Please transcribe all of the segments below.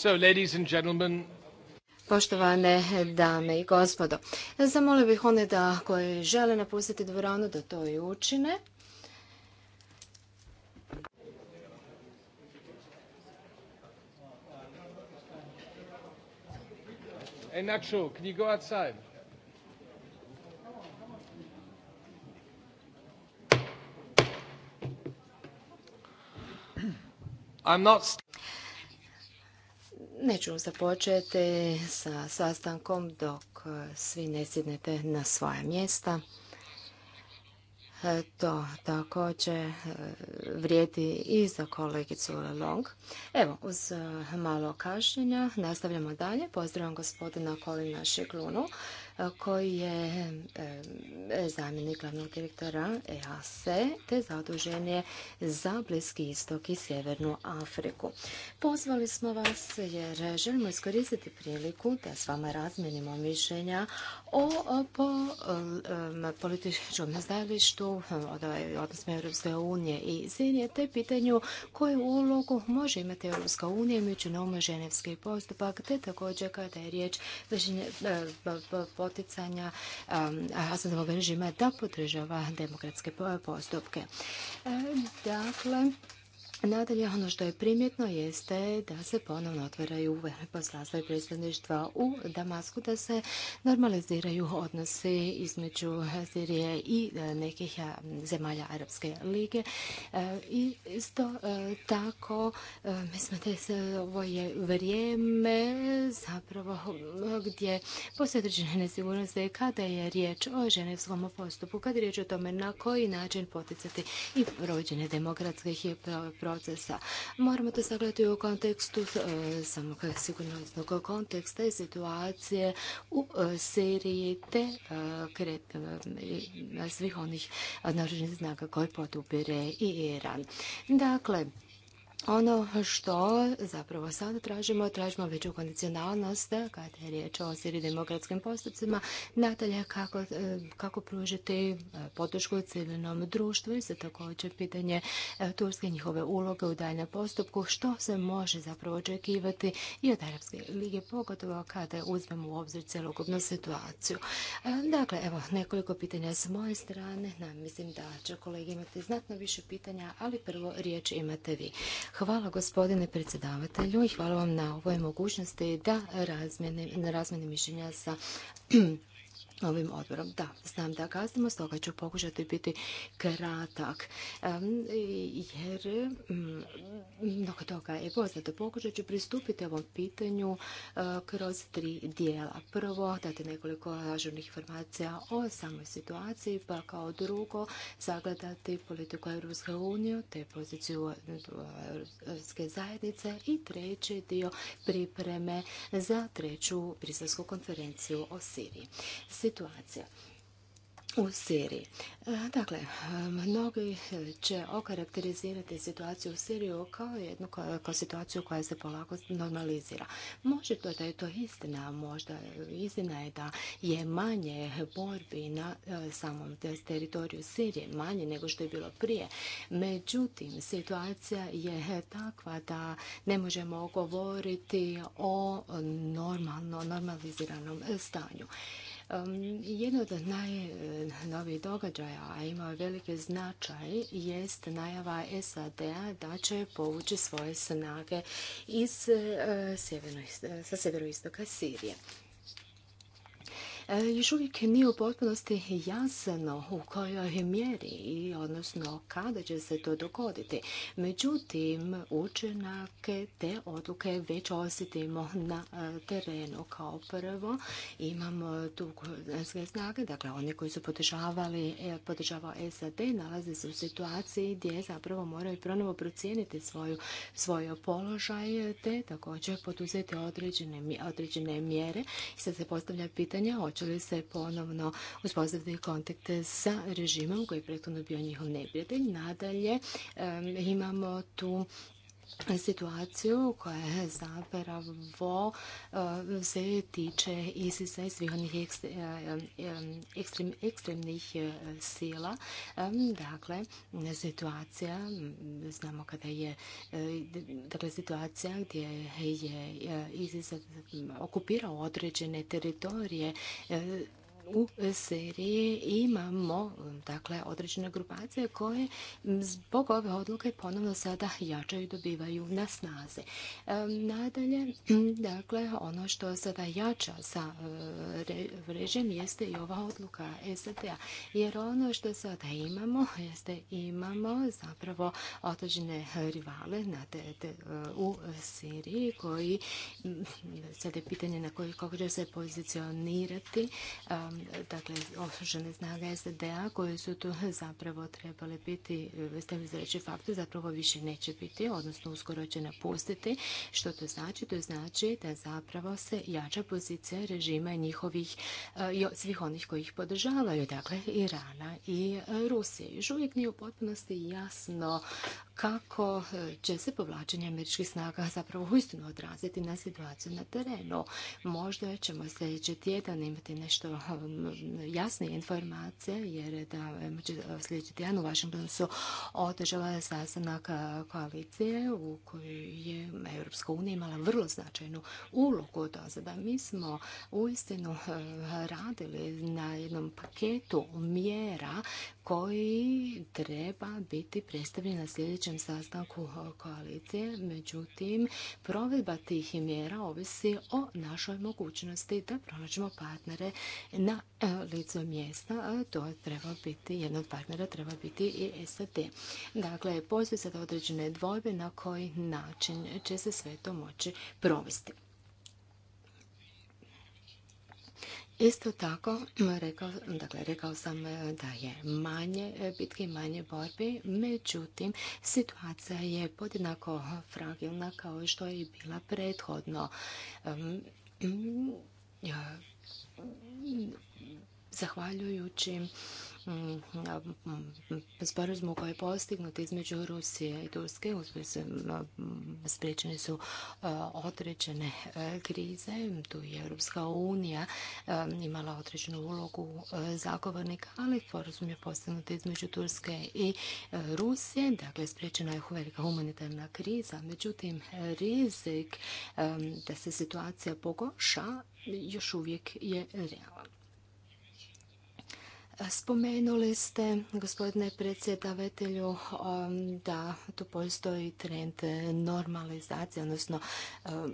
So, ladies and gentlemen, Poštovane dame i gospodo, zamolio bih one da koji žele napustiti dvoranu da to i učine. Hey Nacho, I'm not Neću započeti sa sastankom dok e, svi ne sjednete na svoja mjesta. E, to također e, vrijedi i za kolegicu Long. Evo, uz malo kašnjenja nastavljamo dalje. Pozdravljam gospodina Kolina Šiklunu koji je zamjenik glavnog direktora EASE te zadužen je za Bliski istok i Sjevernu Afriku. Pozvali smo vas jer želimo iskoristiti priliku da s vama razmenimo mišljenja o po, političkom stajalištu odnosno Europske unije i Sinije te pitanju koju ulogu može imati Europska unija imajući na ženevski postupak te također kada je riječ o e, poticanja Asadovog režima da podržava demokratske postupke. Dakle, Nadalje, ono što je primjetno jeste da se ponovno otvaraju poslanstva i predstavništva u Damasku, da se normaliziraju odnosi između Sirije i e, nekih e, zemalja Arabske lige. E, I isto tako, mislim da se ovo je vrijeme zapravo gdje postoje određene nesigurnosti kada je riječ o ženevskom postupku, kada je riječ o tome na koji način poticati i provođenje demokratskih i procesa. Moramo to sagledati u kontekstu e, samog sigurnosnog konteksta i situacije u e, Siriji te e, svih onih naruženih znaka koje podupire i Iran. Dakle, ono što zapravo sada tražimo, tražimo veću kondicionalnost kada je riječ o siri demokratskim postupcima, nadalje kako, e, kako pružiti e, podršku civilnom društvu i se također pitanje e, Turske njihove uloge u daljnjem postupku, što se može zapravo očekivati i od Arabske lige, pogotovo kada uzmemo u obzir celokupnu situaciju. Dakle, evo, nekoliko pitanja s moje strane, mislim da će kolege imati znatno više pitanja, ali prvo riječ imate vi. Hvala gospodine predsjedavatelju i hvala vam na ovoj mogućnosti da razmjene mišljenja sa ovim odborom. Da, znam da kasnimo, stoga ću pokušati biti kratak, jer mm, mnogo toga je poznato. Pokušat ću pristupiti ovom pitanju e, kroz tri dijela. Prvo, dati nekoliko ažurnih informacija o samoj situaciji, pa kao drugo, zagledati politiku Europske unije, te poziciju Europske zajednice i treći dio pripreme za treću brisarsku konferenciju o Siriji situacija u Siriji. E, dakle, mnogi će okarakterizirati situaciju u Siriju kao jednu situaciju koja se polako normalizira. Može to da je to istina, možda istina je da je manje borbi na e, samom teritoriju Sirije, manje nego što je bilo prije. Međutim, situacija je takva da ne možemo govoriti o normalno, normaliziranom stanju. Jedan od najnovijih događaja, a ima veliki značaj, jest najava SAD-a da će povući svoje snage iz, eh, sa sjeveroistoka Sirije. E, još uvijek nije u potpunosti jasno u kojoj mjeri i odnosno kada će se to dogoditi. Međutim, učenake te odluke već osjetimo na e, terenu. Kao prvo imamo tu snage, dakle oni koji su podržavali, e, podržavao SAD nalaze se u situaciji gdje zapravo moraju pronovo procijeniti svoju, svoj položaj te također poduzeti određene, određene mjere. I sad se postavlja pitanje hoće se ponovno uspostaviti kontakte sa režimom koji je prethodno bio njihov neprijatelj. Nadalje imamo tu situaciju koja zapravo eh, se tiče ISIS-a i svih onih eh, ekstremnih eh, sila. Dakle, situacija, znamo kada je, dakle, situacija gdje je ISIS okupirao određene teritorije u Siriji imamo dakle, određene grupacije koje zbog ove odluke ponovno sada jačaju i dobivaju na snazi. E, nadalje, dakle, ono što sada jača sa e, režim jeste i ova odluka SAD-a. Jer ono što sada imamo jeste imamo zapravo određene rivale e, u Siriji koji sada je pitanje na koji kako će se pozicionirati dakle, osužene snage SDA koje su tu zapravo trebale biti zreći faktor, zapravo više neće biti, odnosno uskoro će napustiti. Što to znači? To znači da zapravo se jača pozicija režima njihovih, eh, svih onih koji ih podržavaju, dakle Irana i eh, Rusije. Još uvijek nije u potpunosti jasno kako eh, će se povlačenje američkih snaga zapravo uistinu odraziti na situaciju na terenu. Možda ćemo sljedeći tjedan imati nešto jasne informacije jer da će e, sljedeći tjedan u vašem su održala sastanak e, koalicije u kojoj je Europska unija imala vrlo značajnu ulogu Zada da Mi smo uistinu e, radili na jednom paketu mjera koji treba biti predstavljen na sljedećem sastanku koalicije. Međutim, provedba tih mjera ovisi o našoj mogućnosti da pronađemo partnere na e, licu mjesta. To treba biti, jedan od partnera treba biti i SAD. Dakle, postoji sad određene dvojbe na koji način će se sve to moći provesti. Isto tako, rekao, dakle, rekao sam e, da je manje e, bitke, manje borbi, međutim, situacija je podjednako fragilna kao što je i bila prethodno zahvaljujući mm, mm, sporazumu koji je postignut između Rusije i Turske mm, spriječene su e, određene e, krize. Tu je Europska unija e, imala određenu ulogu zagovornika, ali sporazum je postignut između Turske i Rusije. Dakle, spriječena je velika humanitarna kriza. Međutim, rizik da se situacija pogoša još uvijek je realan. Spomenuli ste, gospodine predsjedavatelju, um, da tu postoji trend normalizacije, odnosno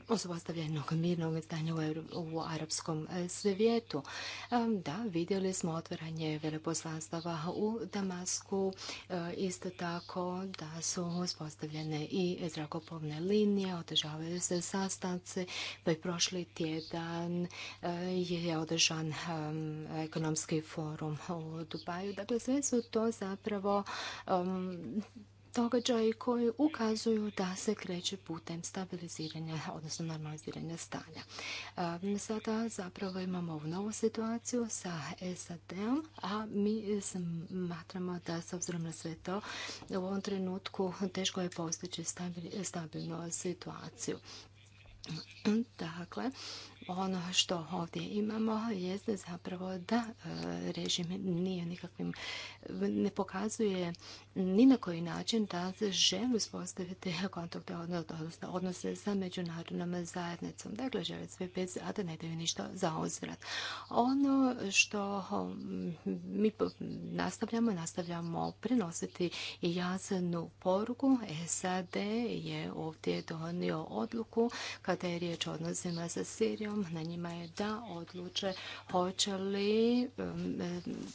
uspostavljenog um, mirnog stanja u arapskom e, svijetu. Um, da, vidjeli smo otvaranje veleposlanstava u Damasku, e, isto tako da su uspostavljene i zrakoplovne linije, održavaju se sastanci, pa i prošli tjedan e, je održan ekonomski forum u Dubaju. Dakle, sve su to zapravo um, događaji koji ukazuju da se kreće putem stabiliziranja, odnosno normaliziranja stanja. Um, sada zapravo imamo ovu novu situaciju sa SAD-om, a mi smatramo da s obzirom na sve to u ovom trenutku teško je postići stabilnu situaciju. Dakle, ono što ovdje imamo je zapravo da e, režim nije nikakvim, ne pokazuje ni na koji način da se želi uspostaviti kontakte, odnose sa međunarodnom zajednicom. Dakle, žele sve bez, a da ne daju ništa za Ono što mm, mi nastavljamo, nastavljamo prenositi i jasnu poruku. SAD je ovdje donio odluku kada je riječ o odnosima sa Sirijom na njima je da odluče hoće li um,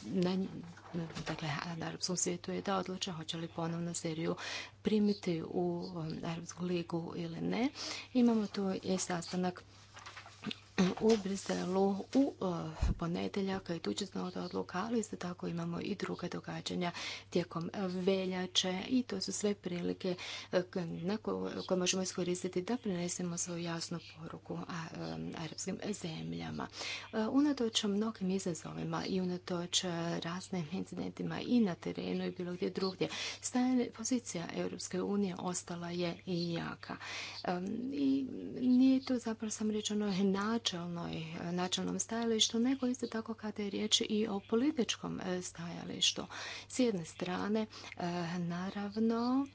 na, dakle, na Arabskom svijetu je da odluče hoće li ponovno Siriju primiti u Arapsku um, ligu ili ne. Imamo tu i sastanak u Briselu u eh, ponedjeljak i tu će od odluka, ali isto tako imamo i druga događanja tijekom veljače i to su sve prilike eh, koje možemo iskoristiti da prenesemo svoju jasnu poruku eh, arapskim zemljama. Unatoč mnogim izazovima i unatoč raznim incidentima i na terenu i bilo gdje drugdje, pozicija Europske unije ostala je jaka. I nije to zapravo sam rečeno način načelnoj, načelnom stajalištu, nego isto tako kada je riječ i o političkom e, stajalištu. S jedne strane, e, naravno,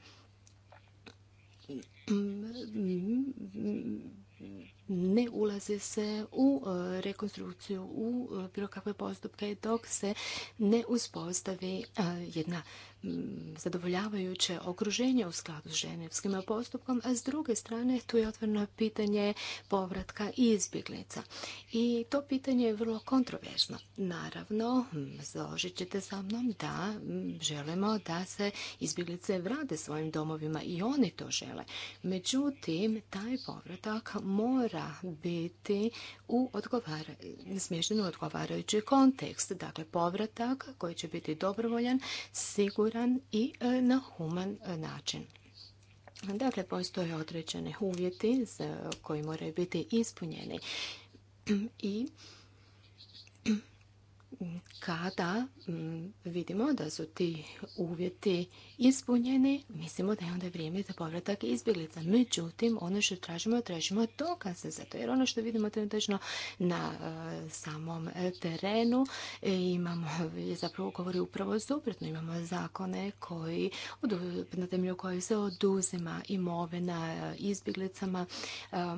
ne ulazi se u e, rekonstrukciju, u bilo kakve postupke dok se ne uspostavi jedna Mm, zadovoljavajuće okruženje u skladu s ženevskim postupkom, a s druge strane tu je otvoreno pitanje povratka i izbjeglica. I to pitanje je vrlo kontroverzno. Naravno, mm, složit ćete sa mnom da mm, želimo da se izbjeglice vrade svojim domovima i oni to žele. Međutim, taj povratak mora biti u smješten u odgovarajući kontekst. Dakle, povratak koji će biti dobrovoljan, sigurno siguran i e, na human e, način. Dakle, postoje određene uvjeti koji moraju biti ispunjeni i kada mm, vidimo da su ti uvjeti ispunjeni, mislimo da je onda vrijeme za povratak izbjeglica. Međutim, ono što tražimo, tražimo dokaze za to. Jer ono što vidimo trenutno na e, samom terenu e, imamo, zapravo govori upravo suprotno. Imamo zakone koji, na temelju kojih se oduzima imovina e, izbjeglicama,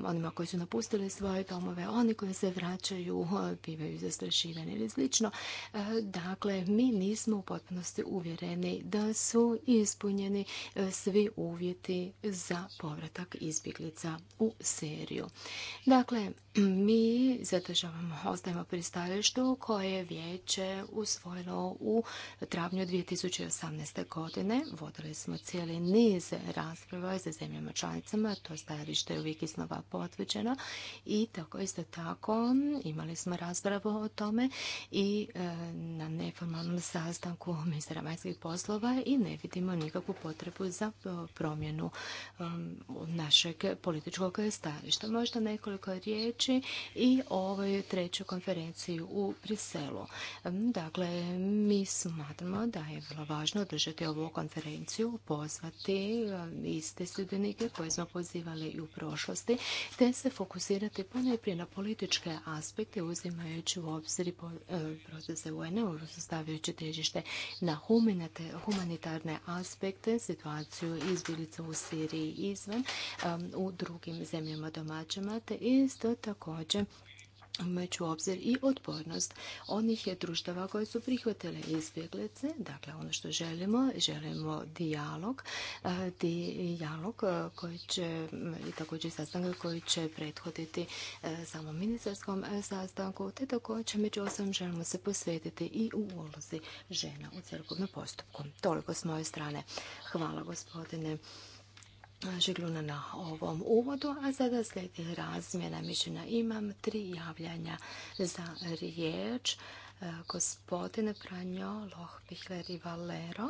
onima koji su napustili svoje domove, oni koji se vraćaju, bivaju zastrašivani ili slično E, dakle, mi nismo u potpunosti uvjereni da su ispunjeni e, svi uvjeti za povratak izbjeglica u seriju. Dakle, mi zadržavamo, ostajemo pri stajalištu koje je vijeće usvojilo u travnju 2018. godine. Vodili smo cijeli niz rasprava za zemljama članicama, to stajalište je uvijek iznova potvrđeno i tako isto tako imali smo raspravu o tome i E, na neformalnom sastanku ministra vanjskih poslova i ne vidimo nikakvu potrebu za e, promjenu e, našeg političkog stajališta. Možda nekoliko riječi i o ovoj trećoj konferenciji u Briselu. Dakle, mi smatramo da je vrlo važno održati ovu konferenciju, pozvati iste sudionike koje smo pozivali i u prošlosti, te se fokusirati ponajprije na političke aspekte uzimajući u obzir procese UN-a, stavljajući težište na humanitarne aspekte, situaciju izbjelica u Siriji izvan, um, u drugim zemljama domaćama, te isto također među obzir i odpornost onih društava koje su prihvatile izbjeglice. Dakle, ono što želimo, želimo dijalog, e, dijalog e, koji će, i također sastanak koji će prethoditi e, samom ministarskom sastanku, te također među osam želimo se posvetiti i u ulozi žena u cjelokupnom postupku. Toliko s moje strane. Hvala gospodine Žigluna na ovom uvodu, a sada slijedi razmjena mišljenja. Imam tri javljanja za riječ. E, Gospodine Pranjo, Bihler i Valero.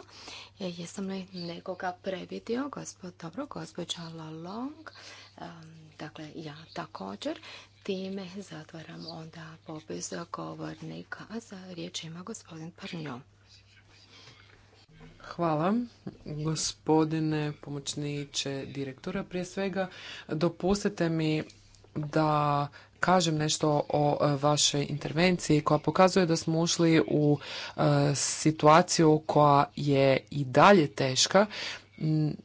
E, jesam li nekoga previdio? Gospod, dobro, gospođa Lalong. E, dakle, ja također. Time zatvaram onda popis govornika. A za riječ ima gospodin Parnjo. Hvala, gospodine pomoćniče direktora. Prije svega, dopustite mi da kažem nešto o e, vašoj intervenciji koja pokazuje da smo ušli u e, situaciju koja je i dalje teška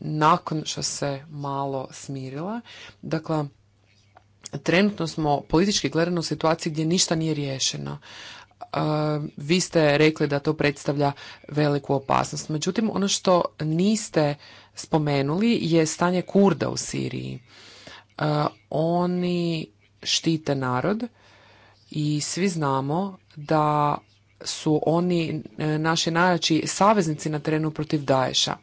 nakon što se malo smirila. Dakle, trenutno smo politički gledano u situaciji gdje ništa nije riješeno. Eh, vi ste rekli da to predstavlja veliku opasnost. Međutim, ono što niste spomenuli je stanje Kurda u Siriji. Eh, oni štite narod i svi znamo da su oni eh, naši najjači saveznici na terenu protiv daješa.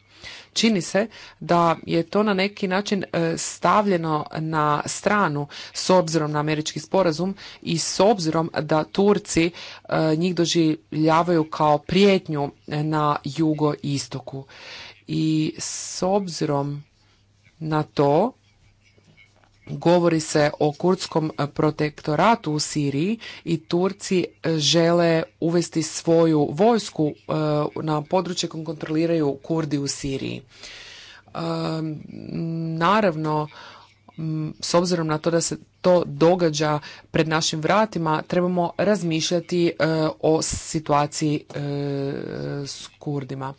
Čini se da je to na neki način e, stavljeno na stranu s obzirom na američki sporazum i s obzirom da Turci e, njih doživljavaju kao prijetnju na jugoistoku. I s obzirom na to govori se o kurdskom e, protektoratu u Siriji i Turci e, žele uvesti svoju vojsku e, na područje koje kontroliraju Kurdi u Siriji. Naravno, s obzirom na to da se to događa pred našim vratima, trebamo razmišljati o situaciji s Kurdima.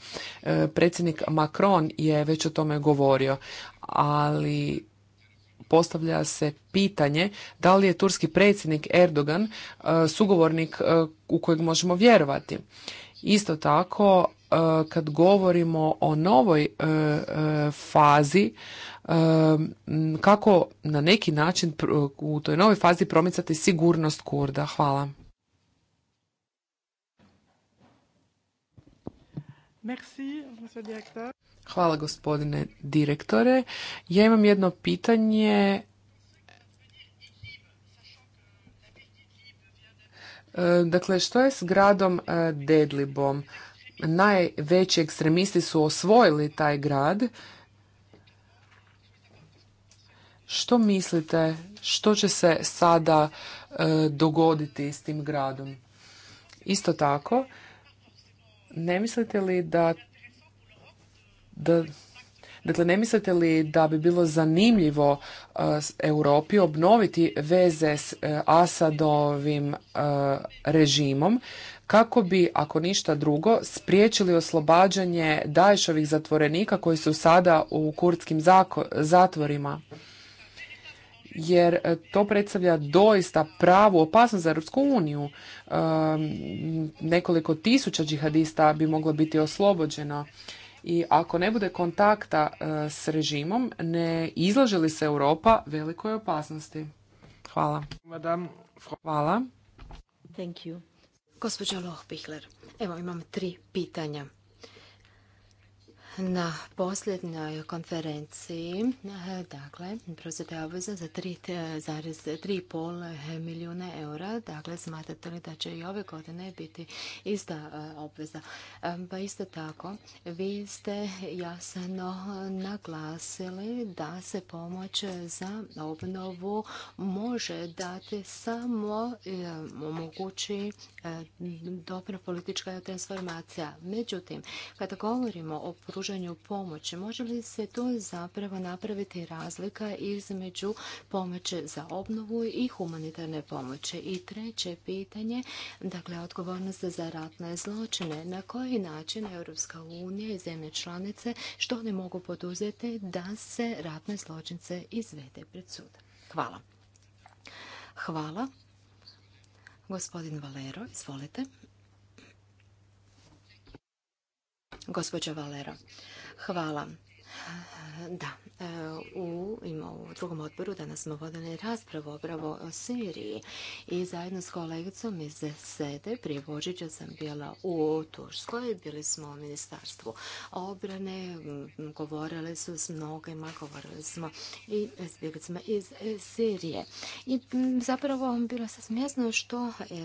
Predsjednik Macron je već o tome govorio, ali postavlja se pitanje da li je turski predsjednik Erdogan e, sugovornik e, u kojeg možemo vjerovati. Isto tako, e, kad govorimo o novoj fazi, kako na neki način u toj novoj fazi promicati sigurnost Kurda. Hvala. Merci, Hvala gospodine direktore. Ja imam jedno pitanje e, Dakle, što je s gradom e, Dedlibom? Najveći ekstremisti su osvojili taj grad. Što mislite, što će se sada e, dogoditi s tim gradom? Isto tako, ne mislite li da da Dakle, ne mislite li da bi bilo zanimljivo uh, Europi obnoviti veze s uh, Asadovim uh, režimom kako bi, ako ništa drugo, spriječili oslobađanje daješovih zatvorenika koji su sada u kurdskim zatvorima? jer to predstavlja doista pravu opasnost za Europsku uniju. Um, nekoliko tisuća džihadista bi moglo biti oslobođeno i ako ne bude kontakta e, s režimom, ne izlaže li se Europa velikoj opasnosti? Hvala. Hvala. Thank evo imam tri pitanja na posljednjoj konferenciji, dakle, je obveza za 3,5 milijuna eura, dakle, smatrate li da će i ove godine biti ista e, obveza? E, pa isto tako, vi ste jasno naglasili da se pomoć za obnovu može dati samo e, omogući dobra politička transformacija. Međutim, kada govorimo o pružanju pomoći. Može li se tu zapravo napraviti razlika između pomoći za obnovu i humanitarne pomoći? I treće pitanje, dakle, odgovornost za ratne zločine. Na koji način Europska unija i zemlje članice, što one mogu poduzeti da se ratne zločince izvede pred sud? Hvala. Hvala. Gospodin Valero, izvolite. Gospođo Valera. Hvala. Da, e, u, u drugom odboru danas smo vodili raspravu obravo o Siriji i zajedno s kolegicom iz Sede prije Božića sam bila u Turskoj, bili smo u ministarstvu obrane, govorili su s mnogima, govorili smo i s iz e, Sirije. I zapravo bilo se smjesno što e,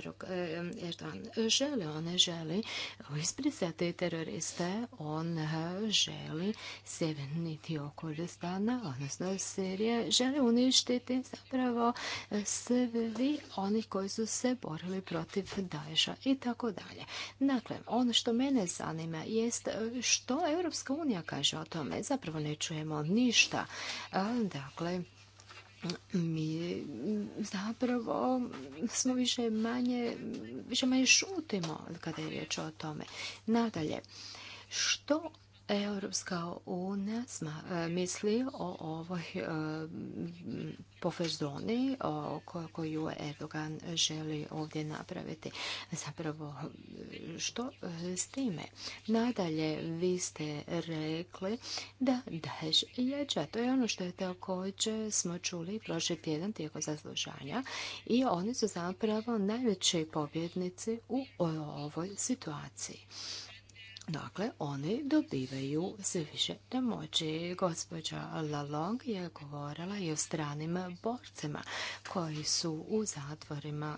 Erdogan želi. On ne želi isprisati teroriste, on želi sebe niti o stana, odnosno Sirije, žele uništiti zapravo svi oni koji su se borili protiv Daješa i tako dalje. Dakle, ono što mene zanima jest što Europska unija kaže o tome. Zapravo ne čujemo ništa. Dakle, mi zapravo smo više manje, više manje šutimo kada je riječ o tome. Nadalje, što Europska unija e, misli o ovoj e, pofezoni koju Erdogan želi ovdje napraviti. Zapravo, što e, s time? Nadalje, vi ste rekli da daješ jeđa. To je ono što je također smo čuli prošli tjedan tijekom zaslužanja i oni su zapravo najveći pobjednici u ovoj situaciji. Dakle, oni dobivaju sve više te moći. Gospođa Lalong je govorila i o stranim borcima koji su u zatvorima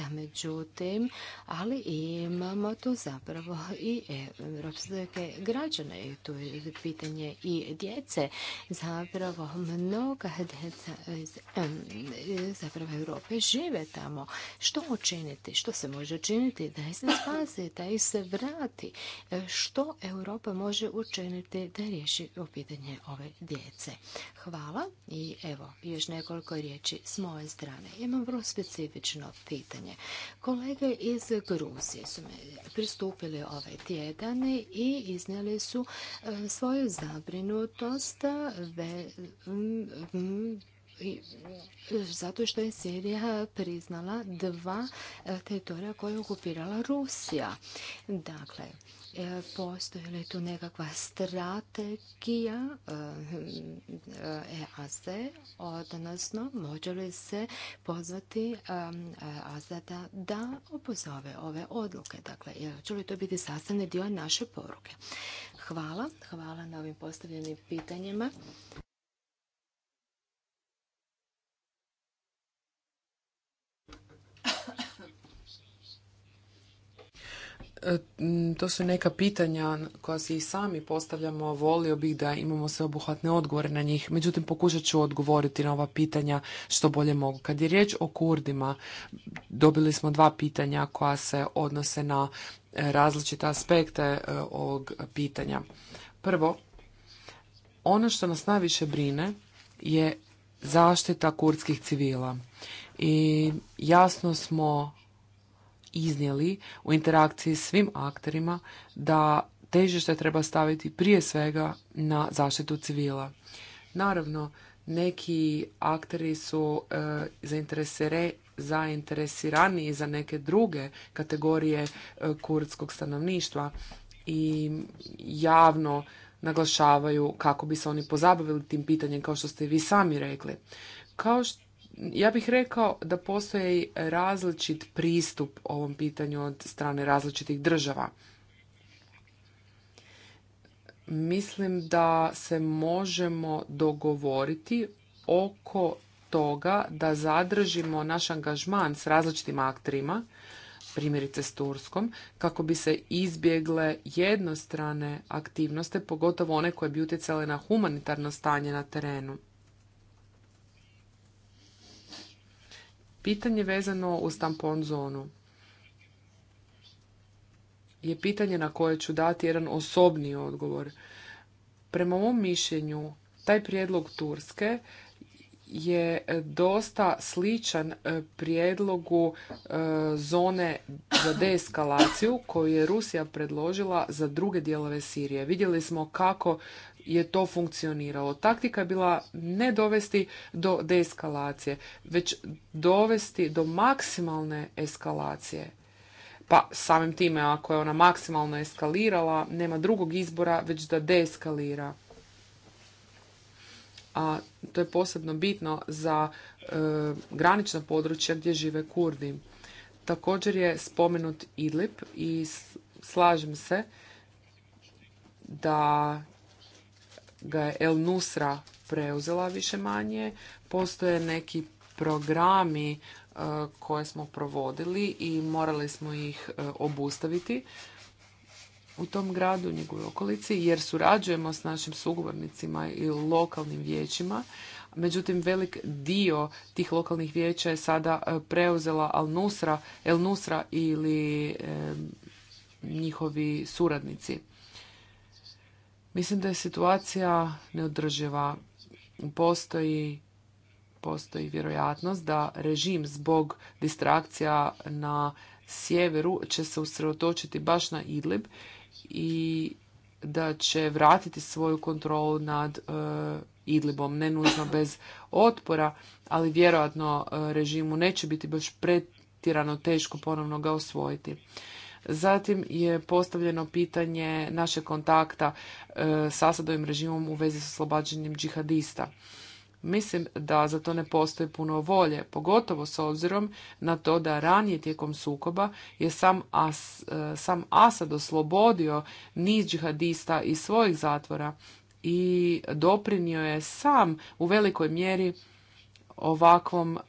e, Međutim, ali imamo tu zapravo i europske građane. tu je pitanje i djece. Zapravo, mnoga djeca iz zapravo Europe žive tamo. Što učiniti? Što se može učiniti? Da se spazi, da ih se vrati što Europa može učiniti da riješi pitanje ove djece. Hvala i evo, još nekoliko riječi s moje strane. Imam vrlo specifično pitanje. Kolege iz Gruzije su me pristupili ovaj tjedan i iznijeli su e, svoju zabrinutost ve, zato što je Sirija priznala dva e, teritorija koje je okupirala Rusija. Dakle, e, postoji li tu nekakva strategija EAZ, e, odnosno može li se pozvati Azada da opozove ove odluke. Dakle, će li to biti sastavni dio naše poruke? Hvala, hvala na ovim postavljenim pitanjima. E, to su neka pitanja koja si i sami postavljamo, volio bih da imamo sveobuhvatne odgovore na njih. Međutim, pokušat ću odgovoriti na ova pitanja što bolje mogu. Kad je riječ o Kurdima, dobili smo dva pitanja koja se odnose na e, različite aspekte e, ovog pitanja. Prvo, ono što nas najviše brine je zaštita kurdskih civila. I jasno smo iznijeli u interakciji s svim akterima da težište treba staviti prije svega na zaštitu civila. Naravno, neki akteri su e, zainteresirani zainteresiraniji za neke druge kategorije e, kurdskog stanovništva i javno naglašavaju kako bi se oni pozabavili tim pitanjem kao što ste i vi sami rekli. Kao što ja bih rekao da postoji različit pristup ovom pitanju od strane različitih država. Mislim da se možemo dogovoriti oko toga da zadržimo naš angažman s različitim akterima, primjerice s Turskom, kako bi se izbjegle jednostrane aktivnosti, pogotovo one koje bi utjecale na humanitarno stanje na terenu. Pitanje vezano uz tampon zonu je pitanje na koje ću dati jedan osobni odgovor. Prema mom mišljenju, taj prijedlog Turske je dosta sličan e, prijedlogu e, zone za deeskalaciju koju je Rusija predložila za druge dijelove Sirije. Vidjeli smo kako je to funkcioniralo. Taktika je bila ne dovesti do deeskalacije, već dovesti do maksimalne eskalacije. Pa samim time, ako je ona maksimalno eskalirala, nema drugog izbora, već da deeskalira. A to je posebno bitno za e, granična područja gdje žive Kurdi. Također je spomenut Idlib i slažem se da ga je El Nusra preuzela više manje. Postoje neki programi e, koje smo provodili i morali smo ih e, obustaviti u tom gradu, u njegovoj okolici, jer surađujemo s našim sugovornicima i lokalnim vijećima. Međutim, velik dio tih lokalnih vijeća je sada e, preuzela Al Nusra, El Nusra ili njihovi suradnici. Mislim da je situacija neodrživa. Postoji postoji vjerojatnost da režim zbog distrakcija na sjeveru će se usredotočiti baš na Idlib i da će vratiti svoju kontrolu nad e, Idlibom. Ne nužno bez otpora, ali vjerojatno e, režimu neće biti baš pretjerano teško ponovno ga osvojiti. Zatim je postavljeno pitanje naše kontakta e, s Asadovim režimom u vezi s oslobađanjem džihadista. Mislim da za to ne postoji puno volje, pogotovo s obzirom na to da ranije tijekom sukoba je sam, As, e, sam Asad oslobodio niz džihadista iz svojih zatvora i doprinio je sam u velikoj mjeri ovakvom e,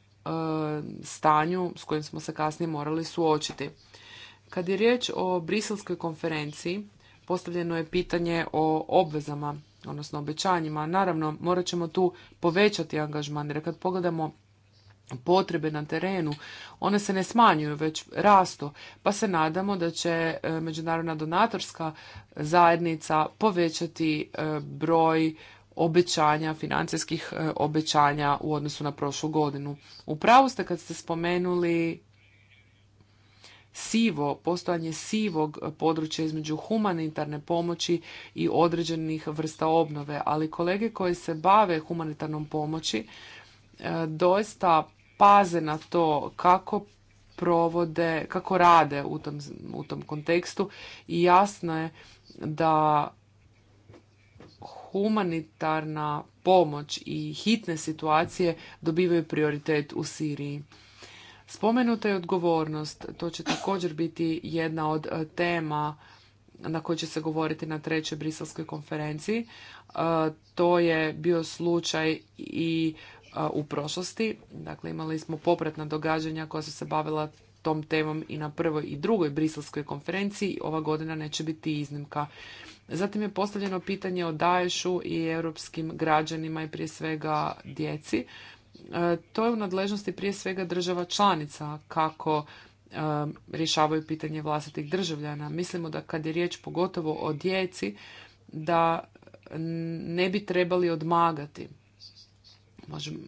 stanju s kojim smo se kasnije morali suočiti. Kad je riječ o briselskoj konferenciji, postavljeno je pitanje o obvezama, odnosno obećanjima. Naravno, morat ćemo tu povećati angažman, jer kad pogledamo potrebe na terenu, one se ne smanjuju, već rastu, pa se nadamo da će e, međunarodna donatorska zajednica povećati e, broj obećanja, financijskih e, obećanja u odnosu na prošlu godinu. U pravu ste kad ste spomenuli sivo, postojanje sivog područja između humanitarne pomoći i određenih vrsta obnove, ali kolege koji se bave humanitarnom pomoći e, doista paze na to kako provode, kako rade u tom, u tom kontekstu i jasno je da humanitarna pomoć i hitne situacije dobivaju prioritet u Siriji. Spomenuta je odgovornost, to će također biti jedna od e, tema na kojoj će se govoriti na trećoj briselskoj konferenciji. E, to je bio slučaj i e, u prošlosti. Dakle, imali smo popratna događanja koja su se bavila tom temom i na prvoj i drugoj briselskoj konferenciji. Ova godina neće biti iznimka. Zatim je postavljeno pitanje o Daješu i europskim građanima i prije svega djeci. E, to je u nadležnosti prije svega država članica kako e, rješavaju pitanje vlastitih državljana. Mislimo da kad je riječ pogotovo o djeci, da ne bi trebali odmagati. Možemo,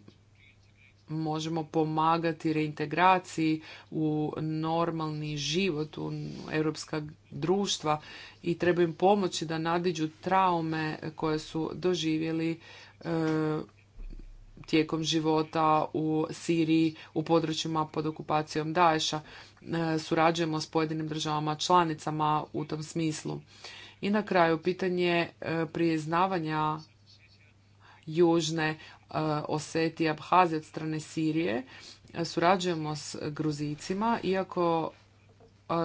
možemo pomagati reintegraciji u normalni život, u europska društva i treba im pomoći da nadiđu traume koje su doživjeli e, tijekom života u Siriji, u područjima pod okupacijom Daesha. E, surađujemo s pojedinim državama članicama u tom smislu. I na kraju pitanje e, priznavanja Južne e, Osetije Abhaze od strane Sirije. Surađujemo s Gruzicima, iako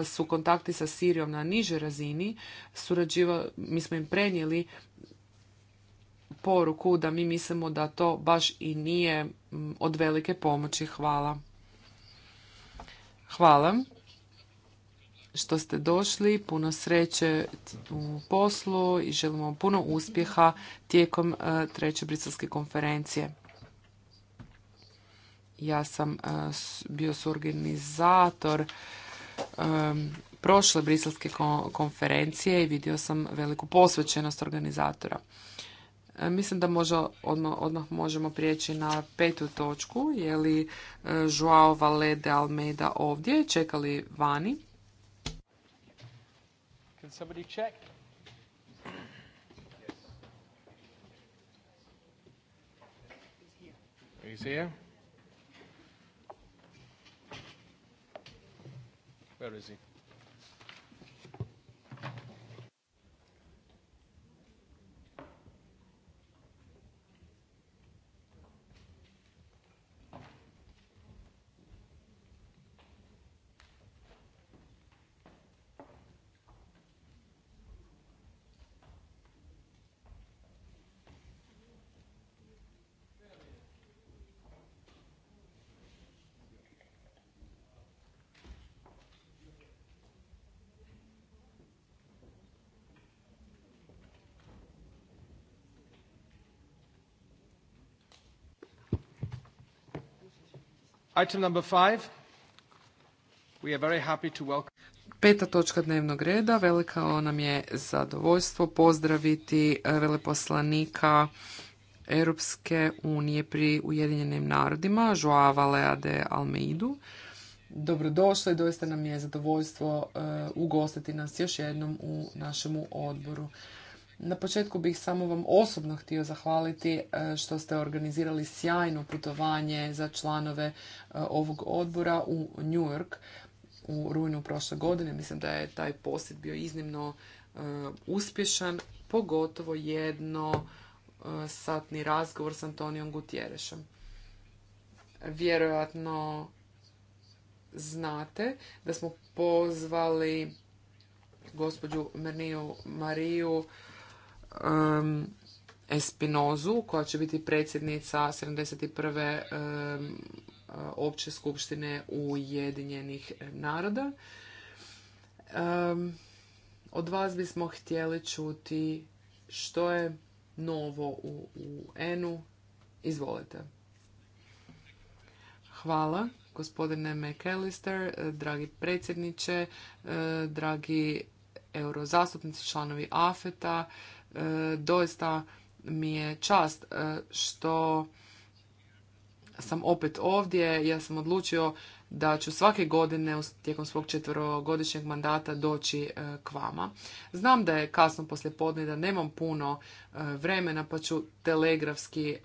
su kontakti sa Sirijom na nižoj razini, mi smo im prenijeli poruku da mi mislimo da to baš i nije od velike pomoći. Hvala. Hvala što ste došli, puno sreće u poslu i želimo puno uspjeha tijekom e, treće briselske konferencije. Ja sam e, bio suorganizator e, prošle briselske konferencije i vidio sam veliku posvećenost organizatora. E, mislim da odmah, odmah možemo prijeći na petu točku. Je li e, Joao Valede Almeida ovdje? Čekali vani? Can somebody check? Where is he? Item Peta točka dnevnog reda, velika nam je zadovoljstvo pozdraviti e, veleposlanika Europske unije pri Ujedinjenim narodima, Joao Valea de Almeidu. i doista nam je zadovoljstvo e, ugostiti nas još jednom u našemu odboru. Na početku bih samo vam osobno htio zahvaliti e, što ste organizirali sjajno putovanje za članove e, ovog odbora u New York u rujnu prošle godine. Mislim da je taj posjet bio iznimno e, uspješan, pogotovo jedno satni razgovor s Antonijom Gutjerešom. Vjerojatno znate da smo pozvali gospođu Merniju Mariju um, Espinozu koja će biti predsjednica 71. Um, opće skupštine Ujedinjenih naroda. Um, od vas bismo htjeli čuti što je novo u un Izvolite. Hvala gospodine McAllister, dragi predsjedniče, uh, dragi eurozastupnici, članovi AFETA, E, doista mi je čast e, što sam opet ovdje. Ja sam odlučio da ću svake godine tijekom svog četverogodišnjeg mandata doći e, k vama. Znam da je kasno poslijepodne da nemam puno vremena pa ću telegrafski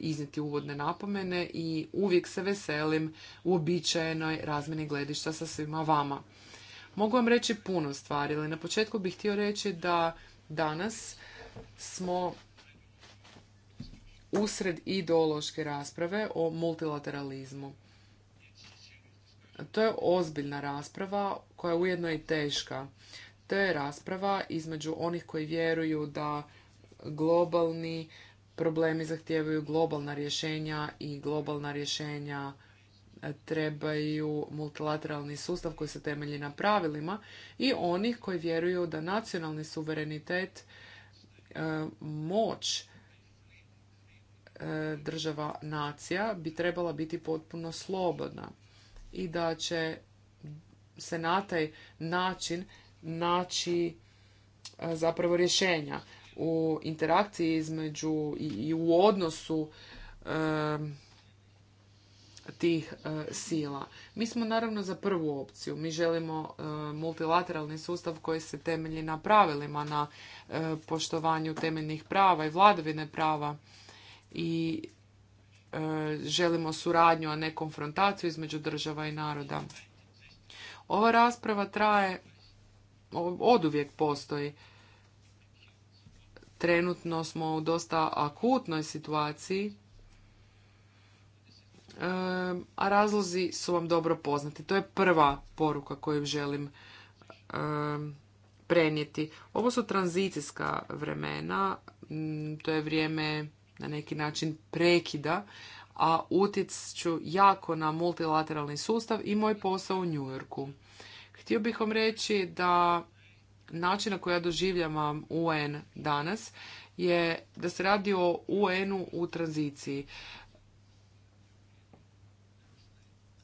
izniti uvodne napomene i uvijek se veselim uobičajenoj razmjeni gledišta sa svima vama. Mogu vam reći puno stvari, ali na početku bih htio reći da danas smo usred ideološke rasprave o multilateralizmu. To je ozbiljna rasprava koja je ujedno i teška. To je rasprava između onih koji vjeruju da globalni problemi zahtijevaju globalna rješenja i globalna rješenja e, trebaju multilateralni sustav koji se temelji na pravilima i onih koji vjeruju da nacionalni suverenitet E, moć e, država nacija bi trebala biti potpuno slobodna i da će se na taj način naći e, zapravo rješenja u interakciji između i u odnosu tih e, sila. Mi smo naravno za prvu opciju. Mi želimo e, multilateralni sustav koji se temelji na pravilima, na e, poštovanju temeljnih prava i vladavine prava i želimo suradnju, a ne konfrontaciju između država i naroda. Ova rasprava traje, oduvijek postoji. Trenutno smo u dosta akutnoj situaciji a razlozi su vam dobro poznati. To je prva poruka koju želim prenijeti. Ovo su tranzicijska vremena, mm, to je vrijeme na neki način prekida, a ću jako na multilateralni sustav i moj posao u Njujorku. Htio bih vam reći da način na koji ja doživljavam UN danas je da se radi o UN-u u tranziciji.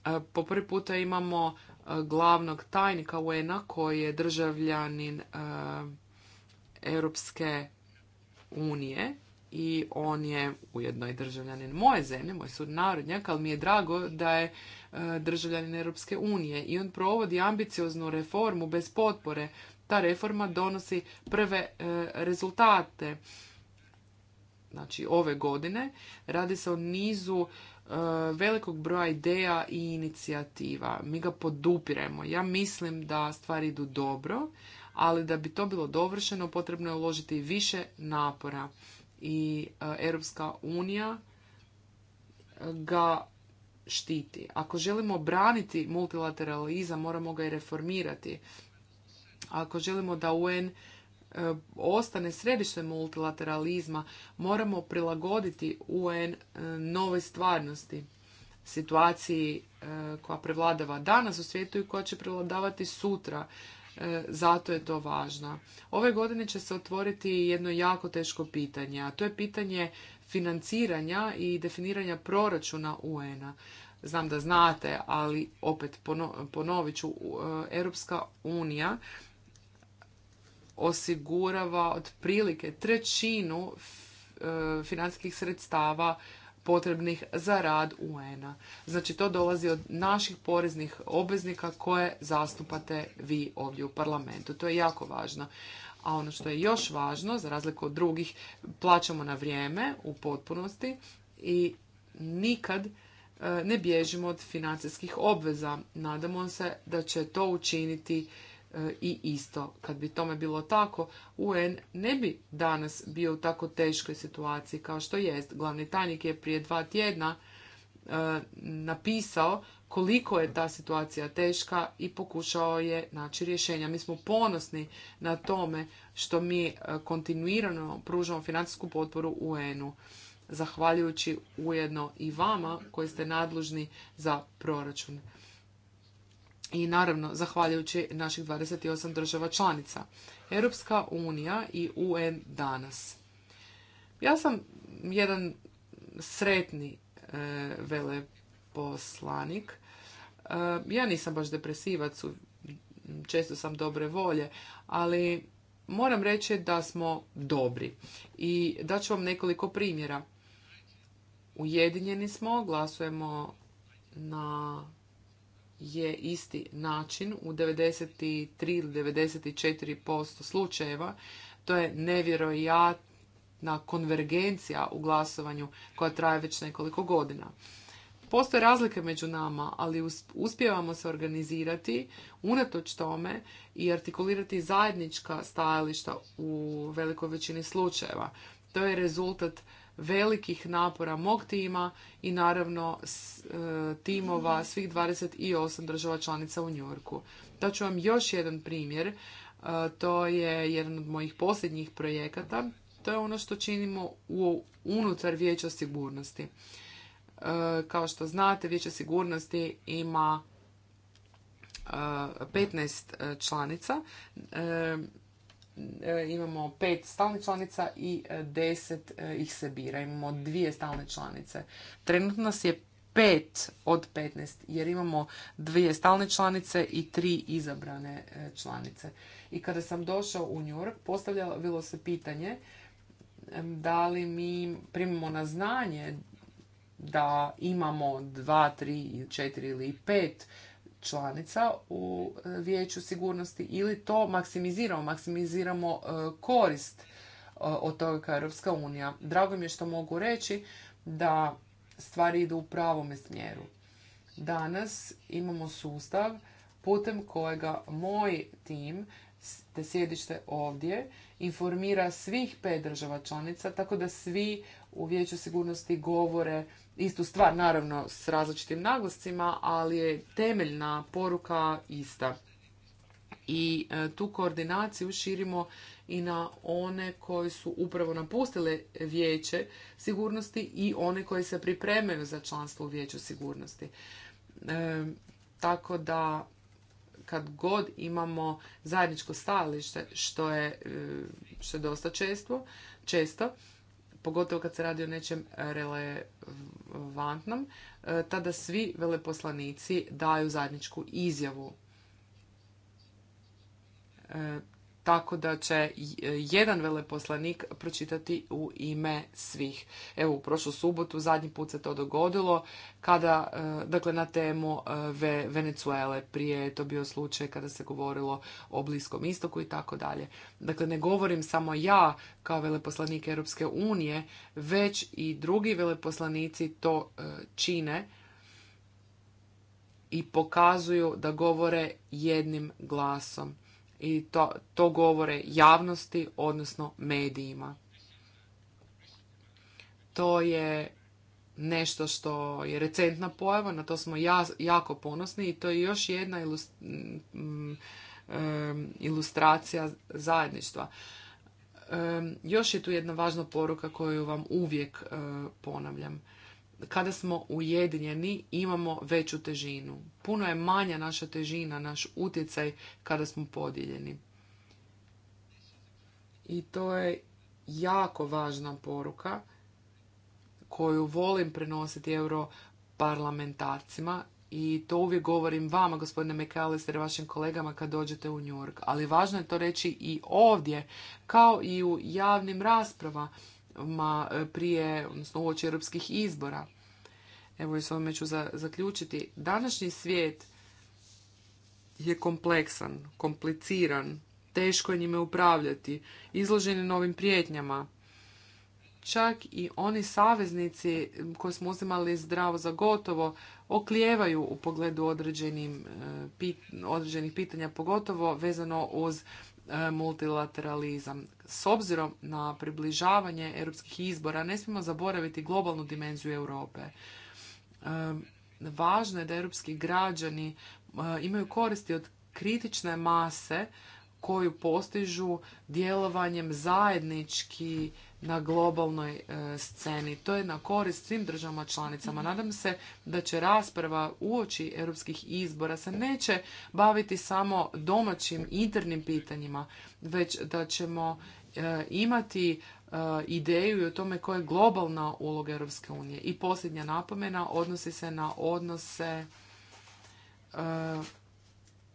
E, po prvi puta imamo e, glavnog tajnika Uena koji je državljanin e, Europske unije i on je ujedno i državljanin moje zemlje, moj sudnarodnjak, ali mi je drago da je državljanin Europske unije i on provodi ambicioznu reformu bez potpore. Ta reforma donosi prve rezultate. Znači, ove godine radi se o nizu E, velikog broja ideja i inicijativa. Mi ga podupiremo. Ja mislim da stvari idu dobro, ali da bi to bilo dovršeno potrebno je uložiti više napora. I e, Europska unija ga štiti. Ako želimo braniti multilateralizam, moramo ga i reformirati. Ako želimo da UN ostane središte multilateralizma, moramo prilagoditi UN e, nove stvarnosti, situaciji e, koja prevladava danas u svijetu i koja će prevladavati sutra. E, zato je to važno. Ove godine će se otvoriti jedno jako teško pitanje, a to je pitanje financiranja i definiranja proračuna UN-a. Znam da znate, ali opet ponovit ću, Europska unija osigurava otprilike trećinu e, financijskih sredstava potrebnih za rad UN-a. Znači to dolazi od naših poreznih obveznika koje zastupate vi ovdje u parlamentu. To je jako važno. A ono što je još važno, za razliku od drugih, plaćamo na vrijeme u potpunosti i nikad e, ne bježimo od financijskih obveza. Nadamo se da će to učiniti i isto. Kad bi tome bilo tako, UN ne bi danas bio u tako teškoj situaciji kao što jest. Glavni tajnik je prije dva tjedna e, napisao koliko je ta situacija teška i pokušao je naći rješenja. Mi smo ponosni na tome što mi e, kontinuirano pružamo financijsku potporu UN-u zahvaljujući ujedno i vama koji ste nadlužni za proračun i naravno zahvaljujući naših 28 država članica. Europska unija i UN danas. Ja sam jedan sretni e, veleposlanik. E, ja nisam baš depresivac, često sam dobre volje, ali moram reći da smo dobri. I daću vam nekoliko primjera. Ujedinjeni smo, glasujemo na je isti način u 93 ili 94% slučajeva. To je nevjerojatna konvergencija u glasovanju koja traje već nekoliko godina. Postoje razlike među nama, ali uspijevamo se organizirati unatoč tome i artikulirati zajednička stajališta u velikoj većini slučajeva. To je rezultat velikih napora mog tima i naravno e, timova svih 28 država članica u Njorku. ću vam još jedan primjer, e, to je jedan od mojih posljednjih projekata, to je ono što činimo u, unutar Vijeća sigurnosti. E, kao što znate, Vijeće sigurnosti ima 15 članica. E, imamo pet stalnih članica i e, deset e, ih se bira. Imamo dvije stalne članice. Trenutno nas je pet od 15, jer imamo dvije stalne članice i tri izabrane članice. I kada sam došao u New York, postavljalo se pitanje da li mi primimo na znanje da imamo dva, tri, četiri ili pet članica u e, vijeću sigurnosti ili to maksimiziramo, maksimiziramo e, korist e, od toga kao Europska unija. Drago mi je što mogu reći da stvari idu u pravom smjeru. Danas imamo sustav putem kojega moj tim te sjedište ovdje informira svih pet država članica tako da svi u Vijeću sigurnosti govore istu stvar, naravno s različitim naglascima, ali je temeljna poruka ista. I e, tu koordinaciju širimo i na one koji su upravo napustile vijeće sigurnosti i one koji se pripremaju za članstvo u vijeću sigurnosti. E, tako da kad god imamo zajedničko stajalište, što je, e, što je dosta često, često pogotovo kad se radi o nečem relevantnom, e, tada svi veleposlanici daju zajedničku izjavu e, tako da će jedan veleposlanik pročitati u ime svih. Evo, u prošlu subotu, zadnji put se to dogodilo, kada, e, dakle, na temu e, Venezuele. Prije je to bio slučaj kada se govorilo o Bliskom istoku i tako dalje. Dakle, ne govorim samo ja kao veleposlanik Europske unije, već i drugi veleposlanici to e, čine i pokazuju da govore jednim glasom i to, to govore javnosti, odnosno medijima. To je nešto što je recentna pojava, na to smo ja, jako ponosni i to je još jedna mm, mm, ilustracija zajedništva. Još je tu jedna važna poruka koju vam uvijek e, ponavljam kada smo ujedinjeni imamo veću težinu. Puno je manja naša težina, naš utjecaj kada smo podijeljeni. I to je jako važna poruka koju volim prenositi europarlamentarcima i to uvijek govorim vama, gospodine McAllister, vašim kolegama kad dođete u New York. Ali važno je to reći i ovdje, kao i u javnim raspravama E, prije, odnosno uoči europskih izbora. Evo i s ovome ću zaključiti. Današnji svijet je kompleksan, kompliciran, teško je njime upravljati, izložen novim prijetnjama. Čak i oni saveznici koje smo uzimali zdravo za gotovo oklijevaju u pogledu e, određenih pitanja, pogotovo vezano uz E, multilateralizam. S obzirom na približavanje europskih izbora ne smijemo zaboraviti globalnu dimenziju Europe. E, važno je da europski građani e, imaju koristi od kritične mase koju postižu djelovanjem zajednički na globalnoj e, sceni. To je na korist svim državama članicama. Nadam se da će rasprava uoči europskih izbora se neće baviti samo domaćim internim pitanjima, već da ćemo e, imati e, ideju i o tome koja je globalna uloga Europske unije. I posljednja napomena odnosi se na odnose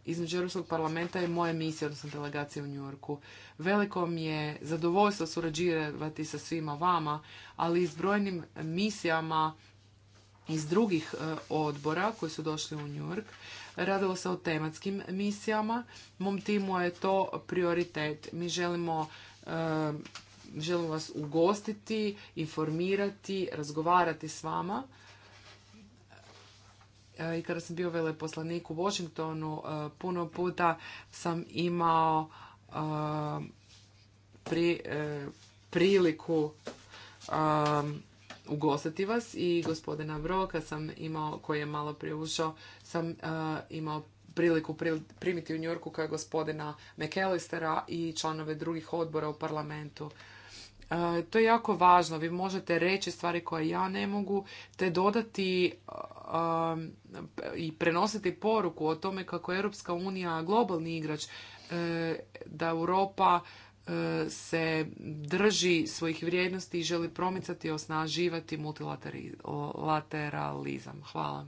između Europskog parlamenta i moje misije, odnosno delegacije u Njorku. Veliko mi je zadovoljstvo surađivati sa svima vama, ali i s brojnim misijama iz drugih e, odbora koji su došli u Njork. Radilo se o tematskim misijama. Mom timu je to prioritet. Mi želimo e, želimo vas ugostiti, informirati, razgovarati s vama E, i kada sam bio veleposlanik u Washingtonu, e, puno puta sam imao e, priliku ugostiti vas i gospodina Broka sam imao, koji je malo prije ušao, sam imao priliku primiti u Njorku kao gospodina McAllistera i članove drugih odbora u parlamentu. E, to je jako važno. Vi možete reći stvari koje ja ne mogu, te dodati e, e, i prenositi poruku o tome kako je Europska unija globalni igrač, da Europa se drži svojih vrijednosti i želi promicati i osnaživati multilateralizam. Hvala.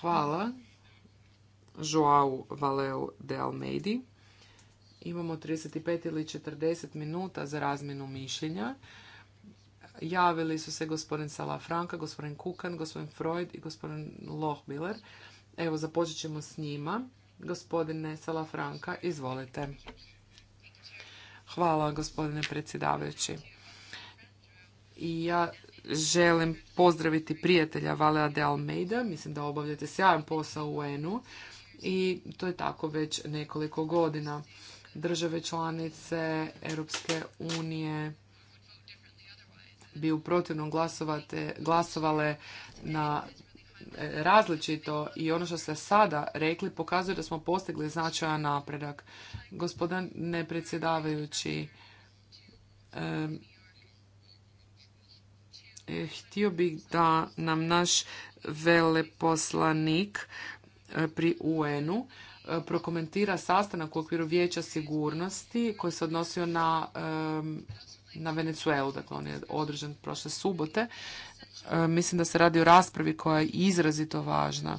Hvala. Joao Valeu de Almeida imamo 35 ili 40 minuta za razmjenu mišljenja. Javili su se gospodin Salafranka, gospodin Kukan, gospodin Freud i gospodin Lohbiler. Evo, započet ćemo s njima. Gospodine Salafranka, izvolite. Hvala, gospodine predsjedavajući. I ja želim pozdraviti prijatelja Valea de Almeida. Mislim da obavljate sjajan posao u UN-u i to je tako već nekoliko godina države članice Europske unije bi u protivnom glasovale na e, različito i ono što ste sada rekli pokazuje da smo postigli značajan napredak. Gospodine predsjedavajući, e, htio bih da nam naš veleposlanik e, pri UN-u prokomentira sastanak u okviru vijeća sigurnosti koji se odnosio na, na Venezuelu, dakle on je održan prošle subote. E, mislim da se radi o raspravi koja je izrazito važna.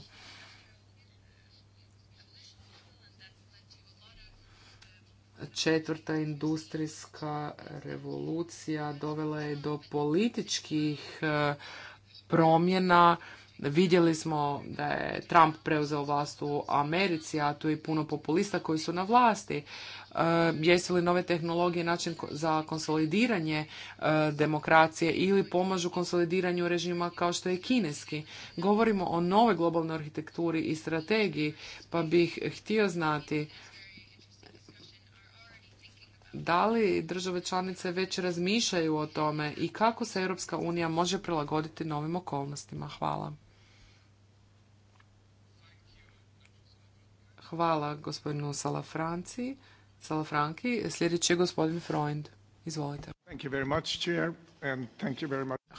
Četvrta industrijska revolucija dovela je do političkih e, promjena Vidjeli smo da je Trump preuzeo vlast u Americi, a tu je puno populista koji su na vlasti. E, jesu li nove tehnologije način za konsolidiranje e, demokracije ili pomažu konsolidiranju režima kao što je kineski? Govorimo o novoj globalnoj arhitekturi i strategiji, pa bih htio znati da li države članice već razmišljaju o tome i kako se Europska unija može prilagoditi novim okolnostima? Hvala. Hvala gospodinu Salafranci. Salafranki. Sljedeći je gospodin Freund. Izvolite.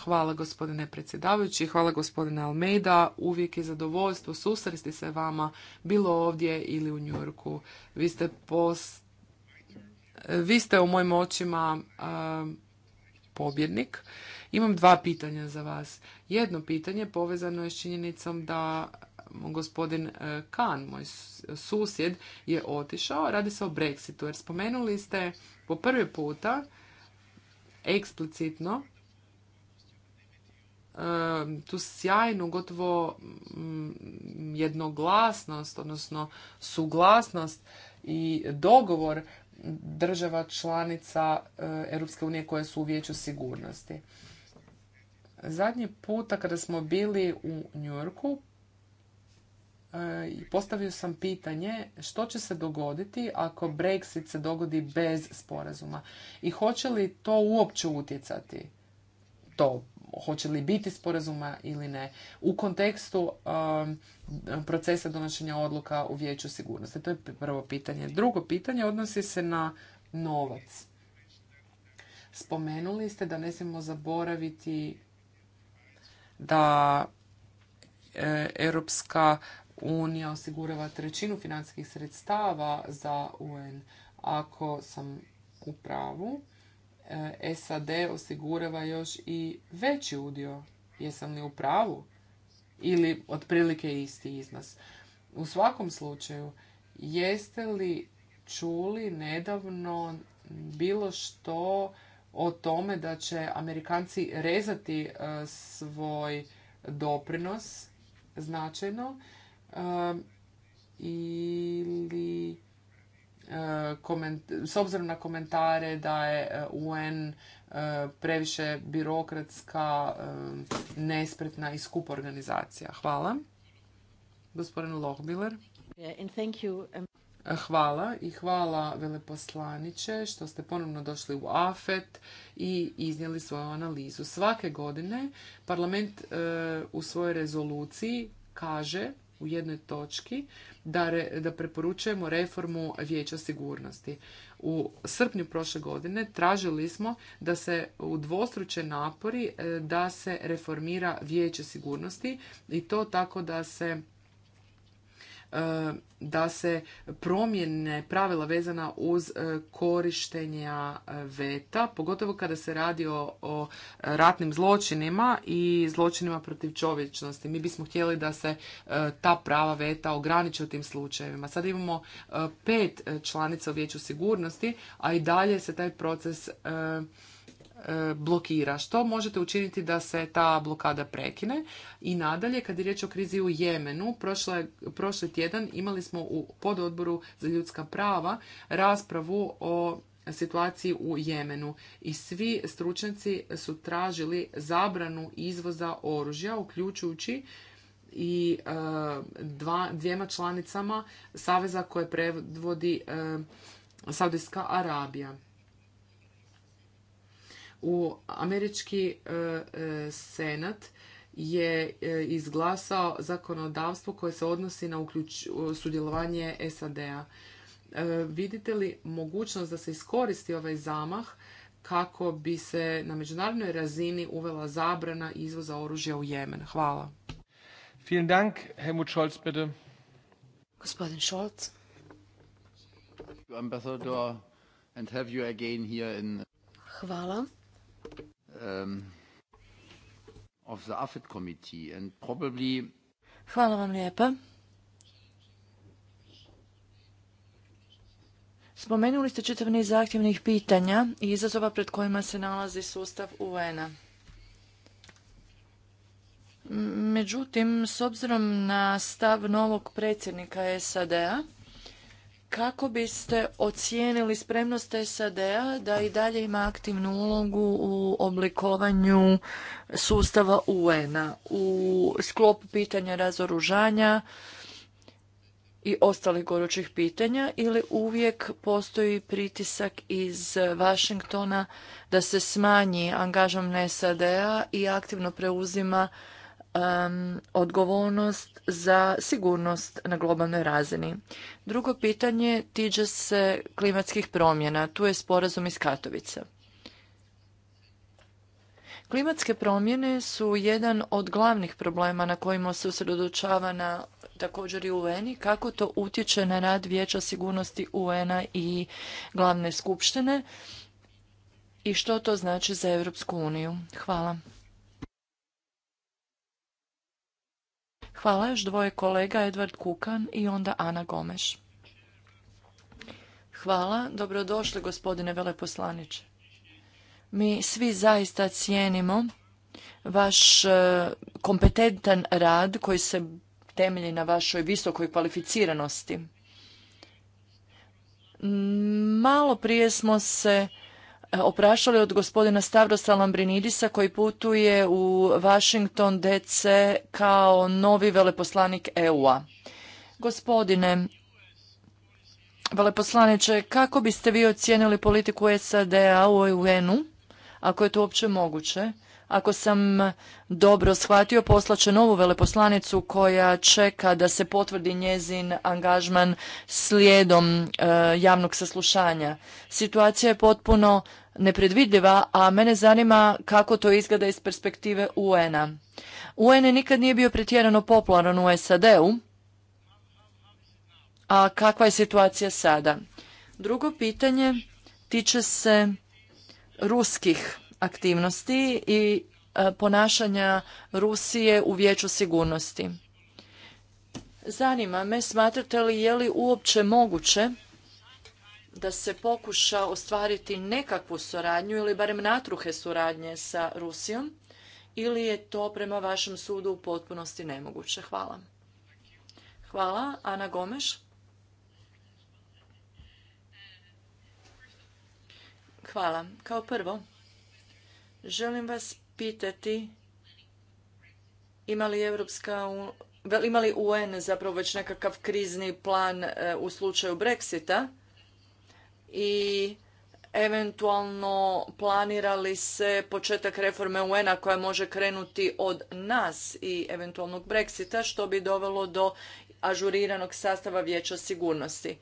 Hvala gospodine predsjedavajući, hvala gospodine Almeida. Uvijek je zadovoljstvo susresti se vama, bilo ovdje ili u Njurku. Vi ste Vi ste u mojim očima pobjednik. Imam dva pitanja za vas. Jedno pitanje povezano je s činjenicom da gospodin e, Kan, moj susjed, je otišao. Radi se o Brexitu jer spomenuli ste po prvi puta eksplicitno e, tu sjajnu gotovo jednoglasnost, odnosno suglasnost i dogovor država članica e, Europske unije koje su u vijeću sigurnosti. Zadnji puta kada smo bili u Njorku E, i postavio sam pitanje što će se dogoditi ako Brexit se dogodi bez sporazuma i hoće li to uopće utjecati to hoće li biti sporazuma ili ne u kontekstu um, procesa donošenja odluka u vijeću sigurnosti. To je prvo pitanje. Drugo pitanje odnosi se na novac. Spomenuli ste da ne smijemo zaboraviti da e, Europska Unija osigurava trećinu financijskih sredstava za UN. Ako sam u pravu, e, SAD osigurava još i veći udio. Jesam li u pravu? Ili otprilike isti iznos. U svakom slučaju, jeste li čuli nedavno bilo što o tome da će Amerikanci rezati e, svoj doprinos značajno ili e, s obzirom na komentare da je e, UN e, previše birokratska, nespretna i skupa organizacija. Hvala. Gospodin Lohbiler. Um, hvala i hvala veleposlaniće što ste ponovno došli u AFET i iznijeli svoju analizu. Svake godine parlament u svojoj rezoluciji kaže u jednoj točki da, da preporučujemo reformu vijeća sigurnosti. U srpnju prošle godine tražili smo da se u udvostruče napori e, da se reformira vijeće sigurnosti i to tako da se E, da se promjene pravila vezana uz e, korištenja e, veta, pogotovo kada se radi o, ratnim zločinima i zločinima protiv čovječnosti. Mi bismo htjeli da se ta prava veta ograniče u tim slučajevima. Sad imamo pet članica u vijeću sigurnosti, a i dalje se taj proces E, blokira. Što možete učiniti da se ta blokada prekine? I nadalje, kad je riječ o krizi u Jemenu, prošle, prošli tjedan imali smo u pododboru za ljudska prava raspravu o situaciji u Jemenu i svi stručnjaci su tražili zabranu izvoza oružja, uključujući i e, dva, dvijema članicama saveza koje predvodi e, Saudijska Arabija. U američki e, e, senat je e, izglasao zakonodavstvo koje se odnosi na sudjelovanje SAD-a. Vidite li mogućnost da se iskoristi ovaj zamah kako bi se na međunarodnoj razini uvela zabrana izvoza oružja u Jemen? Hvala. Dank, Scholz. Hvala. Um, Hvala vam lijepa. Spomenuli ste čitav niz zahtjevnih pitanja i izazova pred kojima se nalazi sustav UN-a. Međutim, s obzirom na stav novog predsjednika SAD-a, kako biste ocijenili spremnost SAD-a da i dalje ima aktivnu ulogu u oblikovanju sustava UN-a u sklopu pitanja razoružanja i ostalih gorućih pitanja ili uvijek postoji pritisak iz Washingtona da se smanji angažam SAD-a i aktivno preuzima um, odgovornost za sigurnost na globalnoj razini. Drugo pitanje tiđe se klimatskih promjena. Tu je sporazum iz Katovica. Klimatske promjene su jedan od glavnih problema na kojima se usredočava na također i UN i kako to utječe na rad Vijeća sigurnosti UN-a i glavne skupštine i što to znači za Europsku uniju. Hvala. Hvala još dvoje kolega, Edvard Kukan i onda Ana Gomeš. Hvala, dobrodošli gospodine veleposlaniče. Mi svi zaista cijenimo vaš e, kompetentan rad koji se temelji na vašoj visokoj kvalificiranosti. Malo prije smo se oprašali od gospodina Stavrosa Lambrinidisa koji putuje u Washington DC kao novi veleposlanik EU-a. Gospodine veleposlaniče, kako biste vi ocijenili politiku SAD-a u e UN-u, ako je to uopće moguće, ako sam dobro shvatio, poslaće novu veleposlanicu koja čeka da se potvrdi njezin angažman slijedom e, javnog saslušanja. Situacija je potpuno nepredvidljiva, a mene zanima kako to izgleda iz perspektive UN-a. UN nikad nije bio pretjerano popularan u SAD-u, a kakva je situacija sada? Drugo pitanje tiče se ruskih aktivnosti i e, ponašanja Rusije u vijeću sigurnosti. Zanima me, smatrate li je li uopće moguće da se pokuša ostvariti nekakvu suradnju ili barem natruhe suradnje sa Rusijom ili je to prema vašem sudu u potpunosti nemoguće? Hvala. Hvala. Ana Gomeš. Hvala. Kao prvo, Želim vas pitati ima li Evropska ima li UN zapravo već nekakav krizni plan e, u slučaju Brexita i eventualno planira li se početak reforme UN-a koja može krenuti od nas i eventualnog Brexita što bi dovelo do ažuriranog sastava Vijeća sigurnosti.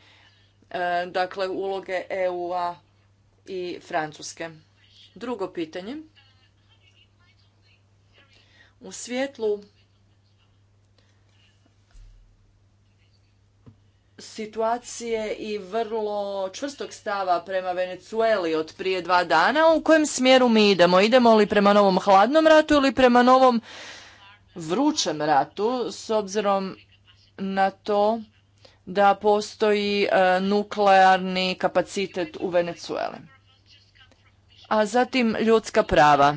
E, dakle, uloge EU-a i Francuske. Drugo pitanje. U svjetlu situacije i vrlo čvrstog stava prema Venecueli od prije dva dana, u kojem smjeru mi idemo? Idemo li prema novom hladnom ratu ili prema novom vrućem ratu, s obzirom na to da postoji e, nuklearni kapacitet u Venecueli? a zatim ljudska prava.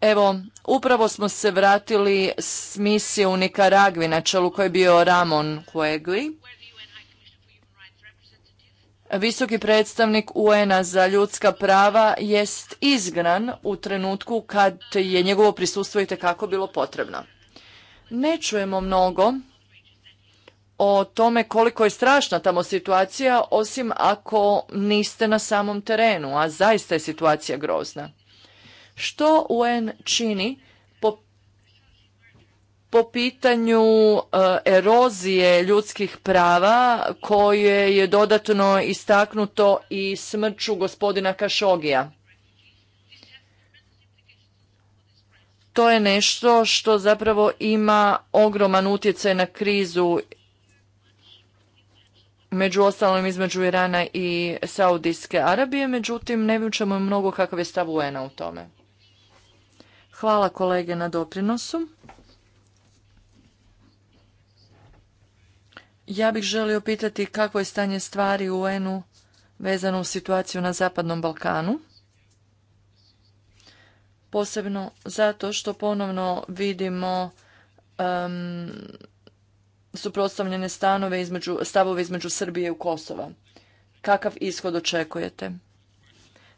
Evo, upravo smo se vratili s misije u Nikaragvi na čelu koji je bio Ramon Huegli, Visoki predstavnik UN-a za ljudska prava jest izgran u trenutku kad je njegovo prisustvo i tekako bilo potrebno. Ne čujemo mnogo o tome koliko je strašna tamo situacija, osim ako niste na samom terenu, a zaista je situacija grozna. Što UN čini po, po pitanju e, erozije ljudskih prava koje je dodatno istaknuto i smrću gospodina Kašogija? To je nešto što zapravo ima ogroman utjecaj na krizu među ostalim između Irana i Saudijske Arabije, međutim ne vičemo mnogo kakav je stav UN-a u tome. Hvala kolege na doprinosu. Ja bih želio pitati kako je stanje stvari u UN-u vezano u situaciju na Zapadnom Balkanu. Posebno zato što ponovno vidimo suprotstavljene stanove između, stavove između Srbije i Kosova. Kakav ishod očekujete?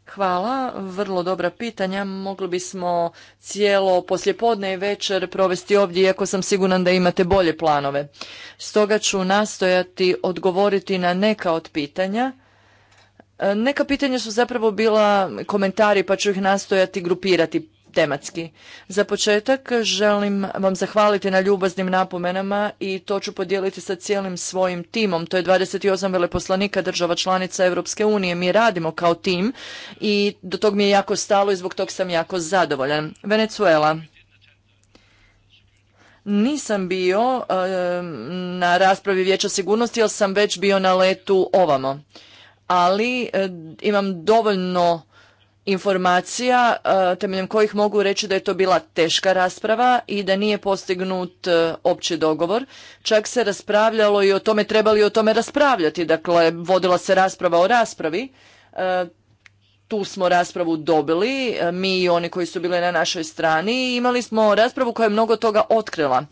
Hvala, vrlo dobra pitanja. Mogli bismo cijelo poslijepodne i večer provesti ovdje, iako sam siguran da imate bolje planove. Stoga ću nastojati odgovoriti na neka od pitanja. E, neka pitanja su zapravo bila komentari, pa ću ih nastojati grupirati tematski. Za početak želim vam zahvaliti na ljubaznim napomenama i to ću podijeliti sa cijelim svojim timom. To je 28 veleposlanika država članica Europske unije. Mi radimo kao tim i do tog mi je jako stalo i zbog tog sam jako zadovoljan. Venezuela. Nisam bio na raspravi Vijeća sigurnosti, ali sam već bio na letu ovamo. Ali imam dovoljno informacija e, temeljem kojih mogu reći da je to bila teška rasprava i da nije postignut e, opći dogovor. Čak se raspravljalo i o tome, trebali o tome raspravljati, dakle vodila se rasprava o raspravi. E, tu smo raspravu dobili, mi i oni koji su bili na našoj strani imali smo raspravu koja je mnogo toga otkrila.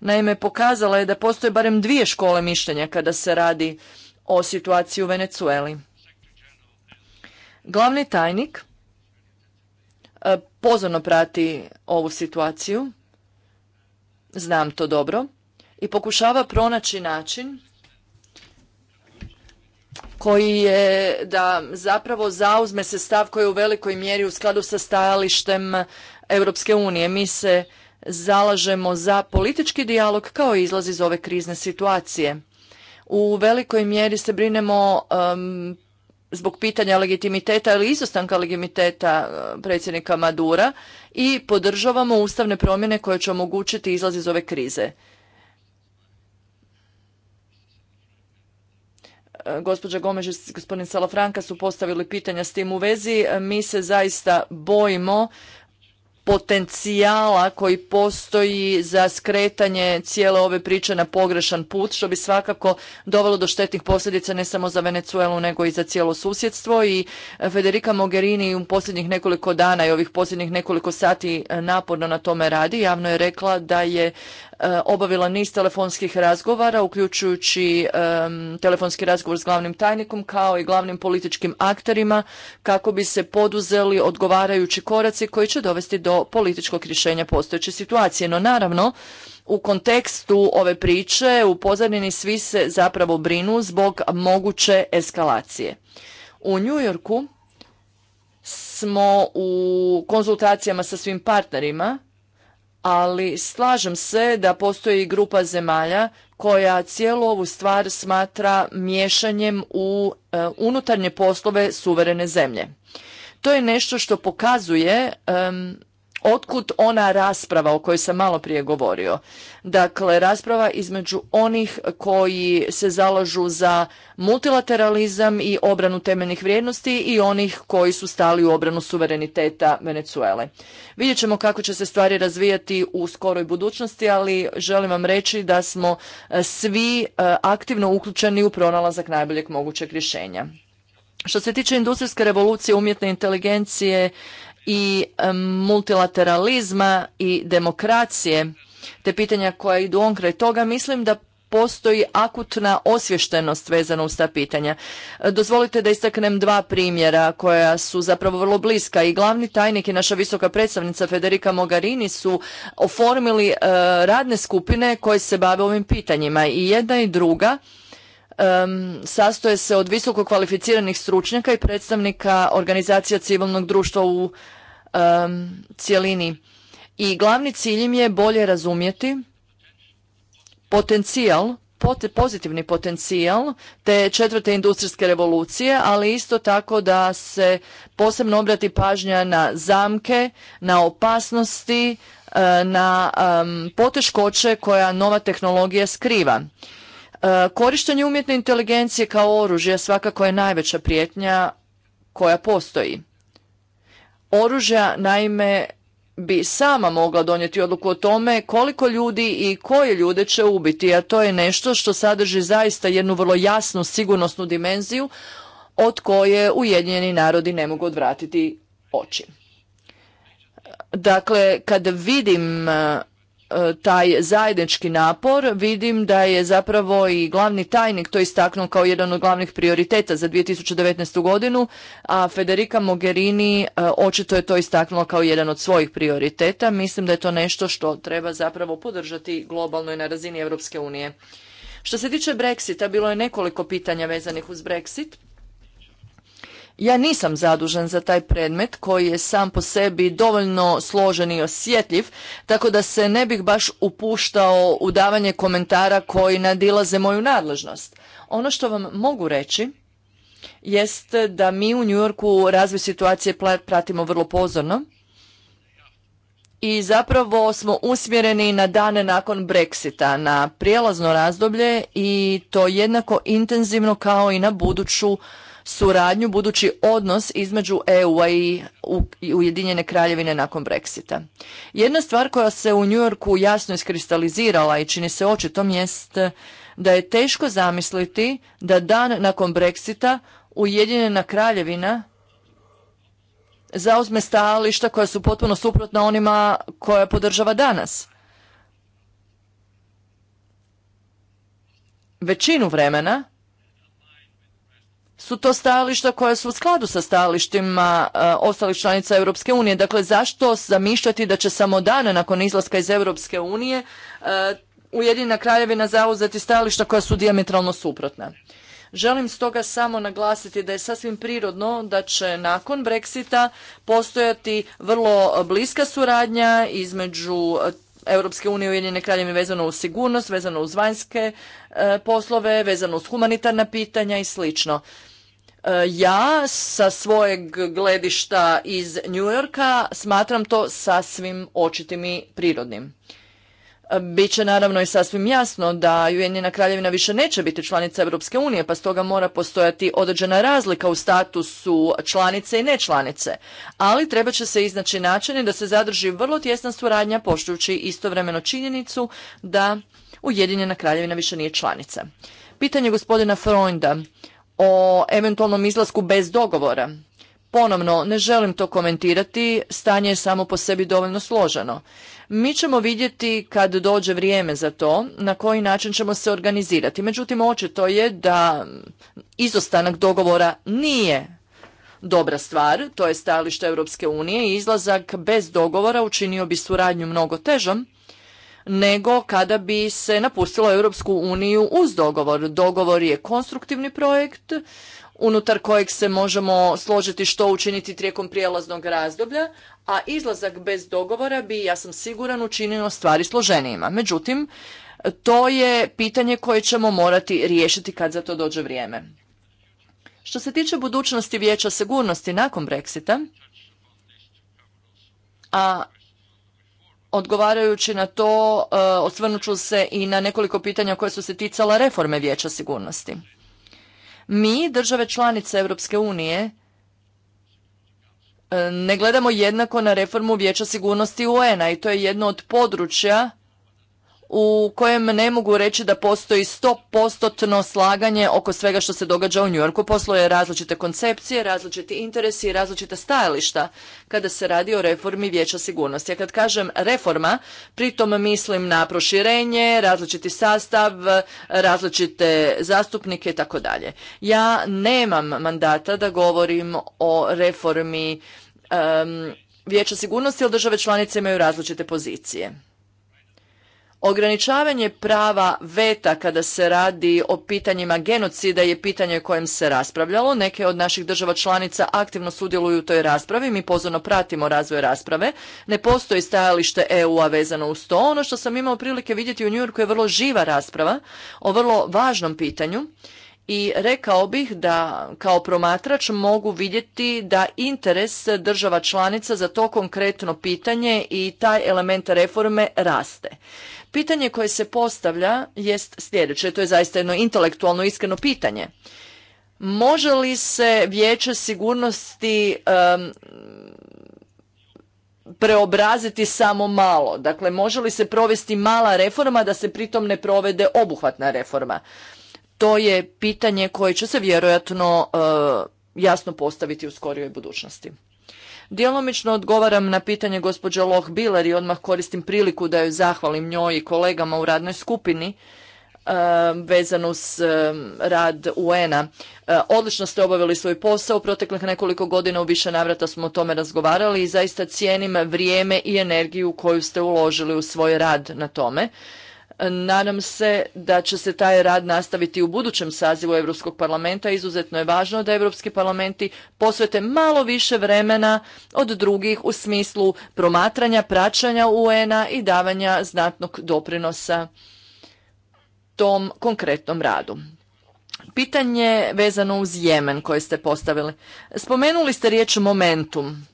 Naime, pokazala je da postoje barem dvije škole mišljenja kada se radi o situaciji u Venecueli. Glavni tajnik E, pozorno prati ovu situaciju, znam to dobro, i pokušava pronaći način koji je da zapravo zauzme se stav koji je u velikoj mjeri u skladu sa stajalištem Europske unije. Mi se zalažemo za politički dijalog kao izlaz iz ove krizne situacije. U velikoj mjeri se brinemo zbog pitanja legitimiteta ili izostanka legitimiteta e, predsjednika Madura i podržavamo ustavne promjene koje će omogućiti izlaz iz ove krize. E, gospođa Gomež i gospodin Salafranka su postavili pitanja s tim u vezi. E, mi se zaista bojimo potencijala koji postoji za skretanje cijele ove priče na pogrešan put, što bi svakako dovelo do štetnih posljedica ne samo za Venecuelu, nego i za cijelo susjedstvo. I e, Federica Mogherini u posljednjih nekoliko dana i ovih posljednjih nekoliko sati e, naporno na tome radi. Javno je rekla da je E, obavila niz telefonskih razgovara, uključujući e, telefonski razgovor s glavnim tajnikom kao i glavnim političkim akterima kako bi se poduzeli odgovarajući koraci koji će dovesti do političkog rješenja postojeće situacije. No naravno, u kontekstu ove priče u pozadini svi se zapravo brinu zbog moguće eskalacije. U New Yorku smo u konzultacijama sa svim partnerima ali slažem se da postoji grupa zemalja koja cijelu ovu stvar smatra miješanjem u e, unutarnje poslove suverene zemlje. To je nešto što pokazuje Otkud ona rasprava o kojoj sam malo prije govorio? Dakle, rasprava između onih koji se zalažu za multilateralizam i obranu temeljnih vrijednosti i onih koji su stali u obranu suvereniteta Venezuele. Vidjet ćemo kako će se stvari razvijati u skoroj budućnosti, ali želim vam reći da smo e, svi e, aktivno uključeni u pronalazak najboljeg mogućeg rješenja. Što se tiče industrijske revolucije, umjetne inteligencije, i multilateralizma i demokracije, te pitanja koja idu onkraj toga, mislim da postoji akutna osvještenost vezana uz ta pitanja. Dozvolite da istaknem dva primjera koja su zapravo vrlo bliska i glavni tajnik i naša visoka predstavnica Federica Mogarini su oformili eh, radne skupine koje se bave ovim pitanjima i jedna i druga sastoje se od visoko kvalificiranih stručnjaka i predstavnika organizacija civilnog društva u um, cjelini. I glavni cilj im je bolje razumjeti potencijal pozitivni potencijal te četvrte industrijske revolucije, ali isto tako da se posebno obrati pažnja na zamke, na opasnosti, e, na poteškoće koja nova tehnologija skriva. E, korištenje umjetne inteligencije kao oružja svakako je najveća prijetnja koja postoji oružja naime bi sama mogla donijeti odluku o tome koliko ljudi i koje ljude će ubiti, a to je nešto što sadrži zaista jednu vrlo jasnu sigurnosnu dimenziju od koje Ujedinjeni narodi ne mogu odvratiti oči. Dakle, kad vidim E, taj zajednički napor vidim da je zapravo i glavni tajnik to istaknuo kao jedan od glavnih prioriteta za 2019. godinu, a Federica Mogherini e, očito je to istaknula kao jedan od svojih prioriteta. Mislim da je to nešto što treba zapravo podržati globalno i na razini Europske unije. Što se tiče Brexita, bilo je nekoliko pitanja vezanih uz Brexit. Ja nisam zadužen za taj predmet koji je sam po sebi dovoljno složen i osjetljiv, tako da se ne bih baš upuštao u davanje komentara koji nadilaze moju nadležnost. Ono što vam mogu reći jest da mi u Njujorku razvoj situacije pratimo vrlo pozorno i zapravo smo usmjereni na dane nakon Brexita, na prijelazno razdoblje i to jednako intenzivno kao i na buduću suradnju, budući odnos između EU-a i Ujedinjene kraljevine nakon Brexita. Jedna stvar koja se u New Yorku jasno iskristalizirala i čini se očitom jest da je teško zamisliti da dan nakon Brexita Ujedinjena kraljevina zauzme stajališta koja su potpuno suprotna onima koja podržava danas. Većinu vremena su to stajališta koja su u skladu sa stajalištima e, ostalih članica Europske unije. Dakle, zašto zamišljati da će samo dana nakon izlaska iz Europske unije e, Ujedina kraljevina zauzeti stajališta koja su diametralno suprotna? Želim stoga samo naglasiti da je sasvim prirodno da će nakon Brexita postojati vrlo bliska suradnja između Europske unije Ujedinjene kraljevine vezano uz sigurnost, vezano uz vanjske e, poslove, vezano uz humanitarna pitanja i slično. E, ja sa svojeg gledišta iz New Yorka smatram to sasvim očitim i prirodnim. Biće naravno i sasvim jasno da Ujedinjena kraljevina više neće biti članica Europske unije, pa stoga mora postojati određena razlika u statusu članice i nečlanice. Ali treba će se iznaći načini da se zadrži vrlo tjesna suradnja, poštujući istovremeno činjenicu da Ujedinjena kraljevina više nije članica. Pitanje gospodina Freunda o eventualnom izlasku bez dogovora. Ponovno, ne želim to komentirati, stanje je samo po sebi dovoljno složeno. Mi ćemo vidjeti kad dođe vrijeme za to, na koji način ćemo se organizirati. Međutim, očito je da izostanak dogovora nije dobra stvar, to je stajalište Europske unije i izlazak bez dogovora učinio bi suradnju mnogo težom nego kada bi se napustilo Europsku uniju uz dogovor. Dogovor je konstruktivni projekt, unutar kojeg se možemo složiti što učiniti tijekom prijelaznog razdoblja, a izlazak bez dogovora bi, ja sam siguran, učinio stvari složenijima. Međutim, to je pitanje koje ćemo morati riješiti kad za to dođe vrijeme. Što se tiče budućnosti vijeća sigurnosti nakon Brexita, a odgovarajući na to e, osvrnuću se i na nekoliko pitanja koje su se ticala reforme vijeća sigurnosti. Mi, države članice Europske unije, e, ne gledamo jednako na reformu Vijeća sigurnosti UN-a i to je jedno od područja u kojem ne mogu reći da postoji 100% slaganje oko svega što se događa u Njujorku. Posluje različite koncepcije, različiti interesi i različita stajališta kada se radi o reformi vijeća sigurnosti. Ja kad kažem reforma, pritom mislim na proširenje, različiti sastav, različite zastupnike i tako dalje. Ja nemam mandata da govorim o reformi um, vijeća sigurnosti, jer države članice imaju različite pozicije. Ograničavanje prava veta kada se radi o pitanjima genocida je pitanje o kojem se raspravljalo. Neke od naših država članica aktivno sudjeluju u toj raspravi. Mi pozorno pratimo razvoj rasprave. Ne postoji stajalište EU-a vezano uz to. Ono što sam imao prilike vidjeti u Yorku je vrlo živa rasprava o vrlo važnom pitanju i rekao bih da kao promatrač mogu vidjeti da interes država članica za to konkretno pitanje i taj element reforme raste. Pitanje koje se postavlja jest sljedeće, to je zaista jedno intelektualno iskreno pitanje. Može li se vijeće sigurnosti preobraziti samo malo? Dakle, može li se provesti mala reforma da se pritom ne provede obuhvatna reforma? to je pitanje koje će se vjerojatno e, jasno postaviti u skorijoj budućnosti. Djelomično odgovaram na pitanje gospođe Loh Biler i odmah koristim priliku da joj zahvalim njoj i kolegama u radnoj skupini e, vezano s e, rad UN-a. Odlično ste obavili svoj posao. U proteklih nekoliko godina u više navrata smo o tome razgovarali i zaista cijenim vrijeme i energiju koju ste uložili u svoj rad na tome. Nadam se da će se taj rad nastaviti u budućem sazivu Europskog parlamenta. Izuzetno je važno da Europski parlamenti posvete malo više vremena od drugih u smislu promatranja, praćanja UN-a i davanja znatnog doprinosa tom konkretnom radu. Pitanje vezano uz Jemen koje ste postavili. Spomenuli ste riječ momentum.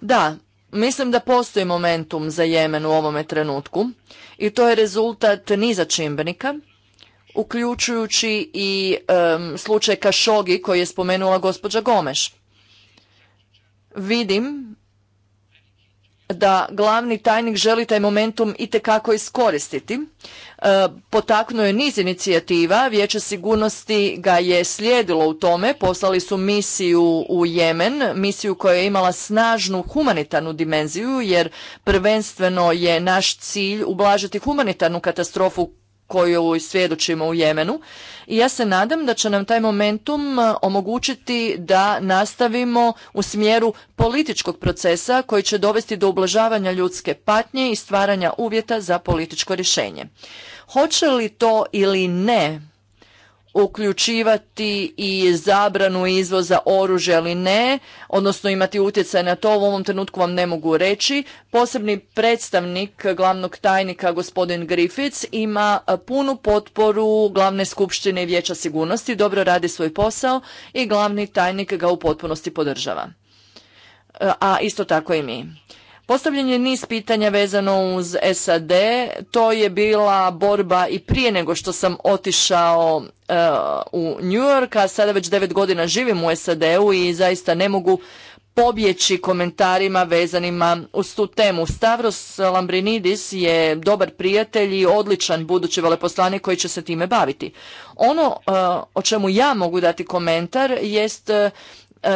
Da, Mislim da postoji momentum za Jemen u ovome trenutku i to je rezultat niza čimbenika, uključujući i slučaj Kašogi koji je spomenula gospođa Gomeš. Vidim da glavni tajnik želi taj momentum itekako iskoristiti. E, potaknuo je niz inicijativa, Vijeće sigurnosti ga je slijedilo u tome, poslali su misiju u Jemen, misiju koja je imala snažnu humanitarnu dimenziju jer prvenstveno je naš cilj ublažiti humanitarnu katastrofu koju svjedočimo u Jemenu. I ja se nadam da će nam taj momentum e, omogućiti da nastavimo u smjeru političkog procesa koji će dovesti do ublažavanja ljudske patnje i stvaranja uvjeta za političko rješenje. Hoće li to ili ne uključivati i zabranu izvoza oružja ili ne, odnosno imati utjecaj na to, u ovom trenutku vam ne mogu reći. Posebni predstavnik glavnog tajnika, gospodin Griffiths, ima punu potporu glavne skupštine i vijeća sigurnosti, dobro radi svoj posao i glavni tajnik ga u potpunosti podržava. A isto tako i mi. Postavljen je niz pitanja vezano uz SAD, to je bila borba i prije nego što sam otišao uh, u New York, a sada već devet godina živim u SAD-u i zaista ne mogu pobjeći komentarima vezanima uz tu temu. Stavros Lambrinidis je dobar prijatelj i odličan budući veleposlanik koji će se time baviti. Ono uh, o čemu ja mogu dati komentar jest uh,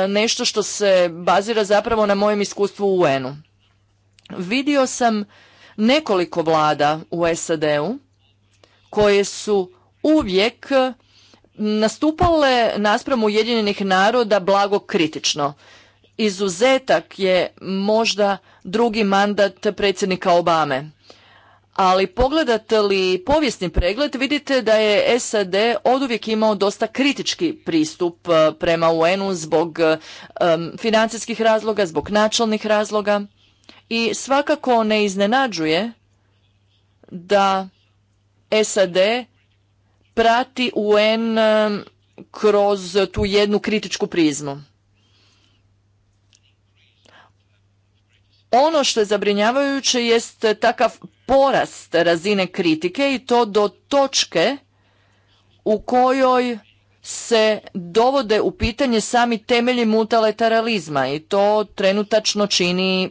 nešto što se bazira zapravo na mojem iskustvu u UN-u vidio sam nekoliko vlada u SAD-u koje su uvijek eh, nastupale naspram Ujedinjenih naroda blago kritično. Izuzetak je možda drugi mandat predsjednika Obame. Ali pogledate li povijesni pregled, vidite da je SAD oduvijek imao dosta kritički pristup eh, prema UN-u zbog eh, financijskih razloga, zbog načelnih razloga. I svakako ne iznenađuje da SAD prati UN kroz tu jednu kritičku prizmu. Ono što je zabrinjavajuće jest takav porast razine kritike i to do točke u kojoj se dovode u pitanje sami temelji multilateralizma i to trenutačno čini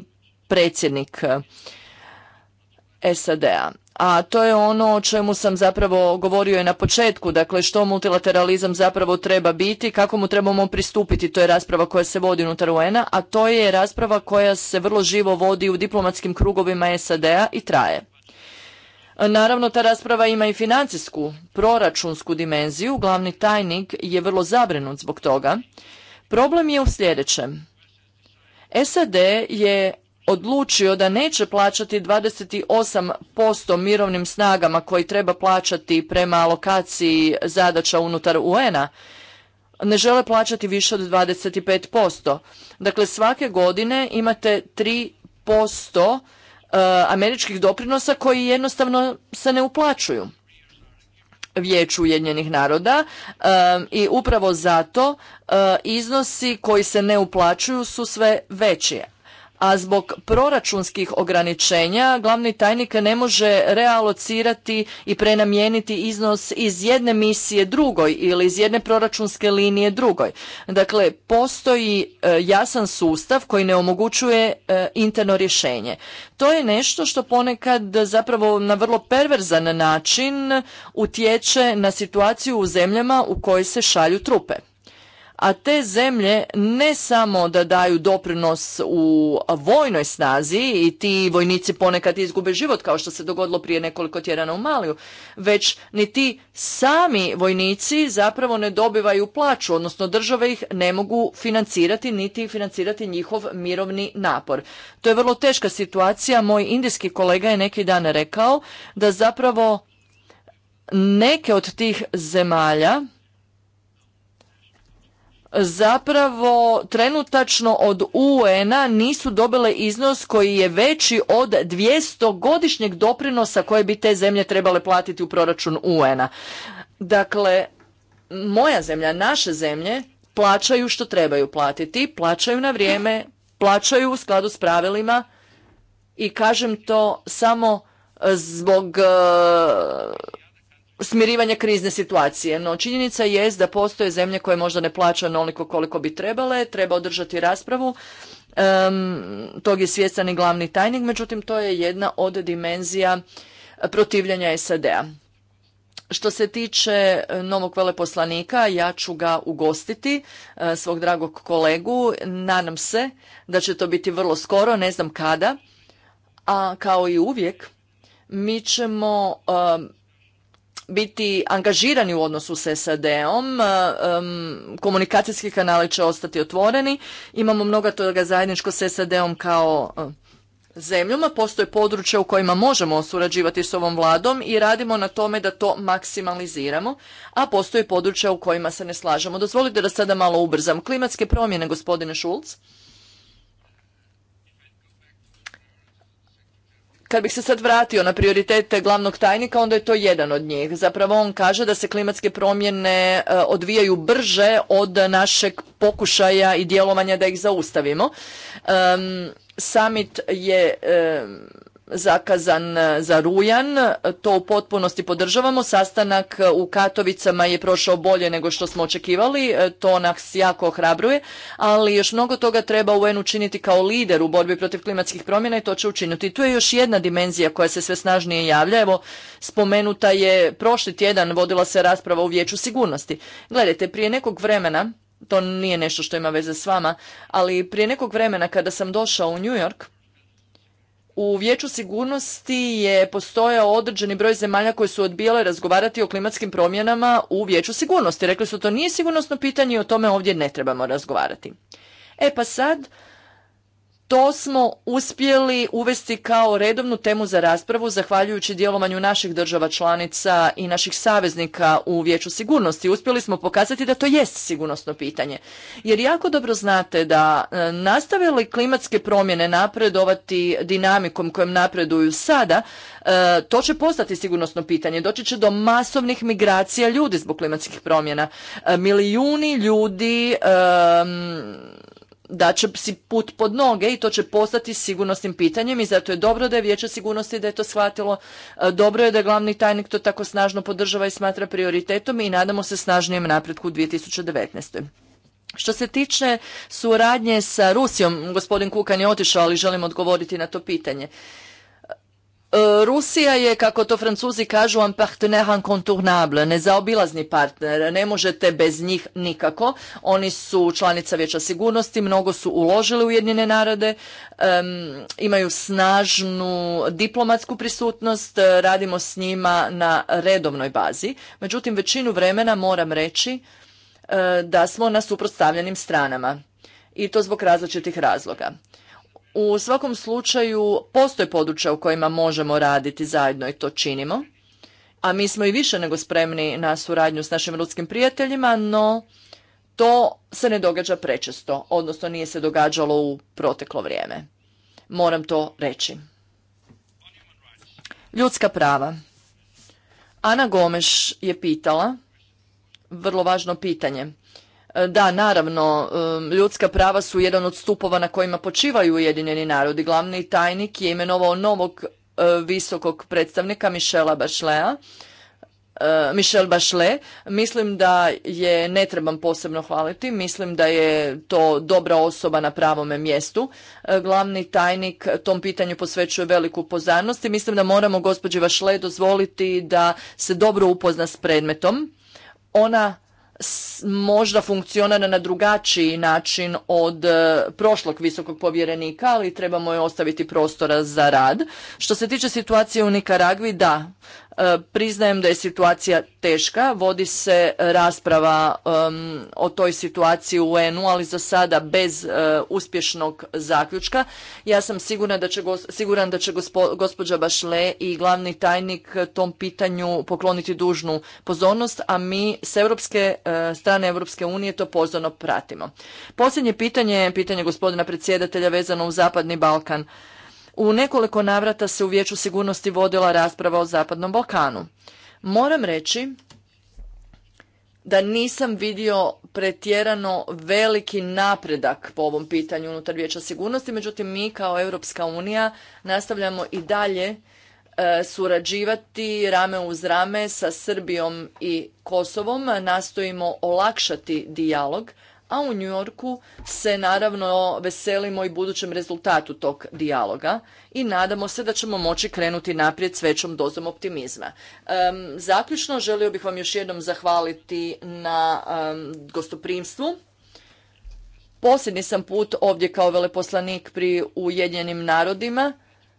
predsjednik eh, SAD-a. A to je ono o čemu sam zapravo govorio i na početku, dakle što multilateralizam zapravo treba biti, kako mu trebamo pristupiti, to je rasprava koja se vodi unutar UN-a, a to je rasprava koja se vrlo živo vodi u diplomatskim krugovima SAD-a i traje. Naravno, ta rasprava ima i financijsku, proračunsku dimenziju, glavni tajnik je vrlo zabrinut zbog toga. Problem je u sljedećem. SAD je odlučio da neće plaćati 28% mirovnim snagama koji treba plaćati prema alokaciji zadaća unutar UN-a, ne žele plaćati više od 25%. Dakle, svake godine imate 3% eh, američkih doprinosa koji jednostavno se ne uplaćuju vijeću Ujedinjenih naroda eh, i upravo zato eh, iznosi koji se ne uplaćuju su sve veći a zbog proračunskih ograničenja glavni tajnik ne može realocirati i prenamijeniti iznos iz jedne misije drugoj ili iz jedne proračunske linije drugoj. Dakle, postoji e, jasan sustav koji ne omogućuje e, interno rješenje. To je nešto što ponekad zapravo na vrlo perverzan način utječe na situaciju u zemljama u kojoj se šalju trupe a te zemlje ne samo da daju doprinos u vojnoj snazi i ti vojnici ponekad izgube život kao što se dogodilo prije nekoliko tjedana u Maliju, već ni ti sami vojnici zapravo ne dobivaju plaću, odnosno države ih ne mogu financirati niti financirati njihov mirovni napor. To je vrlo teška situacija. Moj indijski kolega je neki dan rekao da zapravo neke od tih zemalja zapravo trenutačno od UN-a nisu dobile iznos koji je veći od 200 godišnjeg doprinosa koje bi te zemlje trebale platiti u proračun UN-a. Dakle, moja zemlja, naše zemlje plaćaju što trebaju platiti, plaćaju na vrijeme, plaćaju u skladu s pravilima i kažem to samo eh, zbog eh, smirivanja krizne situacije. No činjenica jest da postoje zemlje koje možda ne plaćaju onoliko koliko bi trebale, treba održati raspravu. tog je svjestan i glavni tajnik, međutim to je jedna od dimenzija protivljenja SAD-a. Što se tiče e, novog veleposlanika, ja ću ga ugostiti, e, svog dragog kolegu. Nadam se da će to biti vrlo skoro, ne znam kada. A kao i uvijek, mi ćemo biti angažirani u odnosu s SAD-om, e, komunikacijski kanali će ostati otvoreni, imamo mnogo toga zajedničko s SAD-om kao e, zemljama, postoje područja u kojima možemo surađivati s ovom vladom i radimo na tome da to maksimaliziramo, a postoje područja u kojima se ne slažemo. Dozvolite da sada malo ubrzam. Klimatske promjene, gospodine Šulc. Kad bih se sad vratio na prioritete glavnog tajnika, onda je to jedan od njih. Zapravo on kaže da se klimatske promjene e, odvijaju brže od našeg pokušaja i djelovanja da ih zaustavimo. Samit summit je zakazan e, za rujan, to u potpunosti podržavamo. Sastanak e, u Katovicama je prošao bolje nego što smo očekivali, e, to nas jako ohrabruje, ali još mnogo toga treba UN učiniti kao lider u borbi protiv klimatskih promjena i to će učiniti. tu je još jedna dimenzija koja se sve snažnije javlja. Evo, spomenuta je prošli tjedan vodila se rasprava u Vijeću sigurnosti. Gledajte, prije nekog vremena, to nije nešto što ima veze s vama, ali prije nekog vremena kada sam došao u New York, u Vijeću sigurnosti je postojao određeni broj zemalja koje su odbijale razgovarati o klimatskim promjenama u Vijeću sigurnosti. Rekli su to nije sigurnosno pitanje i o tome ovdje ne trebamo razgovarati. E pa sad to smo uspjeli uvesti kao redovnu temu za raspravu zahvaljujući djelovanju naših država članica i naših saveznika u Vijeću sigurnosti. Uspjeli smo pokazati da to jest sigurnosno pitanje. Jer jako dobro znate da e, nastave li klimatske promjene napredovati dinamikom kojom napreduju sada, e, to će postati sigurnosno pitanje. Doći će do masovnih migracija ljudi zbog klimatskih promjena. E, milijuni ljudi da će si put pod noge i to će postati sigurnosnim pitanjem i zato je dobro da je Vijeće sigurnosti da je to shvatilo. E, dobro je da je glavni tajnik to tako snažno podržava i smatra prioritetom i nadamo se snažnijem napretku u 2019. Što se tiče suradnje sa Rusijom, gospodin Kukan je otišao, ali želim odgovoriti na to pitanje. Eh, Rusija je, kako to francuzi kažu, un partenaire incontournable, nezaobilazni partner, ne možete bez njih nikako. Oni su članica Vijeća sigurnosti, mnogo su uložili u narode, imaju snažnu diplomatsku prisutnost, eh, radimo s njima na redovnoj bazi. Međutim, većinu vremena moram reći eh, da smo na suprotstavljenim stranama i to zbog različitih razloga. U svakom slučaju postoje područja u kojima možemo raditi zajedno i to činimo, a mi smo i više nego spremni na suradnju s našim ljudskim prijateljima, no to se ne događa prečesto, odnosno nije se događalo u proteklo vrijeme. Moram to reći. Ljudska prava. Ana Gomeš je pitala, vrlo važno pitanje, E, da, naravno, ljudska prava su jedan od stupova na kojima počivaju Ujedinjeni narodi. Glavni tajnik je imenovao novog e, visokog predstavnika Michela Bašlea. E, Michel Bašle, Mislim da je ne trebam posebno hvaliti, mislim da je to dobra osoba na pravome mjestu. Glavni tajnik tom pitanju posvećuje veliku pozornost i mislim da moramo gospođi Bašle, dozvoliti da se dobro upozna s predmetom. Ona možda funkcionira na drugačiji način od e, prošlog visokog povjerenika, ali trebamo je ostaviti prostora za rad. Što se tiče situacije u Nikaragvi, da, E, priznajem da je situacija teška, vodi se rasprava o toj situaciji u UN-u, ali za sada bez e, uspješnog zaključka. Ja sam da će, siguran da će gospođa Bašle i glavni tajnik tom pitanju pokloniti dužnu pozornost, a mi s europske, e, strane Europske unije to pozorno pratimo. Posljednje pitanje je pitanje gospodina predsjedatelja vezano u Zapadni Balkan. U nekoliko navrata se u Vijeću sigurnosti vodila rasprava o Zapadnom Balkanu. Moram reći da nisam vidio pretjerano veliki napredak po ovom pitanju unutar Vijeća sigurnosti, međutim mi kao Europska unija nastavljamo i dalje e, surađivati rame uz rame sa Srbijom i Kosovom. Nastojimo olakšati dijalog a u New Yorku se naravno veselimo i budućem rezultatu tog dijaloga i nadamo se da ćemo moći krenuti naprijed s većom dozom optimizma. zaključno želio bih vam još jednom zahvaliti na gostoprimstvu. Posljednji sam put ovdje kao veleposlanik pri Ujedinjenim narodima.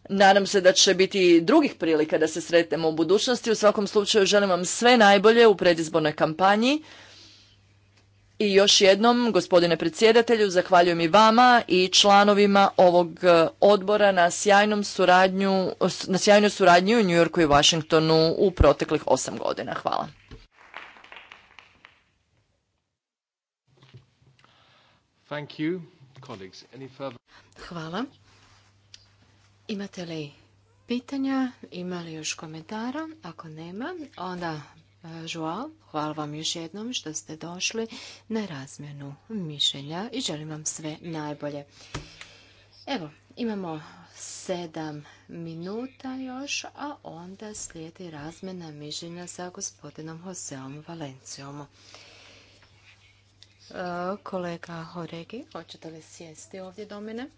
Nadam se da će biti i drugih prilika da se sretnemo u budućnosti. U svakom slučaju želim vam sve najbolje u predizbornoj kampanji. I još jednom, gospodine predsjedatelju, zahvaljujem i vama i članovima ovog e, odbora na, sjajnom suradnju, na sjajnoj suradnji u New Yorku i Washingtonu u proteklih osam godina. Hvala. Hvala. Imate li pitanja? Ima li još komentara? Ako nema, onda Joao, hvala vam još jednom što ste došli na razmjenu mišljenja i želim vam sve najbolje. Evo, imamo sedam minuta još, a onda slijedi razmjena mišljenja sa gospodinom Joseom Valencijom. E, kolega Horegi, hoćete li sjesti ovdje do mene?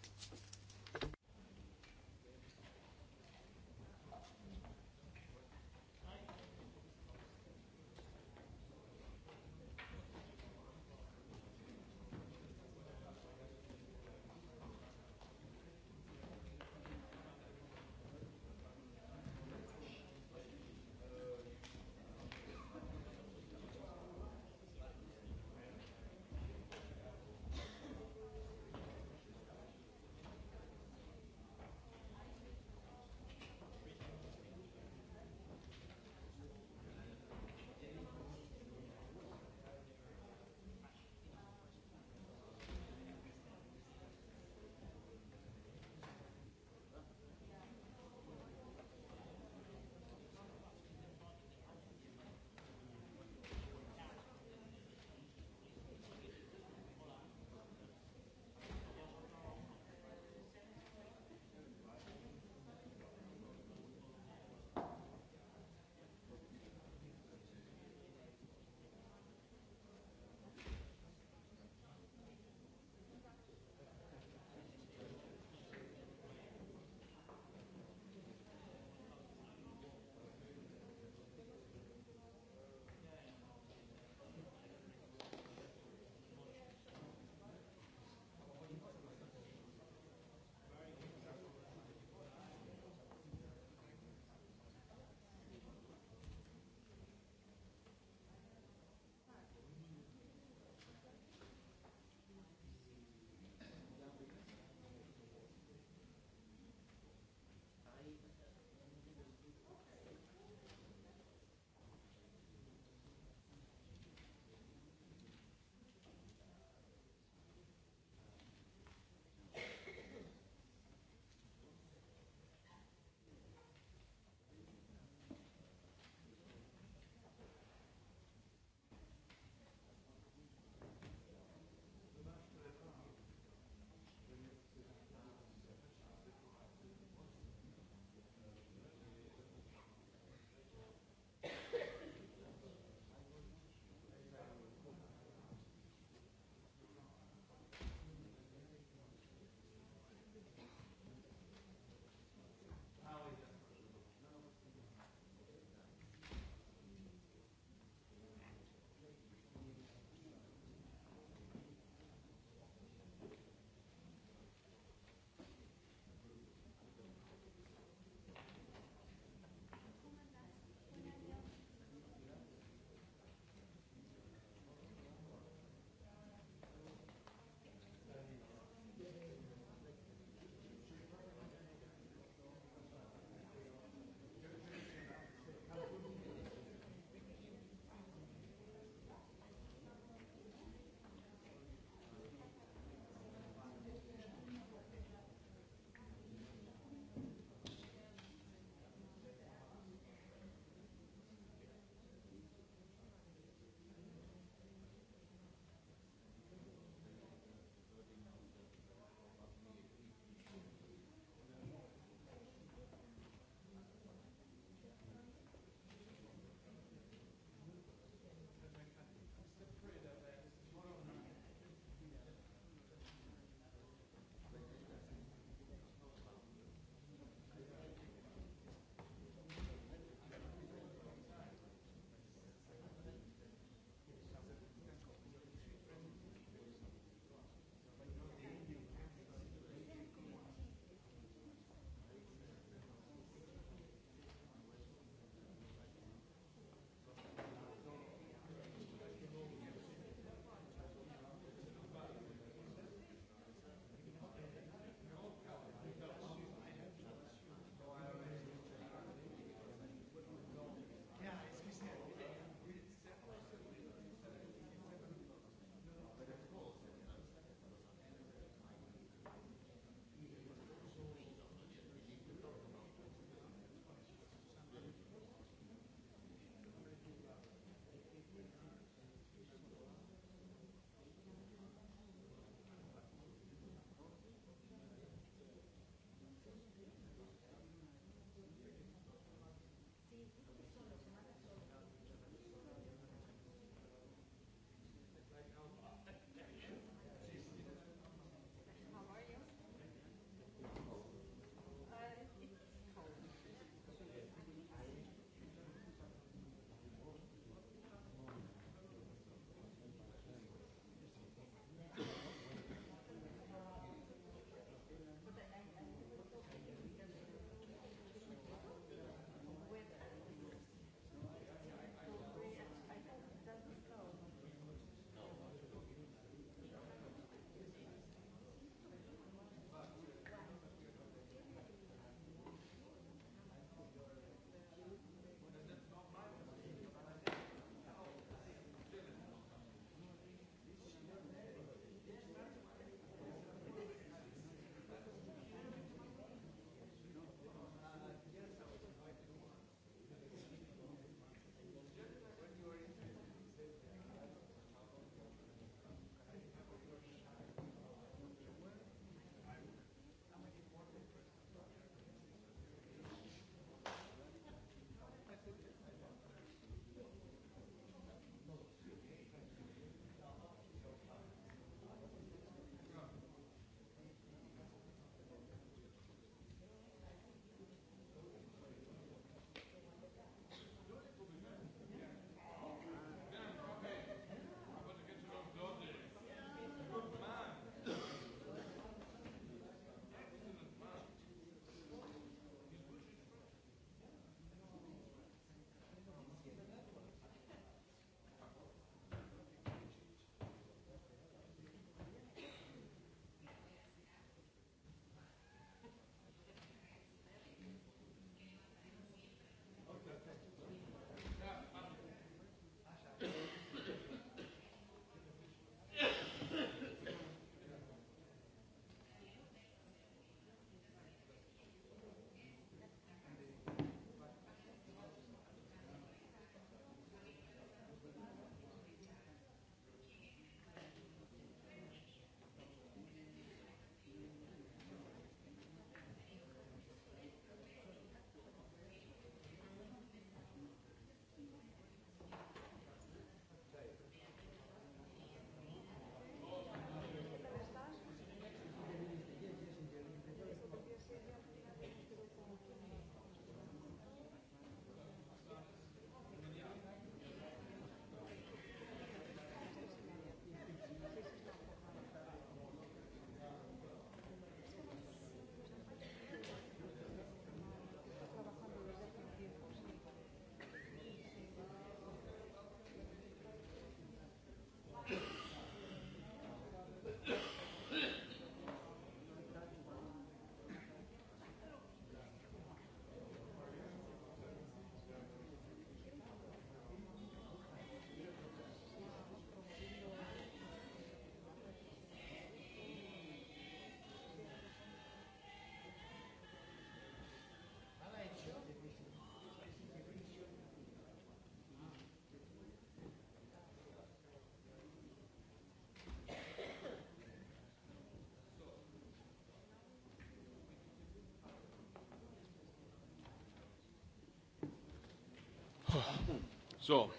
So.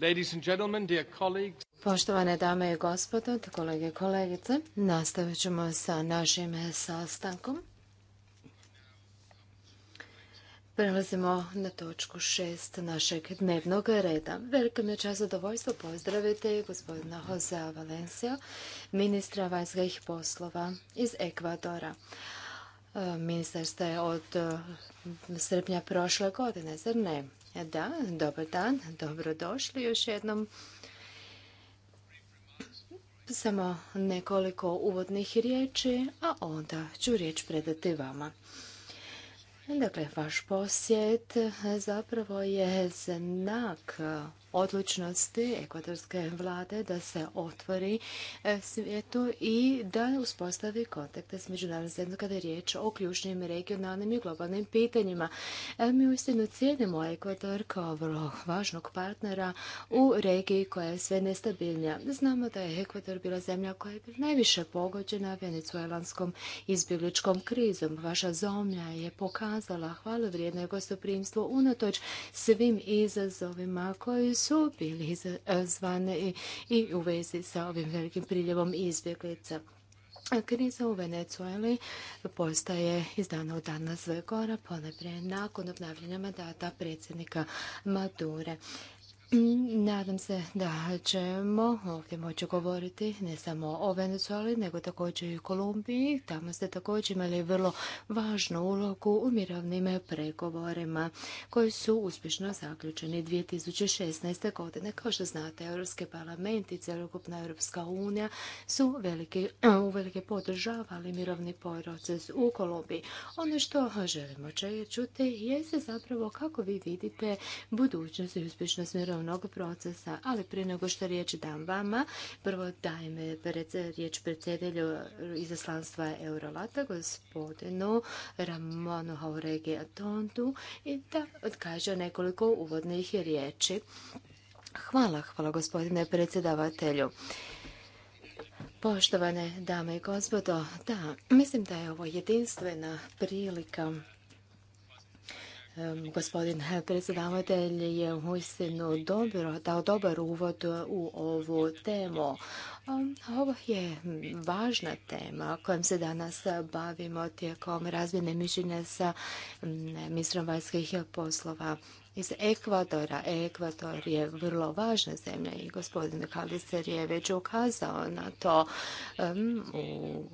Ladies and gentlemen, dear colleagues. Poštovane dame i gospodo, kolege i kolegice, nastavit ćemo sa našim sastankom. Prelazimo na točku šest našeg dnevnog reda. Veliko mi je čast zadovoljstvo pozdraviti gospodina Josea Valencia, ministra vanjskih poslova iz Ekvadora. Ministar je od eh, srpnja prošle godine, zar ne? Da, dobar dan, dobrodošli još jednom. Samo nekoliko uvodnih riječi, a onda ću riječ predati vama. Dakle, vaš posjet zapravo je znak odlučnosti ekvatorske vlade da se otvori e, svijetu i da uspostavi kontakte s međunarodnim zemljom kada je riječ o ključnim regionalnim i globalnim pitanjima. E, mi istinu cijenimo Ekvator kao vrlo važnog partnera u regiji koja je sve nestabilnija. Znamo da je Ekvator bila zemlja koja je najviše pogođena venecuelanskom izbjegličkom krizom. Vaša zemlja je pokazala hvale vrijedno gostoprimstvo unatoč svim izazovima koji su bili zvane i u vezi sa ovim velikim priljevom izbjeglica. Kriza u Venecueli postaje iz dana u dana sve gora, ponajprije nakon obnavljanja mandata predsjednika Madure. Nadam se da ćemo ovdje moći govoriti ne samo o Venezueli, nego također i o Kolumbiji. Tamo ste također imali vrlo važnu ulogu u mirovnim pregovorima koji su uspješno zaključeni 2016. godine. Kao što znate, Europski parlament i cjelokupna Europska unija su velike, uvelike podržavali mirovni proces u Kolumbiji. Ono što želimo čuti je zapravo kako vi vidite budućnost i uspješnost mirovnih mnogo procesa. Ali prije nego što riječ dam vama, prvo dajem eh, riječ predsjedelju eh, izaslanstva Eurolata, gospodinu Ramonu Hauregi Atondu, i da odkaže nekoliko uvodnih riječi. Hvala, hvala gospodine predsjedavatelju. Poštovane dame i gospodo, da, mislim da je ovo jedinstvena prilika Gospodin predsjedavatelj je uistinu dobro, dao dobar uvod u ovu temu. Ovo je važna tema kojom se danas bavimo tijekom razmjene mišljenja sa ministrom vanjskih poslova iz Ekvadora. Ekvador je vrlo važna zemlja i gospodin Kalister je već ukazao na to u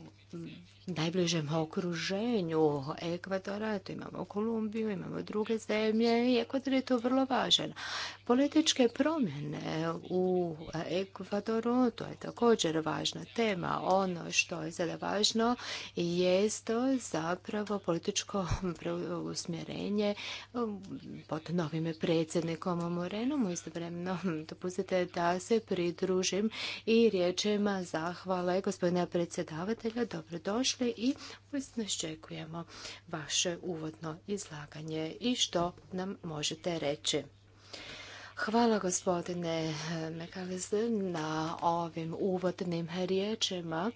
najbližem okruženju Ekvadora, tu imamo Kolumbiju, imamo druge zemlje i Ekvador je to vrlo važan. Političke promjene u Ekvadoru, to je također važna tema. Ono što je sada važno jest zapravo političko usmjerenje um, pod novim predsjednikom Morenom. Istovremeno dopustite da se pridružim i riječima zahvale gospodina predsjedavatelja. Dobrodošli došli i uistinu iščekujemo vaše uvodno izlaganje i što nam možete reći. Hvala gospodine eh, Mekalize na ovim uvodnim riječima.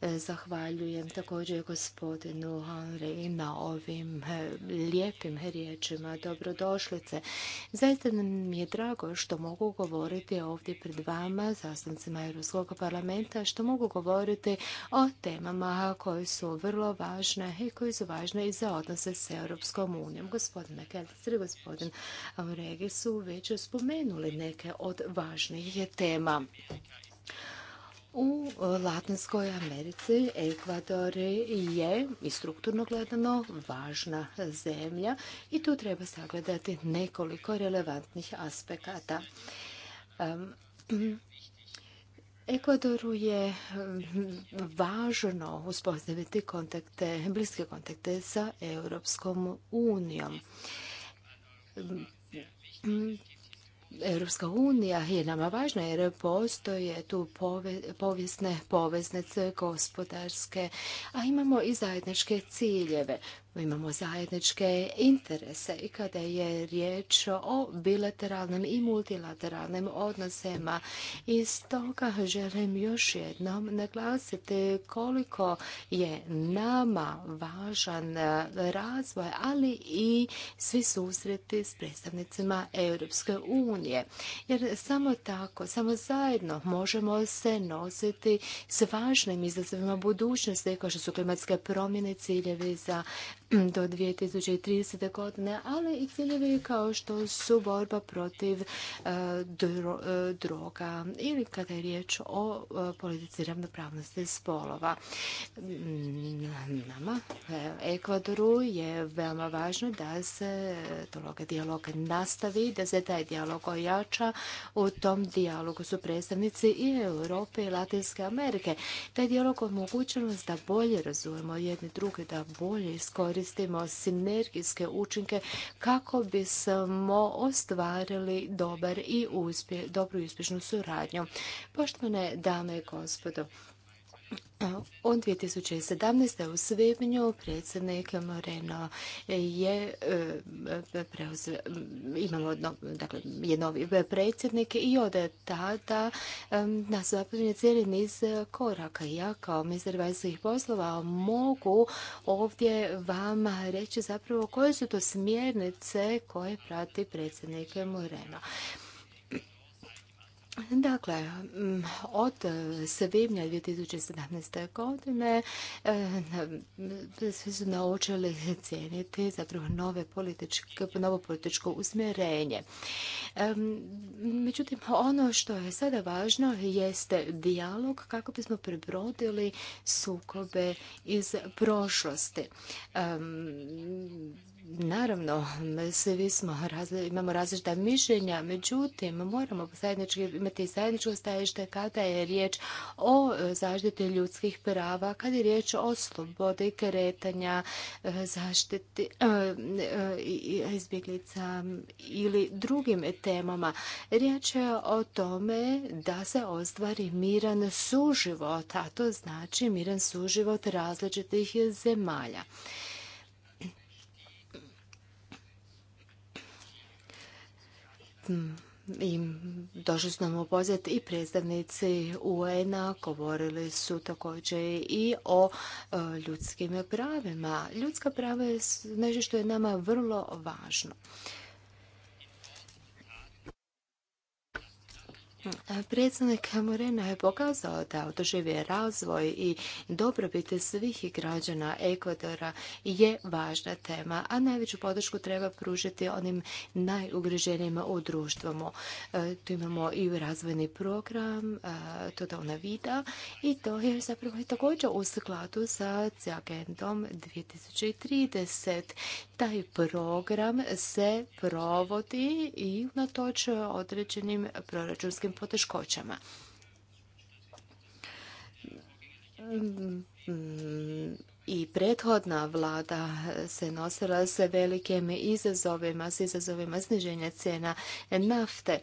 Eh, zahvaljujem također gospodinu Henri na ovim eh, lijepim riječima dobrodošlice. Zaista mi je drago što mogu govoriti ovdje pred vama, sastancima Europskog parlamenta, što mogu govoriti o temama koje su vrlo važne i koje su važne i za odnose s Europskom unijom. Gospodin Mekalize i gospodin Henri su već spomenuli neke od važnijih tema. U Latinskoj Americi Ekvador je i strukturno gledano važna zemlja i tu treba sagledati nekoliko relevantnih aspekata. Ekvadoru je važno uspostaviti kontakte, bliske kontakte sa Europskom unijom Europska unija je nama važna jer postoje tu povijesne poveznice gospodarske, a imamo i zajedničke ciljeve imamo zajedničke interese i kada je riječ o bilateralnim i multilateralnim odnosima. I stoga želim još jednom naglasiti koliko je nama važan razvoj, ali i svi susreti s predstavnicima Europske unije. Jer samo tako, samo zajedno možemo se nositi s važnim izazovima budućnosti kao što su klimatske promjene, ciljevi za do 2030. godine, ali i ciljevi kao što su borba protiv e, e, droga ili kada je riječ o e, politici ravnopravnosti spolova. Nama, Ekvadoru, je veoma važno da se tologa dijalog nastavi, da se taj dijalog ojača. U tom dijalogu su predstavnici i Europe i Latinske Amerike. Taj dijalog omogućuje nas da bolje razumemo jedne druge, da bolje iskoristimo koristimo sinergijske učinke kako bismo ostvarili dobar i uspje, dobru i uspješnu suradnju. Poštovane dame i gospodo, od 2017. u svibnju predsjednik Moreno je e, preuzeo, imamo dakle, novi predsjednik i od tada e, nas zapravo cijeli niz koraka. Ja kao ministar vanjskih poslova mogu ovdje vama reći zapravo koje su to smjernice koje prati predsjednik Moreno. Dakle, od e, svibnja 2017. godine e, svi su naučili cijeniti zapravo nove političke, novo političko usmjerenje. E, međutim, ono što je sada važno jeste dijalog kako bismo prebrodili sukobe iz prošlosti. Naravno, svi smo, imamo različita mišljenja, međutim, moramo imati zajedničko staješte kada je riječ o zaštiti ljudskih prava, kada je riječ o slobodi kretanja, e, zaštiti e, e, izbjeglica ili drugim temama. Riječ je o tome da se ostvari miran suživot, a to znači miran suživot različitih zemalja. i došli su nam u i predstavnici UN-a, govorili su također i o e, ljudskim pravima. Ljudska prava je nešto što je nama vrlo važno. Predsjednik Morena je pokazao da održivi razvoj i dobrobit svih građana Ekvadora je važna tema, a najveću podršku treba pružiti onim najugroženijima u društvu. E, tu imamo i razvojni program, e, to da ona vida i to je zapravo i također u skladu sa agendom 2030. Taj program se provodi i unatoč određenim proračunskim poteškoćama i prethodna vlada se nosila s velikim izazovima, s izazovima sniženja cijena nafte.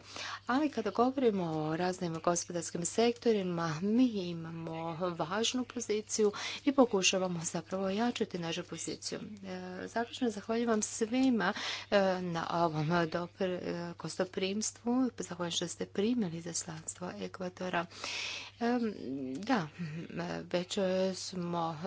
Ali kada govorimo o raznim gospodarskim sektorima, mi imamo važnu poziciju i pokušavamo zapravo jačati našu poziciju. E, Zaključno zahvaljujem svima e, na ovom dobro e, Zahvaljujem što ste primili zaslanstvo Ekvatora. Da, već smo,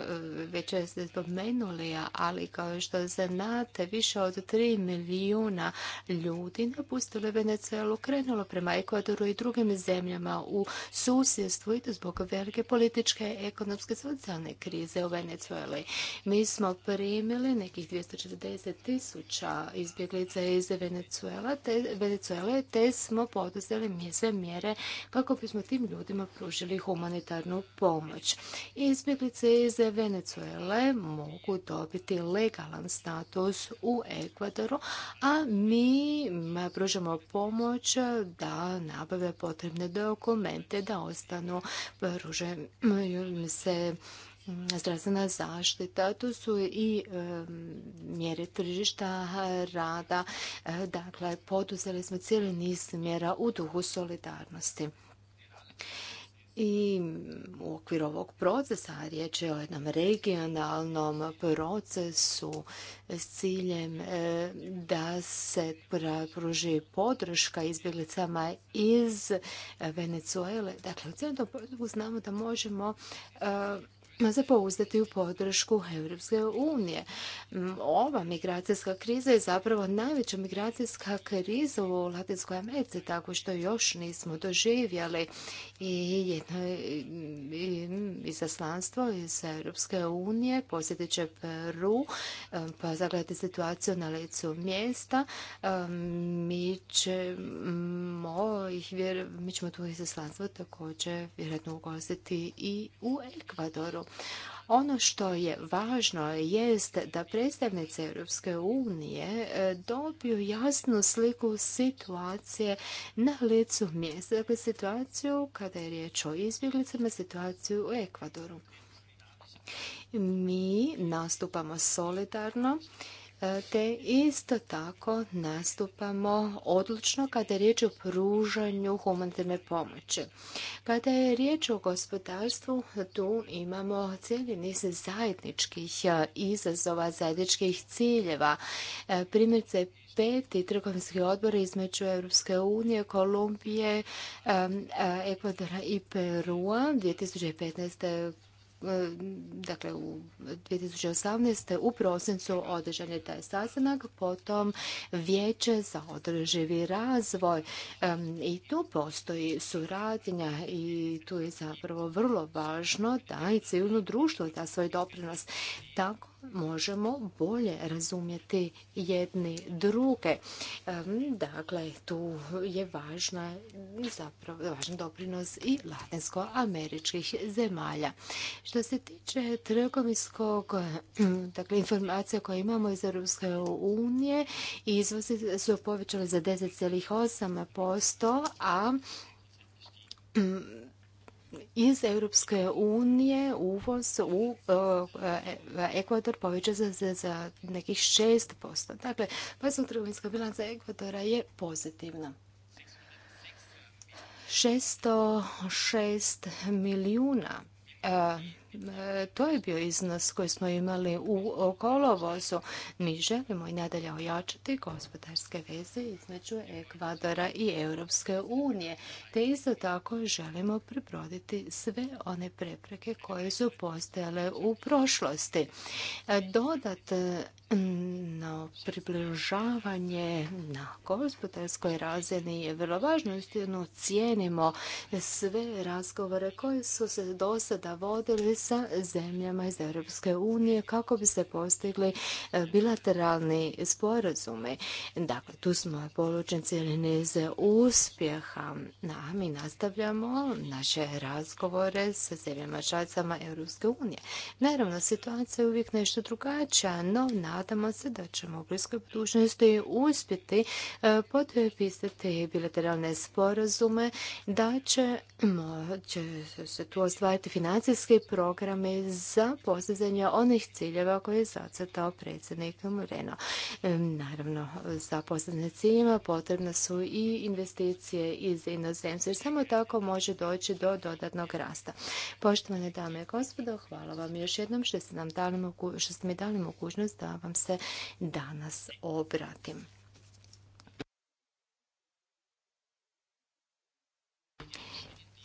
već ste spomenuli, ali kao što znate, više od 3 milijuna ljudi napustilo Venezuelu, krenulo prema Ekvadoru i drugim zemljama u susjedstvu i to zbog velike političke, ekonomske, socijalne krize u Venezueli. Mi smo primili nekih 240 tisuća izbjeglica iz Venezuela, te, Venezuele, te smo poduzeli sve mjere kako bismo tim ljudima pružili pružili humanitarnu pomoć. Izbjeglice iz Venezuele mogu dobiti legalan status u Ekvadoru, a mi pružamo pomoć da nabave potrebne dokumente, da ostanu pruže se zdravstvena zaštita, tu su i mjere tržišta rada. dakle, poduzeli smo cijeli niz mjera u duhu solidarnosti. I u okviru ovog procesa riječ je o jednom regionalnom procesu s ciljem e, da se pruži podrška izbjeglicama iz Venezuele. Dakle, u cijelom znamo da možemo e, za pouzdati u podršku Europske unije. Ova migracijska kriza je zapravo najveća migracijska kriza u Latinskoj Americi, tako što još nismo doživjeli i jedno izaslanstvo iz Europske unije posjetit će Peru, um, pa zagledati situaciju na licu mjesta. Um, mi ćemo, ih, mi ćemo tu izaslanstvo također vjerojatno ugostiti i u Ekvadoru. Ono što je važno jest da predstavnice Europske unije e, dobiju jasnu sliku situacije na licu mjesta, dakle situaciju kada je riječ o izbjeglicama, situaciju u Ekvadoru. Mi nastupamo solidarno E, te isto tako nastupamo odlučno kada je riječ o pružanju humanitarne pomoći. Kada je riječ o gospodarstvu, tu imamo cijeli niz zajedničkih e, izazova, zajedničkih ciljeva. E, primjerice, peti trgovinski odbor između Europske unije, Kolumbije, Ekvadora i Perua 2015. E, dakle u 2018. u prosincu održan je taj sastanak, potom vijeće za održivi razvoj i tu postoji suradnja i tu je zapravo vrlo važno da i civilno društvo da svoj doprinos. Tako možemo bolje razumjeti jedni druge. Dakle, tu je važna, zapravo, važan doprinos i Latinsko-američkih zemalja. Što se tiče trgovinskog, dakle, informacija koje imamo iz Europske unije, izvozi su povećali za 10,8%, a iz Europske unije uvoz u e, e, Ekvador poveća se za nekih 6%. Dakle, vanjsko-trgovinska bilanca Ekvadora je pozitivna. 606 milijuna e, E, to je bio iznos koji smo imali u kolovozu. Mi želimo i nadalje ojačati gospodarske veze između Ekvadora i Europske unije, te isto tako želimo priproditi sve one prepreke koje su postojale u prošlosti. E, dodat no, približavanje na gospodarskoj razini je vrlo važno. Istinu cijenimo sve razgovore koji su se do sada vodili sa zemljama iz Europske unije kako bi se postigli e, bilateralni sporazumi. Dakle, tu smo polučen cijeli niz uspjeha. A mi nastavljamo naše razgovore sa zemljama članicama Europske unije. Naravno, situacija je uvijek nešto drugačija, no na nadamo se da ćemo u bliskoj budućnosti uspjeti e, potpisati bilateralne sporazume, da će, se tu ostvariti financijski programe za postizanje onih ciljeva koje je zacrtao predsjednik Moreno. E, naravno, za postizanje ciljeva potrebne su i investicije iz inozemstva, jer samo tako može doći do dodatnog rasta. Poštovane dame i gospodo, hvala vam još jednom što ste, dali, što ste mi dali mogućnost da vam se danas obratim.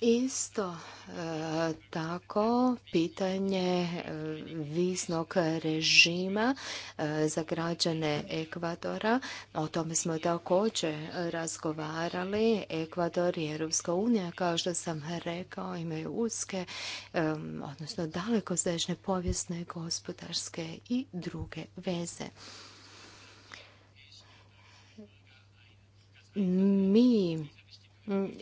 Isto e, tako pitanje e, visnog režima e, za građane Ekvadora, o tome smo također razgovarali. Ekvador i Europska unija, kao što sam rekao, imaju uske, odnosno daleko povijesne, gospodarske i druge veze. Mi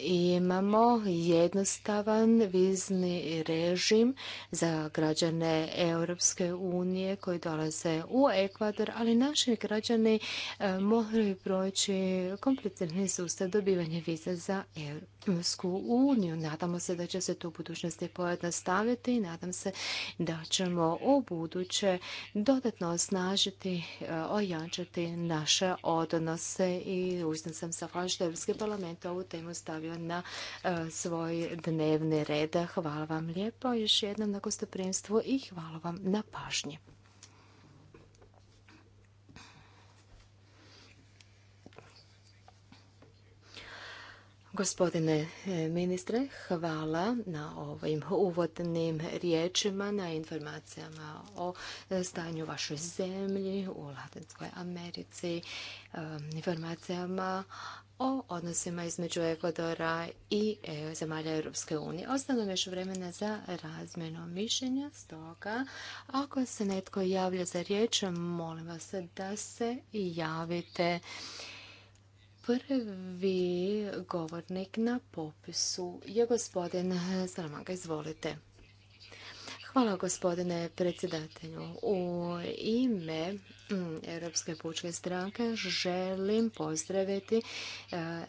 imamo jednostavan vizni režim za građane Europske unije koji dolaze u Ekvador, ali naši građani e, moraju proći kompletni sustav dobivanja vize za Europsku uniju. Nadamo se da će se to u budućnosti pojednostaviti i nadam se da ćemo u buduće dodatno osnažiti, e, ojačati naše odnose i uznam sam sa Europski parlament ovu temu temu stavio na e, svoj dnevni red. Hvala vam lijepo još jednom na gostoprimstvu i hvala vam na pažnji. Gospodine e, ministre, hvala na ovim uvodnim riječima, na informacijama o e, stanju vašoj zemlji u Latinskoj Americi, informacijama o odnosima između Ekvadora i e, zemalja Europske unije. Ostalo još vremena za razmjenu mišljenja, stoga ako se netko javlja za riječ, molim vas da se javite. Prvi govornik na popisu je gospodin Salamaga. Izvolite. Hvala gospodine predsjedatelju. U ime mm, Europske pučke stranke želim pozdraviti e,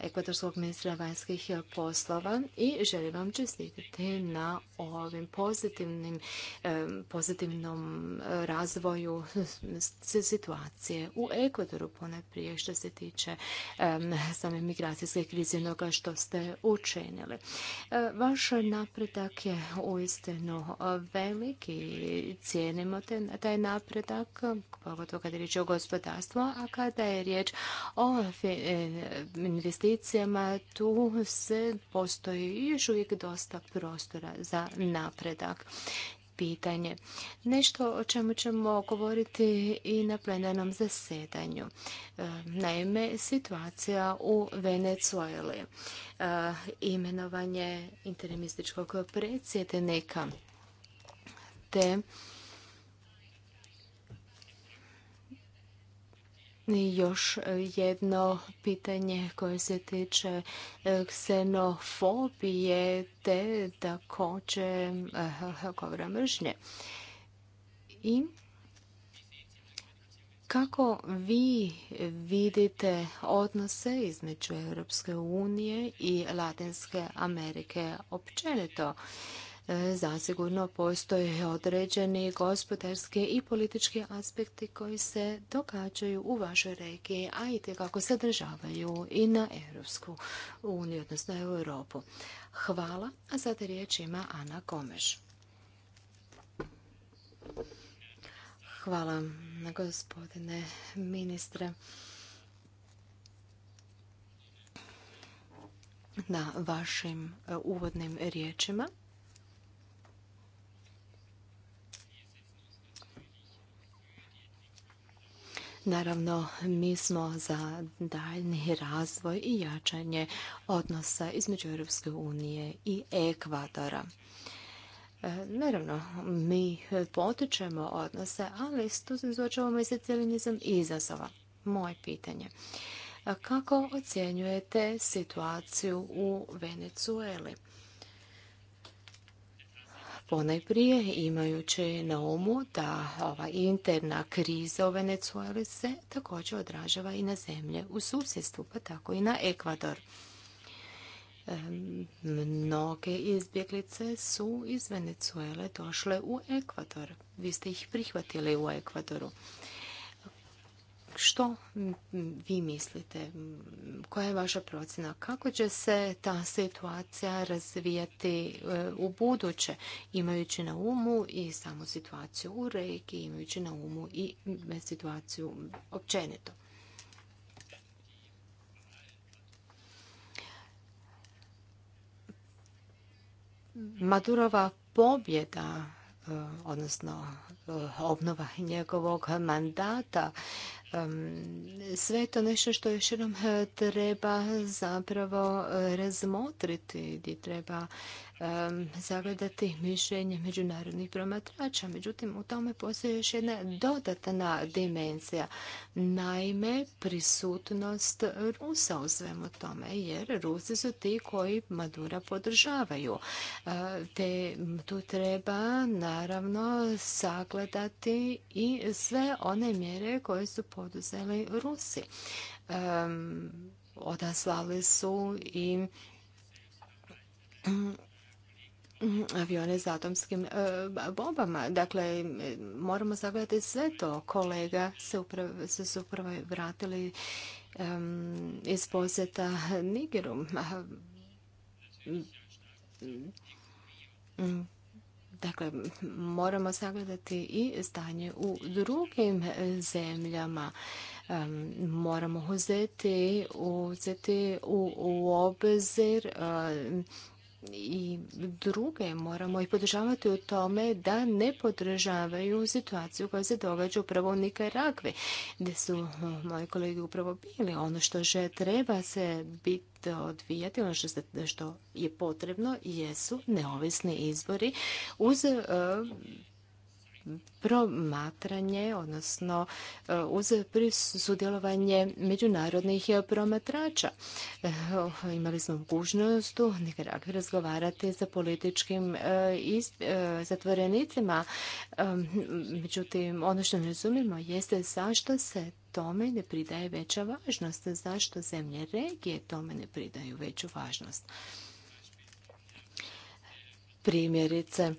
ekvatorskog ministra vanjskih poslova i želim vam čestitati na ovim pozitivnim, e, pozitivnom razvoju situacije u Ekvatoru, ponajprije što se tiče e, same migracijske krize onoga što ste učinili. Vaš napredak je uistinu velik velik i cijenimo taj napredak, pogotovo kada je riječ o gospodarstvu, a kada je riječ o e, investicijama, tu se postoji još uvijek dosta prostora za napredak pitanje. Nešto o čemu ćemo govoriti i na plenarnom zasedanju. E, naime, situacija u Venezueli, e, imenovanje interimističkog predsjednika te još jedno pitanje koje se tiče e, ksenofobije te također e, govora mržnje. I kako vi vidite odnose između Europske unije i Latinske Amerike općenito? E, zasigurno postoje određeni gospodarski i politički aspekti koji se događaju u vašoj regiji, a i kako se državaju i na Europsku uniju, odnosno Europu. Hvala, a sada riječ ima Ana Komeš. Hvala, gospodine ministre. na vašim e, uvodnim riječima. Naravno, mi smo za daljni razvoj i jačanje odnosa između Europske unije i Ekvadora. E, naravno, mi potičemo odnose, ali tu se izvočavamo i sa cijeli nizom izazova. Moje pitanje. Kako ocjenjujete situaciju u Venecueli? ponajprije imajući na umu da ova interna kriza u Venecueli se također odražava i na zemlje u susjedstvu, pa tako i na Ekvador. Mnoge izbjeglice su iz Venecuele došle u Ekvador. Vi ste ih prihvatili u Ekvadoru. Što vi mislite? Koja je vaša procjena? Kako će se ta situacija razvijati e, u buduće, imajući na umu i samu situaciju u regiji, imajući na umu i situaciju općenito? Madurova pobjeda, e, odnosno e, obnova njegovog mandata sve to nešto što još jednom eh, treba zapravo eh, razmotriti, gdje treba zagledati mišljenje međunarodnih promatrača. Međutim, u tome postoji još jedna dodatna dimenzija. Naime, prisutnost Rusa u svemu tome, jer Rusi su ti koji Madura podržavaju. E, te tu treba naravno sagledati i sve one mjere koje su poduzeli Rusi. Odaslali su i avione s atomskim e, bombama. Dakle, moramo sagledati sve to. Kolega se se upravo vratili iz posjeta Nigeru. Dakle, moramo sagledati i stanje u drugim zemljama. moramo uzeti, uzeti u, u obzir i druge moramo ih podržavati u tome da ne podržavaju situaciju koja se događa upravo u Nikaragvi, gdje su hm, moji kolege upravo bili. Ono što že treba se biti odvijati, ono što, što je potrebno jesu neovisni izbori uz eh, promatranje, odnosno e, uz sudjelovanje međunarodnih promatrača. E, imali smo mogućnost u razgovarati sa političkim e, zatvorenicima. Međutim, ono što ne razumimo jeste zašto se tome ne pridaje veća važnost, zašto zemlje regije tome ne pridaju veću važnost. Primjerice,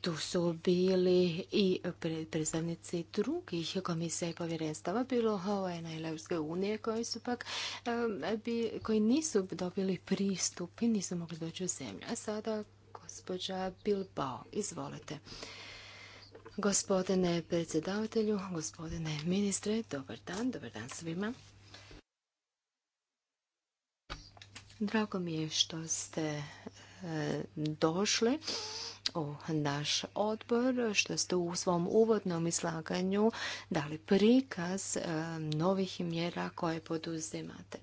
tu su bili i predstavnici drugih komisija i povjerenstava, bilo un ili Europske unije, koji su pak, koji nisu dobili pristup i nisu mogli doći u zemlju. A sada gospođa Bilbao, izvolite. Gospodine predsjedavatelju, gospodine ministre, dobar dan, dobar dan svima. Drago mi je što ste došli u naš odbor, što ste u svom uvodnom izlaganju dali prikaz eh, novih mjera koje poduzimate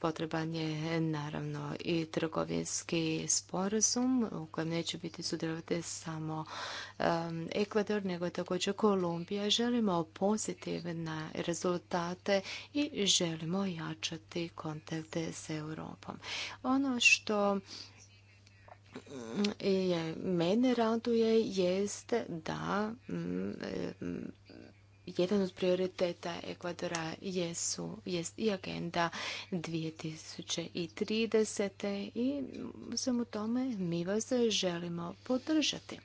potreban je naravno i trgovinski sporazum u kojem neće biti sudjelovati samo Ekvador, nego također Kolumbija. Želimo pozitivne rezultate i želimo jačati kontakte s Europom. Ono što mm, je, mene raduje jeste da mm, jedan od prioriteta Ekvadora jesu, jest i agenda 2030. i samo svemu tome mi vas želimo podržati.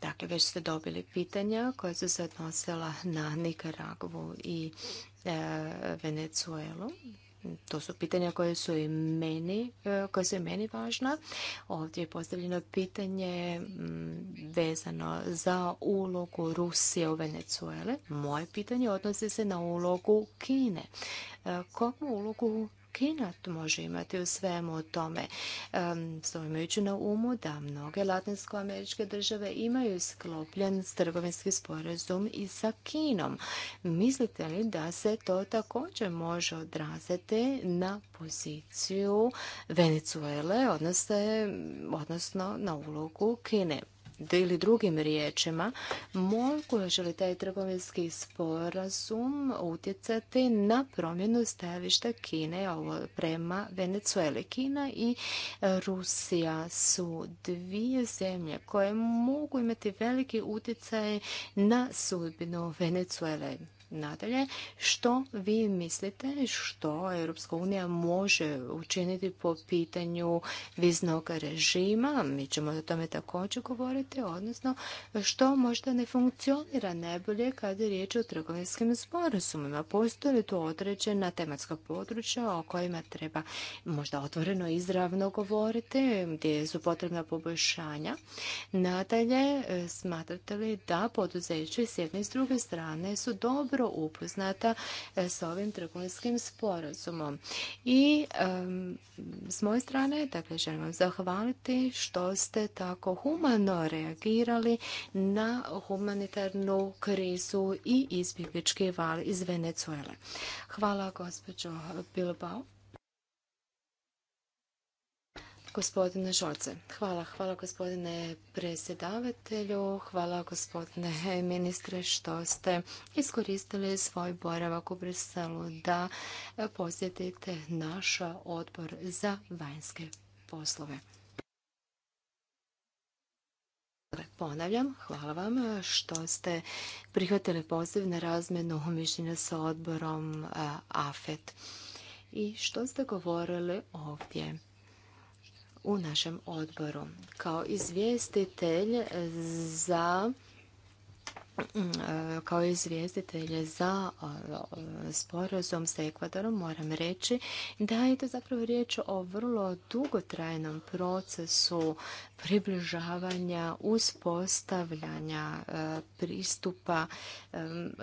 Dakle, već ste dobili pitanja koja su se odnosila na Nikaragvu i e, Venezuelu to su pitanja koje su i meni, e, koje su i meni važna. Ovdje je postavljeno pitanje mm, vezano za ulogu Rusije u Venezuele. Moje pitanje odnosi se na ulogu Kine. Kako e, ulogu Kina može imati u svemu tome. Stoji imajući na umu da mnoge Latinsko-Američke države imaju sklopljen trgovinski sporazum i sa Kinom. Mislite li da se to također može odraziti na poziciju Venezuele, odnosno na ulogu Kine? ili drugim riječima, mogu li taj trgovinski sporazum utjecati na promjenu stajališta Kine prema Venezueli. Kina i Rusija su dvije zemlje koje mogu imati veliki utjecaj na sudbinu Venezuele. Nadalje, što vi mislite što Europska unija može učiniti po pitanju viznog režima? Mi ćemo o tome također govoriti, odnosno što možda ne funkcionira najbolje kada je riječ o trgovinskim sporazumima. Postoje li tu određena tematska područja o kojima treba možda otvoreno i izravno govoriti, gdje su potrebna poboljšanja? Nadalje, smatrate li da poduzeće s jedne i s druge strane su dobro upoznata e, s ovim trgovinskim sporazumom. I s moje strane, dakle, želim vam zahvaliti što ste tako humano reagirali na humanitarnu krizu i izbjeglički val iz Venezuele. Hvala gospođo Bilbao. Gospodine Žorce, hvala. Hvala gospodine predsjedavatelju, hvala gospodine ministre što ste iskoristili svoj boravak u Briselu da posjetite naš odbor za vanjske poslove. Ponavljam, hvala vam što ste prihvatili poziv na razmjenu mišljenja sa odborom AFET i što ste govorili ovdje u našem odboru. Kao izvjestitelj za mm, e, kao izvjestitelj za sporazum sa Ekvadorom moram reći da je to zapravo riječ o vrlo dugotrajnom procesu približavanja, uspostavljanja e, pristupa e,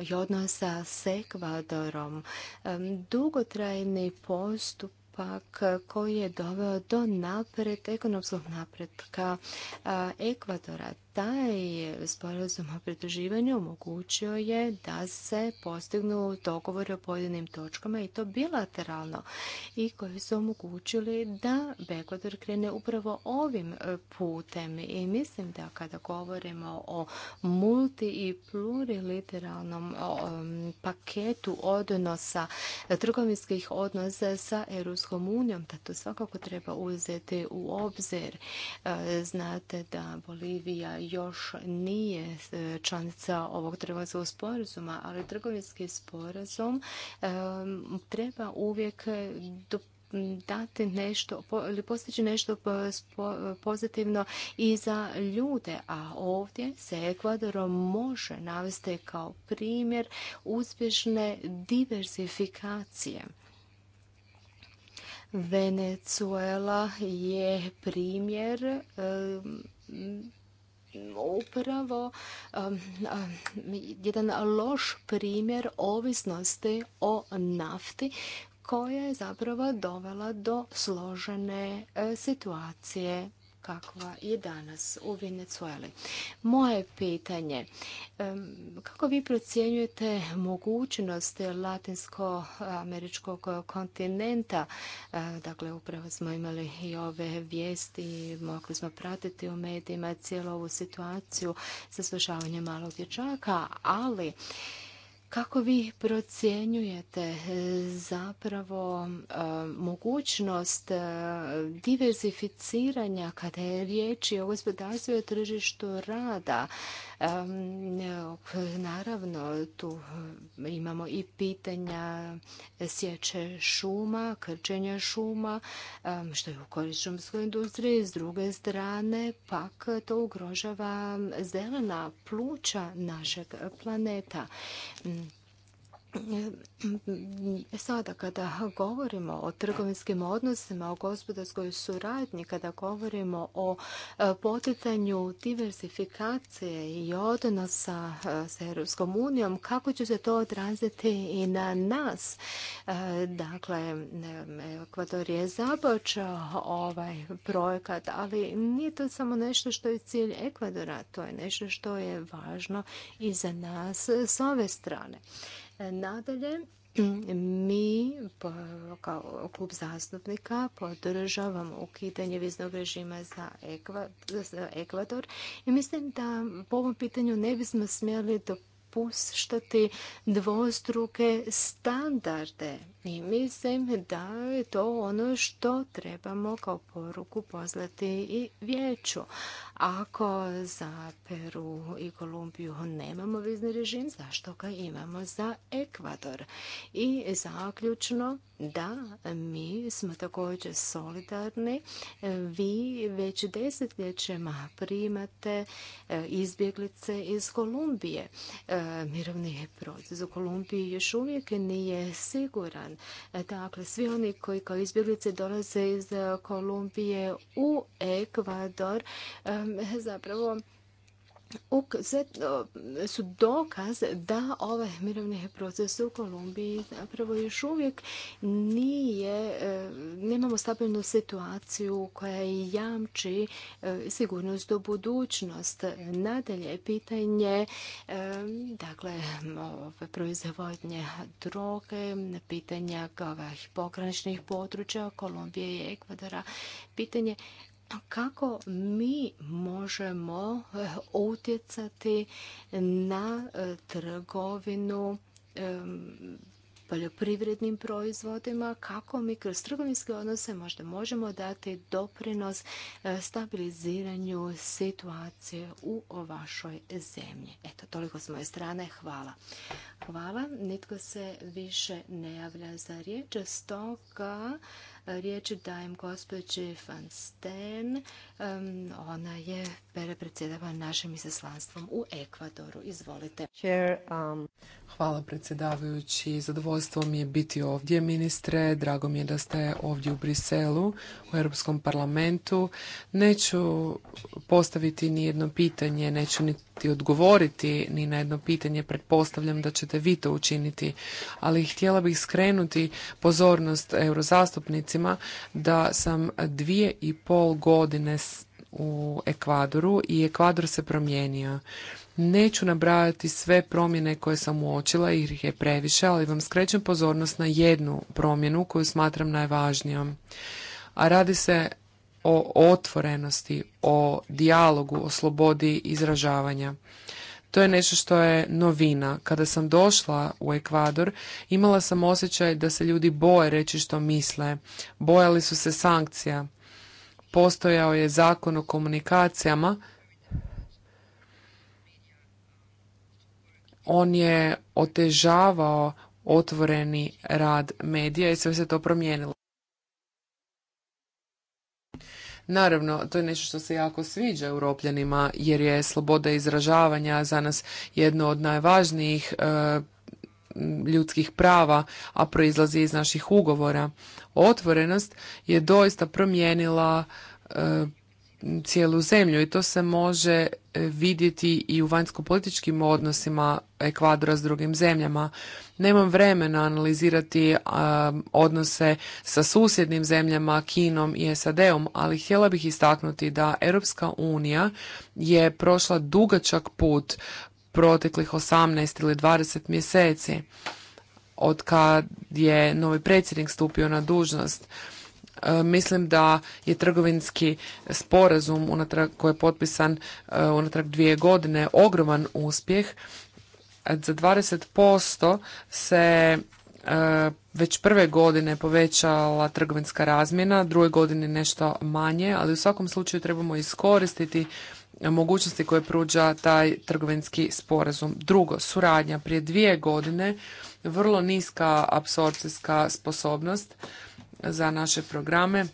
i odnosa s Ekvadorom. Dugotrajni postup postupak koji je doveo do napred, ekonomskog napretka Ekvadora taj sporazum o pridruživanju omogućio je da se postignu dogovori o pojedinim točkama i to bilateralno i koji su omogućili da Bekodor krene upravo ovim e, putem i mislim da kada govorimo o multi i pluriliteralnom paketu odnosa, trgovinskih odnosa sa Europskom unijom, da to svakako treba uzeti u obzir. E, znate da Bolivija još nije e, članica ovog trgovinskog sporazuma, ali trgovinski sporazum treba uvijek dati nešto ili postići nešto e, pozitivno i za ljude, a ovdje se Ekvadorom može navesti kao primjer uspješne diversifikacije. Venezuela je primjer upravo jedan loš primjer ovisnosti o nafti koja je zapravo dovela do složene e, situacije kakva je danas u Venezueli. Moje pitanje, kako vi procjenjujete mogućnost latinsko-američkog kontinenta? Dakle, upravo smo imali i ove vijesti, mogli smo pratiti u medijima cijelu ovu situaciju sa slušavanjem malog dječaka, ali kako vi procjenjujete e, zapravo e, mogućnost e, diverzificiranja kada je riječ o gospodarstvu i o tržištu rada? Naravno, tu eh, imamo i pitanja sječe šuma, krčenja šuma, što je u korist industriji. S druge strane, pak to ugrožava zelena pluća našeg planeta. Mm, E, sada kada govorimo o trgovinskim odnosima, o gospodarskoj suradnji, kada govorimo o e, poticanju diversifikacije i odnosa e, s Europskom unijom, kako će se to odraziti i na nas? Dakle, Ekvador je započeo ovaj projekat, ali nije to samo nešto što je cilj Ekvadora, to je nešto što je važno i za nas s ove strane. Nadalje, mi kao klub zastupnika podržavamo ukidanje viznog režima za Ekvador i mislim da po ovom pitanju ne bismo smjeli dopuštati dvostruke standarde i mislim da je to ono što trebamo kao poruku poslati i vijeću. Ako za Peru i Kolumbiju nemamo vizni režim, zašto ga imamo za Ekvador? I zaključno, da, mi smo također solidarni. Vi već desetljećima primate e, izbjeglice iz Kolumbije. E, mirovni proces u Kolumbiji još uvijek nije siguran E, dakle, svi oni koji kao izbjeglice dolaze iz e, Kolumbije u Ekvador zapravo su dokaz da ovaj mirovni proces u Kolumbiji zapravo još uvijek nije, e, nemamo stabilnu situaciju koja jamči e, sigurnost do budućnost. Nadalje, pitanje e, dakle, proizvodnje droge, pitanja ovih pograničnih područja Kolumbije i Ekvadora, pitanje kako mi možemo e, utjecati na e, trgovinu e, poljoprivrednim proizvodima, kako mi kroz trgovinske odnose možda možemo dati doprinos stabiliziranju situacije u vašoj zemlji. Eto, toliko s moje strane. Hvala. Hvala. Nitko se više ne javlja za riječ. Stoga Riječ dajem gospođi Van Steen. Ona je Pere predsjedava našim izaslanstvom u Ekvadoru. Izvolite. Um, Hvala predsjedavajući. Zadovoljstvo mi je biti ovdje, ministre. Drago mi je da ste ovdje u Briselu, u Europskom parlamentu. Neću postaviti ni jedno pitanje, neću niti odgovoriti ni na jedno pitanje. Pretpostavljam da ćete vi to učiniti. Ali htjela bih skrenuti pozornost eurozastupnicima da sam dvije i pol godine u Ekvadoru i Ekvador se promijenio. Neću nabrajati sve promjene koje sam uočila jer ih je previše, ali vam skrećem pozornost na jednu promjenu koju smatram najvažnijom. A radi se o otvorenosti, o dijalogu, o slobodi izražavanja. To je nešto što je novina. Kada sam došla u Ekvador, imala sam osjećaj da se ljudi boje reći što misle. Bojali su se sankcija postojao je zakon o komunikacijama. On je otežavao otvoreni rad medija i sve se to promijenilo. Naravno, to je nešto što se jako sviđa europljanima jer je sloboda izražavanja za nas jedno od najvažnijih e, ljudskih prava, a proizlazi iz naših ugovora. Otvorenost je doista promijenila e, cijelu zemlju i to se može vidjeti i u vanjsko-političkim odnosima Ekvadora s drugim zemljama. Nemam vremena analizirati e, odnose sa susjednim zemljama, Kinom i SAD-om, ali htjela bih istaknuti da Europska unija je prošla dugačak put proteklih 18 ili 20 mjeseci od kad je novi predsjednik stupio na dužnost. E, mislim da je trgovinski sporazum unatrag, koji je potpisan e, unatrag dvije godine ogroman uspjeh. E, za 20% se već prve godine povećala trgovinska razmjena, druge godine nešto manje, ali u svakom slučaju trebamo iskoristiti mogućnosti koje pruđa taj trgovinski sporazum. Drugo, suradnja. Prije dvije godine vrlo niska apsorpcijska sposobnost za naše programe,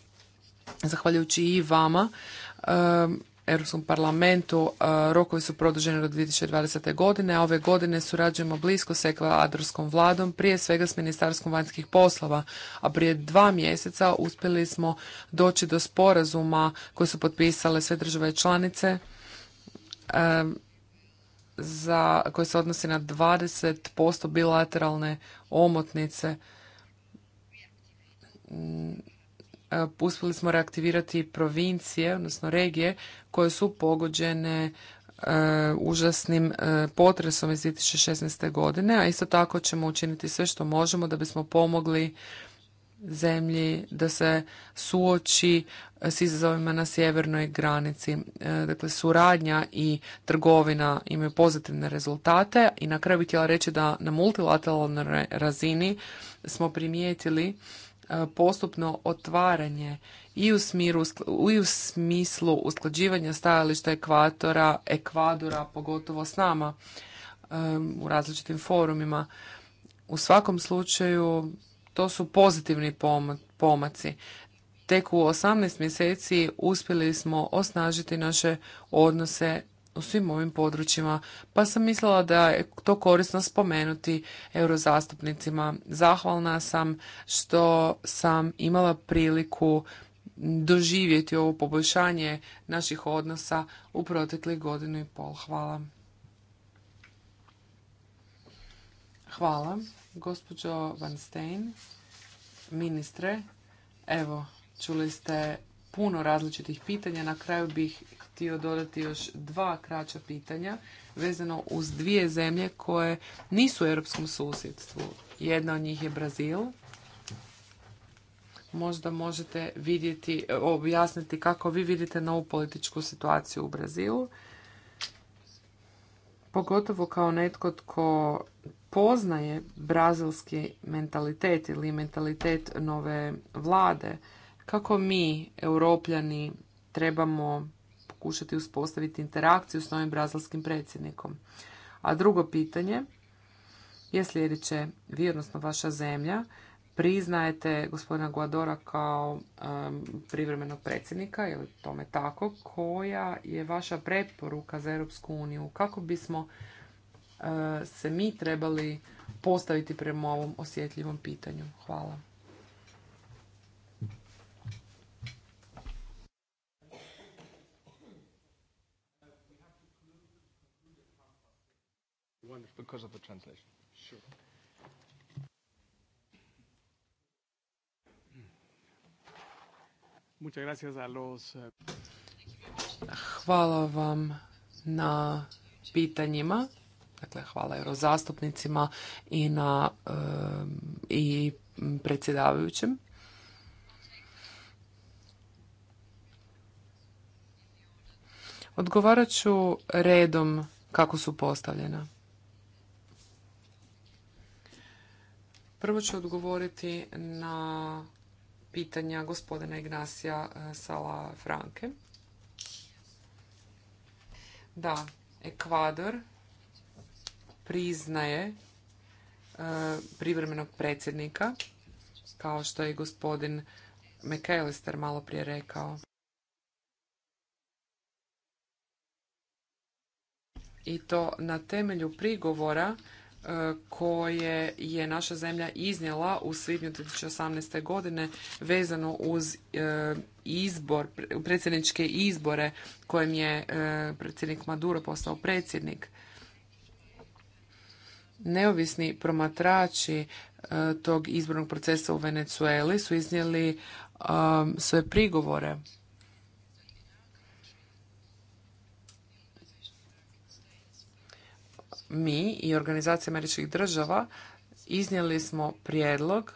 zahvaljujući i vama. Europskom parlamentu e, rokovi su produženi do 2020. godine, a ove godine surađujemo blisko s ekvadorskom vladom, prije svega s Ministarstvom vanjskih poslova, a prije dva mjeseca uspjeli smo doći do sporazuma koje su potpisale sve države članice e, za, koji se odnosi na 20% bilateralne omotnice E, uspjeli smo reaktivirati provincije, odnosno regije koje su pogođene e, užasnim e, potresom iz 2016. godine, a isto tako ćemo učiniti sve što možemo da bismo pomogli zemlji da se suoči s izazovima na sjevernoj granici. Dakle, suradnja i trgovina imaju pozitivne rezultate i na kraju bih htjela reći da na multilateralnoj razini smo primijetili E, postupno otvaranje i u, smiru, i u smislu usklađivanja stajališta ekvatora, ekvadora, pogotovo s nama e, u različitim forumima. U svakom slučaju to su pozitivni pomaci. Tek u 18 mjeseci uspjeli smo osnažiti naše odnose u svim ovim područjima, pa sam mislila da je to korisno spomenuti eurozastupnicima. Zahvalna sam što sam imala priliku doživjeti ovo poboljšanje naših odnosa u proteklih godinu i pol. Hvala. Hvala, gospođo Van Stein, ministre. Evo, čuli ste puno različitih pitanja. Na kraju bih htio dodati još dva kraća pitanja vezano uz dvije zemlje koje nisu u europskom susjedstvu. Jedna od njih je Brazil. Možda možete vidjeti, objasniti kako vi vidite novu političku situaciju u Brazilu. Pogotovo kao netko tko poznaje brazilski mentalitet ili mentalitet nove vlade. Kako mi, europljani, trebamo pokušati uspostaviti interakciju s novim brazilskim predsjednikom. A drugo pitanje je sljedeće. Vi, odnosno vaša zemlja, priznajete gospodina Guadora kao um, privremenog predsjednika, je li tome tako? Koja je vaša preporuka za Europsku uniju? Kako bismo eh, se mi trebali postaviti prema ovom osjetljivom pitanju? Hvala. Because of the translation. Sure. Eh, hvala vam na pitanjima. Dakle, hvala eurozastupnicima i na eh, i predsjedavajućem. Odgovarat ću redom kako su postavljena. Prvo ću odgovoriti na pitanja gospodina Ignacija e, Sala Franke. Da, Ekvador priznaje e, privremenog predsjednika, kao što je gospodin McAllister malo prije rekao. I to na temelju prigovora E, koje je naša zemlja iznijela u svibnju 2018. godine vezano uz e, izbor, predsjedničke izbore kojem je e, predsjednik Maduro postao predsjednik. Neovisni promatrači tog izbornog procesa u Venezueli su iznijeli sve prigovore mi i organizacija američkih država iznijeli smo prijedlog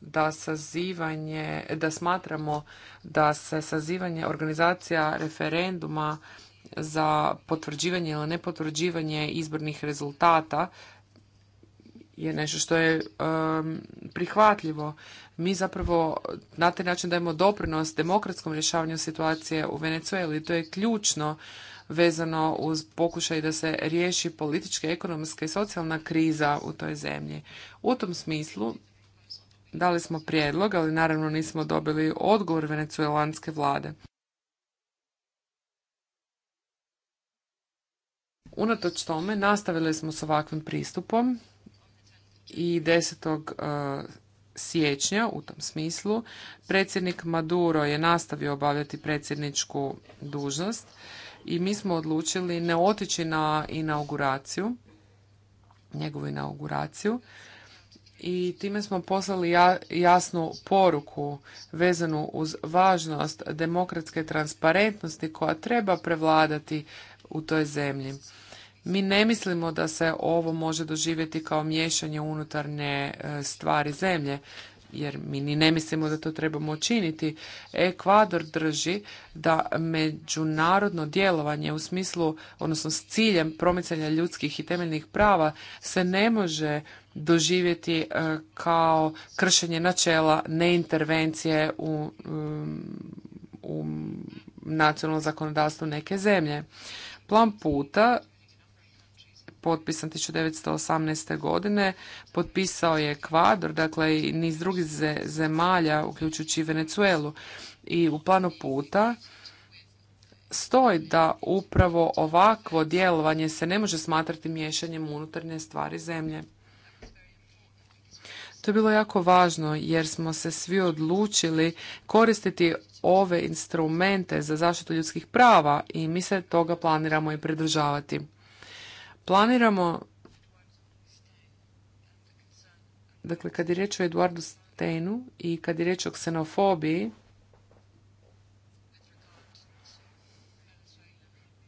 da sazivanje, da smatramo da se sazivanje organizacija referenduma za potvrđivanje ili nepotvrđivanje izbornih rezultata je nešto što je um, prihvatljivo. Mi zapravo na taj način dajemo doprinos demokratskom rješavanju situacije u Venecueli. To je ključno vezano uz pokušaj da se riješi politička, ekonomska i socijalna kriza u toj zemlji. U tom smislu dali smo prijedlog, ali naravno nismo dobili odgovor venecuelanske vlade. Unatoč tome nastavili smo s ovakvim pristupom i 10. E, siječnja u tom smislu predsjednik Maduro je nastavio obavljati predsjedničku dužnost i mi smo odlučili ne otići na inauguraciju, njegovu inauguraciju i time smo poslali jasnu poruku vezanu uz važnost demokratske transparentnosti koja treba prevladati u toj zemlji. Mi ne mislimo da se ovo može doživjeti kao miješanje unutarnje e, stvari zemlje jer mi ni ne mislimo da to trebamo učiniti. Ekvador drži da međunarodno djelovanje u smislu, odnosno s ciljem promicanja ljudskih i temeljnih prava se ne može doživjeti e, kao kršenje načela neintervencije u, u nacionalno zakonodavstvo neke zemlje. Plan puta potpisan 1918. godine. Potpisao je Ekvador, dakle i niz drugih zemalja, uključujući i Venecuelu. I u planu puta stoji da upravo ovakvo djelovanje se ne može smatrati miješanjem unutarnje stvari zemlje. To je bilo jako važno jer smo se svi odlučili koristiti ove instrumente za zaštitu ljudskih prava i mi se toga planiramo i pridržavati. Planiramo, dakle, kad je riječ o Eduardu Stenu i kad je riječ o ksenofobiji,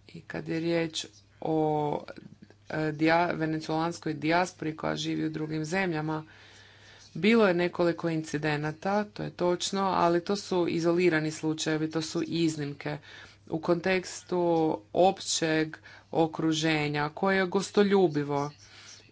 i kad je riječ o e, venezulanskoj dijaspori koja živi u drugim zemljama. Bilo je nekoliko incidenata, to je točno, ali to su izolirani slučajevi, to su iznimke u kontekstu općeg okruženja koje je gostoljubivo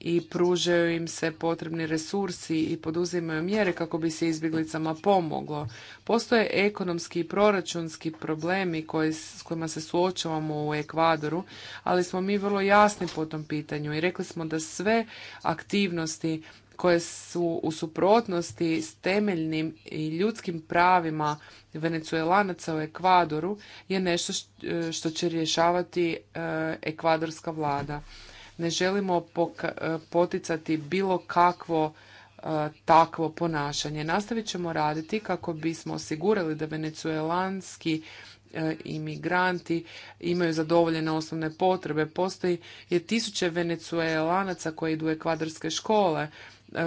i pružaju im se potrebni resursi i poduzimaju mjere kako bi se izbjeglicama pomoglo. Postoje ekonomski i proračunski problemi s kojima se suočavamo u Ekvadoru, ali smo mi vrlo jasni po tom pitanju i rekli smo da sve aktivnosti koje su u suprotnosti s temeljnim i ljudskim pravima venecuelanaca u Ekvadoru je nešto e, što će rješavati e, ekvadorska vlada. Ne želimo e, poticati bilo kakvo takvo ponašanje. Nastavit ćemo raditi kako bismo osigurali da venecuelanski imigranti imaju zadovoljene osnovne potrebe. Postoji je tisuće venecuelanaca koji idu u ekvadorske škole E,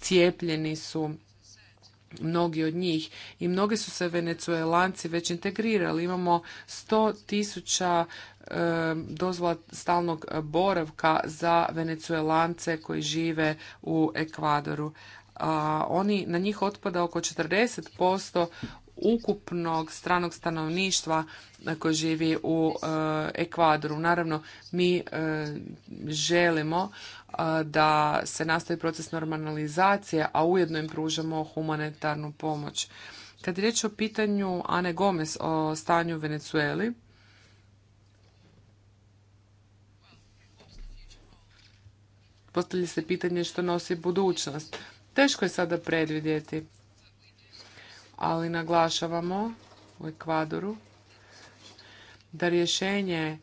cijepljeni su mnogi od njih i mnogi su se venecuelanci već integrirali. Imamo 100 tisuća e, dozvola stalnog boravka za venecuelance koji žive u Ekvadoru. A oni, na njih otpada oko 40% ukupnog stranog stanovništva koji živi u e, Ekvadoru. Naravno, mi želimo da se nastavi proces normalizacije, a ujedno im pružamo humanitarnu pomoć. Kad je riječ o pitanju Ane Gomez o stanju u Venecueli, postavlja se pitanje što nosi budućnost. Teško je sada predvidjeti, ali naglašavamo u Ekvadoru da rješenje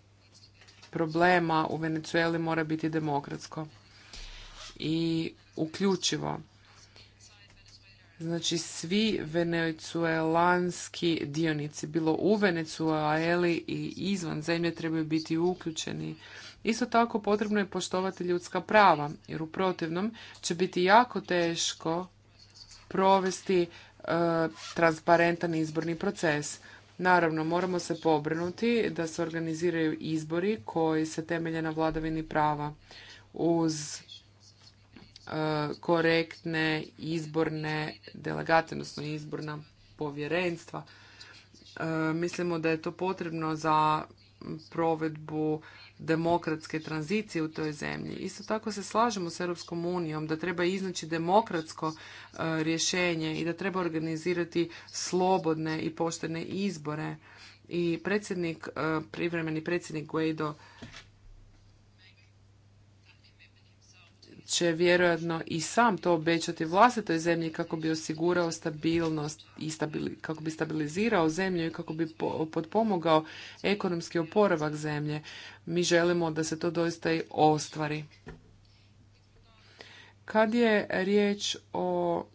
problema u Venecueli mora biti demokratsko i uključivo. Znači svi venecuelanski dionici, bilo u Venecueli i izvan zemlje, trebaju biti uključeni. Isto tako potrebno je poštovati ljudska prava, jer u protivnom će biti jako teško provesti e, transparentan izborni proces. Naravno, moramo se pobrinuti da se organiziraju izbori koji se temelje na vladavini prava uz E, korektne izborne delegate, odnosno izborna povjerenstva. E, mislimo da je to potrebno za provedbu demokratske tranzicije u toj zemlji. Isto tako se slažemo s Europskom unijom da treba iznaći demokratsko e, rješenje i da treba organizirati slobodne i poštene izbore. I predsjednik, privremeni predsjednik Guaido će vjerojatno i sam to obećati vlastitoj zemlji kako bi osigurao stabilnost i kako bi stabilizirao zemlju i kako bi potpomogao ekonomski oporavak zemlje. Mi želimo da se to doista i ostvari. Kad je riječ o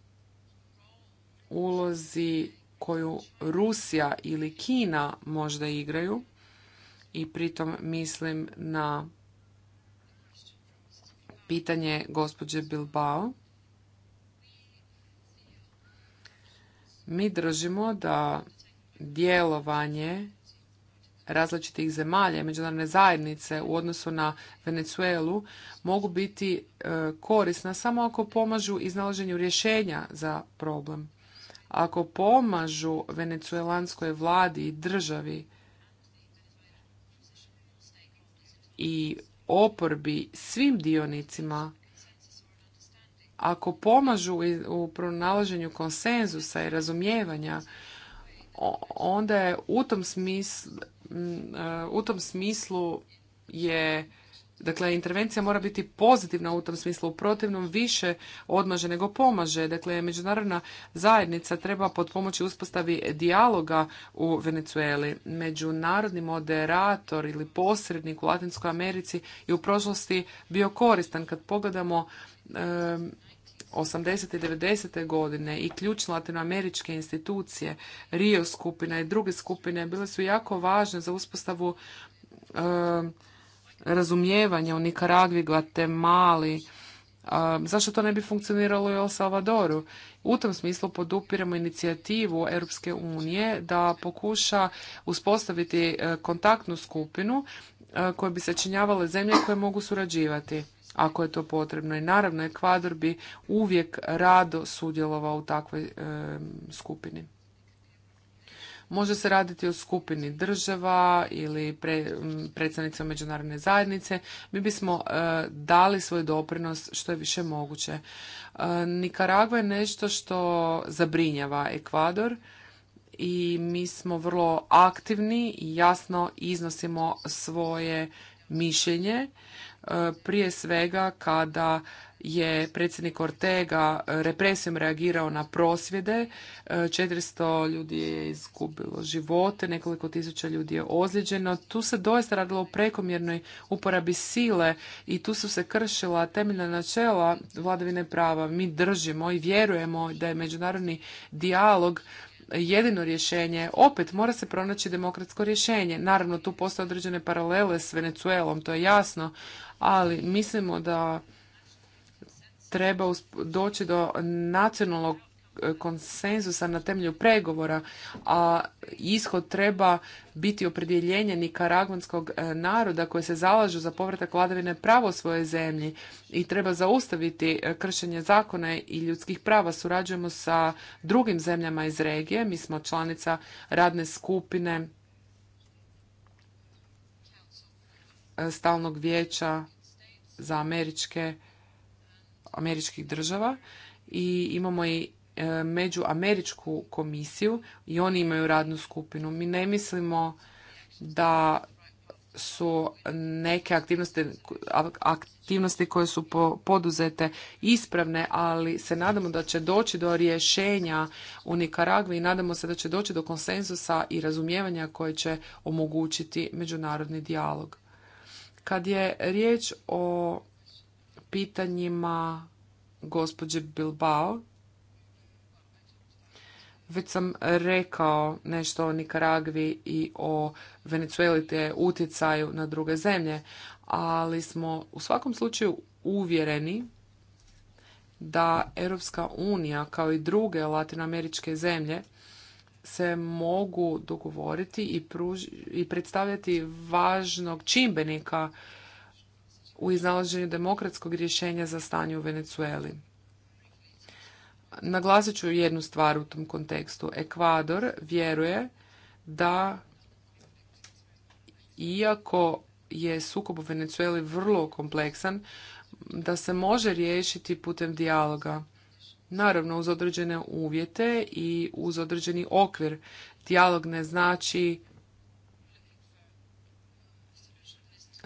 ulozi koju Rusija ili Kina možda igraju i pritom mislim na pitanje gospođe Bilbao. Mi držimo da djelovanje različitih zemalja i međunarodne zajednice u odnosu na Venezuelu mogu biti e, korisna samo ako pomažu iznalaženju rješenja za problem. Ako pomažu venezuelanskoj vladi i državi i oporbi, svim dionicima, ako pomažu u pronalaženju konsenzusa i razumijevanja, onda je u tom smislu, e, u tom smislu je Dakle, intervencija mora biti pozitivna u tom smislu, u protivnom više odmaže nego pomaže. Dakle, međunarodna zajednica treba pod pomoći uspostavi dijaloga u Venecueli. Međunarodni moderator ili posrednik u Latinskoj Americi je u prošlosti bio koristan. Kad pogledamo e, 80. i 90. godine i ključne latinoameričke institucije, Rio skupina i druge skupine bile su jako važne za uspostavu razumijevanja u Nikaragvi, Gvatemali, zašto to ne bi funkcioniralo i u El Salvadoru? U tom smislu podupiramo inicijativu Europske unije da pokuša uspostaviti e, kontaktnu skupinu e, koje bi sačinjavale zemlje koje mogu surađivati ako je to potrebno. I naravno, Ekvador bi uvijek rado sudjelovao u takvoj e, skupini. Može se raditi o skupini država ili pre, predstavnicima međunarodne zajednice. Mi bismo e, dali svoj doprinos što je više moguće. E, Nikaragva je nešto što zabrinjava Ekvador i mi smo vrlo aktivni i jasno iznosimo svoje mišljenje e, prije svega kada je predsjednik Ortega e, represijom reagirao na prosvjede. 400 e, ljudi je izgubilo živote, nekoliko tisuća ljudi je ozlijeđeno. Tu se doista radilo o prekomjernoj uporabi sile i tu su se kršila temeljna načela vladavine prava. Mi držimo i vjerujemo da je međunarodni dijalog jedino rješenje, opet mora se pronaći demokratsko rješenje. Naravno, tu postoje određene paralele s Venecuelom, to je jasno, ali mislimo da treba doći do nacionalnog e, konsenzusa na temelju pregovora, a ishod treba biti opredjeljenje nikaragvanskog e, naroda koji se zalažu za povratak vladavine pravo svoje zemlji i treba zaustaviti e, kršenje zakona i ljudskih prava. Surađujemo sa drugim zemljama iz regije. Mi smo članica radne skupine stalnog vijeća za američke američkih država i imamo i e, međuameričku komisiju i oni imaju radnu skupinu. Mi ne mislimo da su neke aktivnosti, aktivnosti koje su poduzete ispravne, ali se nadamo da će doći do rješenja u Nikaragvi i nadamo se da će doći do konsenzusa i razumijevanja koje će omogućiti međunarodni dijalog. Kad je riječ o pitanjima gospođe Bilbao. Već sam rekao nešto o Nikaragvi i o Venezueli te utjecaju na druge zemlje, ali smo u svakom slučaju uvjereni da Europska unija kao i druge latinoameričke zemlje se mogu dogovoriti i, i predstavljati važnog čimbenika u iznalaženju demokratskog rješenja za stanje u Venecueli. Naglasit ću jednu stvar u tom kontekstu. Ekvador vjeruje da iako je sukob u Venecueli vrlo kompleksan, da se može riješiti putem dijaloga. Naravno, uz određene uvjete i uz određeni okvir. Dijalog ne znači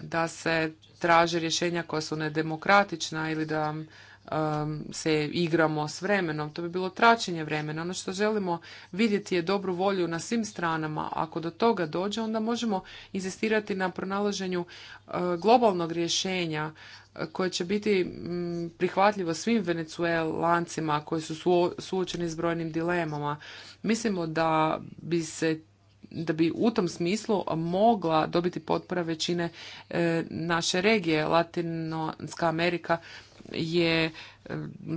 da se traže rješenja koja su nedemokratična ili da um, se igramo s vremenom. To bi bilo traćenje vremena. Ono što želimo vidjeti je dobru volju na svim stranama. Ako do toga dođe, onda možemo inzistirati na pronalaženju uh, globalnog rješenja uh, koje će biti mm, prihvatljivo svim venecuelancima koji su suočeni s brojnim dilemama. Mislimo da bi se da bi u tom smislu mogla dobiti potpora većine e, naše regije. Latinska Amerika je e,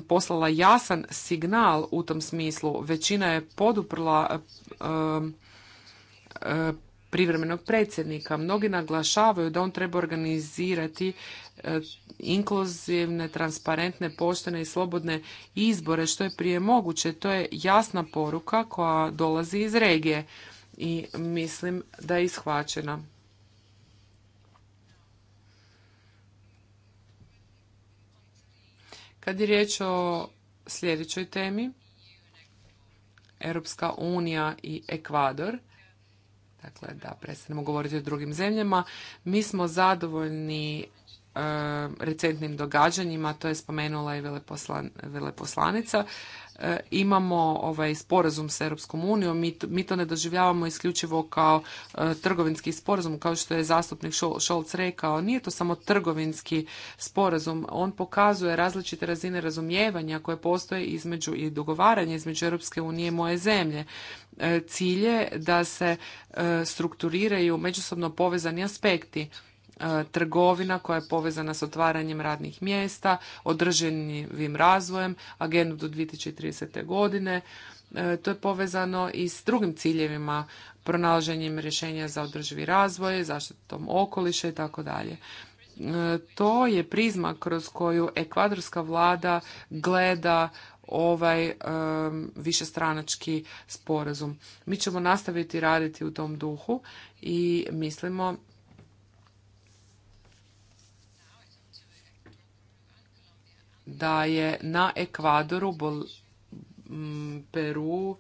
poslala jasan signal u tom smislu. Većina je poduprla e, privremenog predsjednika. Mnogi naglašavaju da on treba organizirati inkluzivne, transparentne, poštene i slobodne izbore što je prije moguće. To je jasna poruka koja dolazi iz regije i mislim da je ishvaćena. Kad je riječ o sljedećoj temi, Europska unija i Ekvador, dakle da prestanemo govoriti o drugim zemljama, mi smo zadovoljni e, recentnim događanjima, to je spomenula i veleposlanica. E, imamo ovaj sporazum sa Europskom unijom, mi to ne doživljavamo isključivo kao e, trgovinski sporazum, kao što je zastupnik Scholz rekao. Nije to samo trgovinski sporazum, on pokazuje različite razine razumijevanja koje postoje između i dogovaranja između Europske unije i moje zemlje. E, cilj je da se strukturiraju međusobno povezani aspekti E, trgovina koja je povezana s otvaranjem radnih mjesta, održivim razvojem, agendu do 2030. godine. E, to je povezano i s drugim ciljevima, pronalaženjem rješenja za održivi razvoj, zaštitom okoliša i tako dalje. E, to je prizma kroz koju ekvadorska vlada gleda ovaj um, višestranački sporazum. Mi ćemo nastaviti raditi u tom duhu i mislimo da je na Ekvadoru, Bol Peru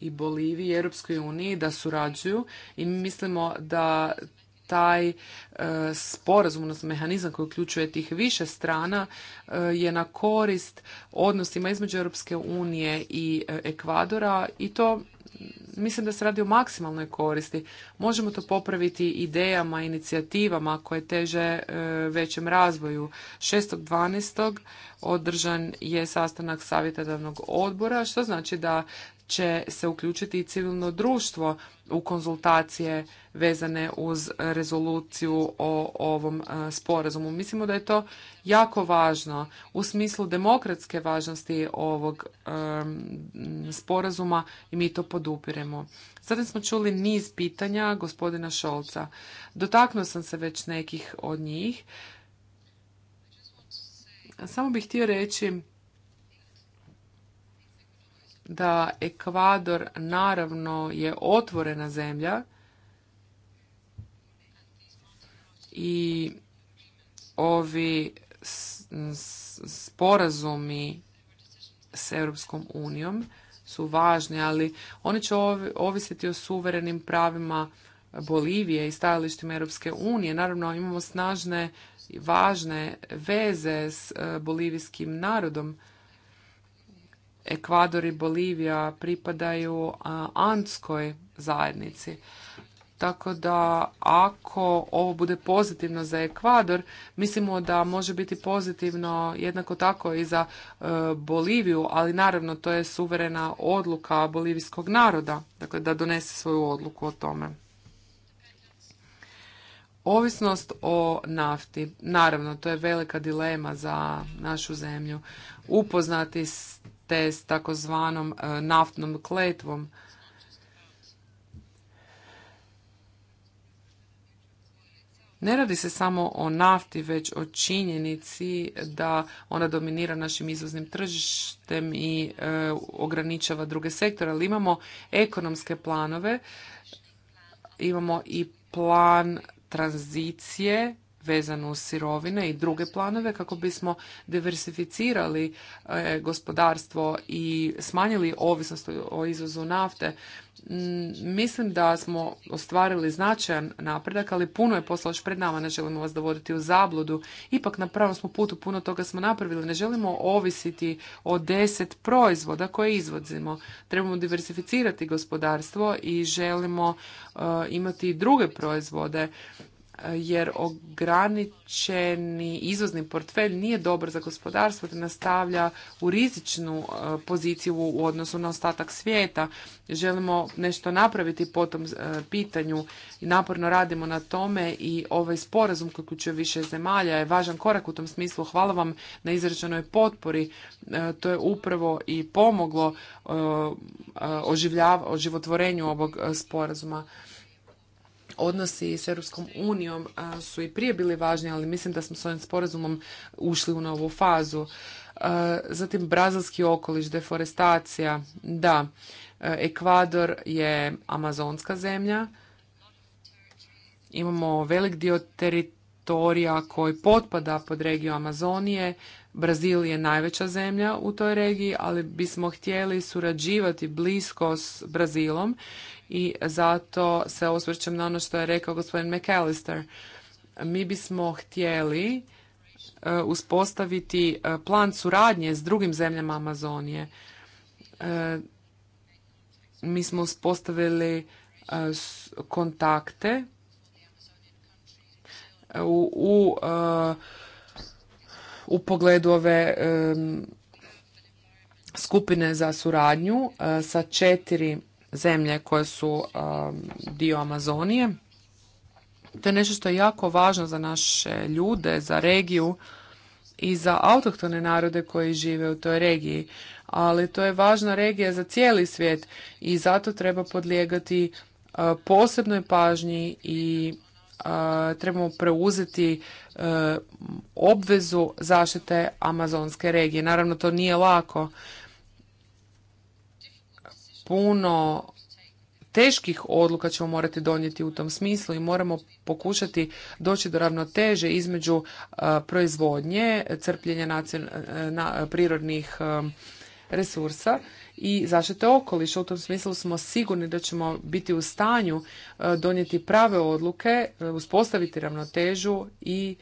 i Boliviji i Europskoj uniji da surađuju i mi mislimo da taj e, sporazum, odnosno mehanizam koji uključuje tih više strana e, je na korist odnosima između Europske unije i e, Ekvadora i to mislim da se radi o maksimalnoj koristi. Možemo to popraviti idejama, inicijativama koje teže e, većem razvoju. 6.12. održan je sastanak savjetodavnog odbora, što znači da će se uključiti i civilno društvo u konzultacije vezane uz rezoluciju o ovom e, sporazumu. Mislimo da je to jako važno u smislu demokratske važnosti ovog e, sporazuma i mi to podupiremo. Sada smo čuli niz pitanja gospodina Šolca. Dotaknuo sam se već nekih od njih. Samo bih htio reći da Ekvador naravno je otvorena zemlja i ovi sporazumi s Europskom unijom su važni, ali oni će ovisiti o suverenim pravima Bolivije i stajalištima Europske unije. Naravno, imamo snažne i važne veze s eh, bolivijskim narodom Ekvador i Bolivija pripadaju Andskoj zajednici. Tako da ako ovo bude pozitivno za Ekvador, mislimo da može biti pozitivno jednako tako i za e, Boliviju, ali naravno to je suverena odluka bolivijskog naroda, dakle da donese svoju odluku o tome. Ovisnost o nafti, naravno to je velika dilema za našu zemlju. Upoznati s te s takozvanom e, naftnom kletvom. Ne radi se samo o nafti, već o činjenici da ona dominira našim izvoznim tržištem i e, ograničava druge sektore, ali imamo ekonomske planove, imamo i plan tranzicije vezano uz sirovine i druge planove kako bismo diversificirali e, gospodarstvo i smanjili ovisnost o izvozu nafte. Mm, mislim da smo ostvarili značajan napredak, ali puno je posla još pred nama, ne želimo vas dovoditi u zabludu. Ipak na pravom smo putu, puno toga smo napravili, ne želimo ovisiti o deset proizvoda koje izvozimo. Trebamo diversificirati gospodarstvo i želimo e, imati druge proizvode jer ograničeni izvozni portfelj nije dobar za gospodarstvo te nastavlja u rizičnu e, poziciju u odnosu na ostatak svijeta. Želimo nešto napraviti po tom e, pitanju i naporno radimo na tome i ovaj sporazum koji uključuje više zemalja je važan korak u tom smislu. Hvala vam na izračenoj potpori. E, to je upravo i pomoglo oživljav, oživotvorenju ovog sporazuma odnosi s Europskom unijom su i prije bili važni, ali mislim da smo s ovim sporazumom ušli u novu fazu. E, zatim brazilski okoliš, deforestacija, da, e, Ekvador je amazonska zemlja. Imamo velik dio teritorija koji potpada pod regiju Amazonije. Brazil je najveća zemlja u toj regiji, ali bismo htjeli surađivati blisko s Brazilom i zato se osvrćem na ono što je rekao gospodin McAllister. Mi bismo htjeli e, uspostaviti e, plan suradnje s drugim zemljama Amazonije. E, mi smo uspostavili kontakte u, u, u pogledu ove skupine za suradnju sa četiri zemlje koje su um, dio Amazonije. To je nešto što je jako važno za naše ljude, za regiju i za autohtone narode koji žive u toj regiji. Ali to je važna regija za cijeli svijet i zato treba podlijegati uh, posebnoj pažnji i uh, trebamo preuzeti uh, obvezu zaštite amazonske regije. Naravno, to nije lako puno teških odluka ćemo morati donijeti u tom smislu i moramo pokušati doći do ravnoteže između e, proizvodnje, crpljenja e, prirodnih e, resursa i zaštite okoliša. U tom smislu smo sigurni da ćemo biti u stanju donijeti prave odluke, uspostaviti ravnotežu i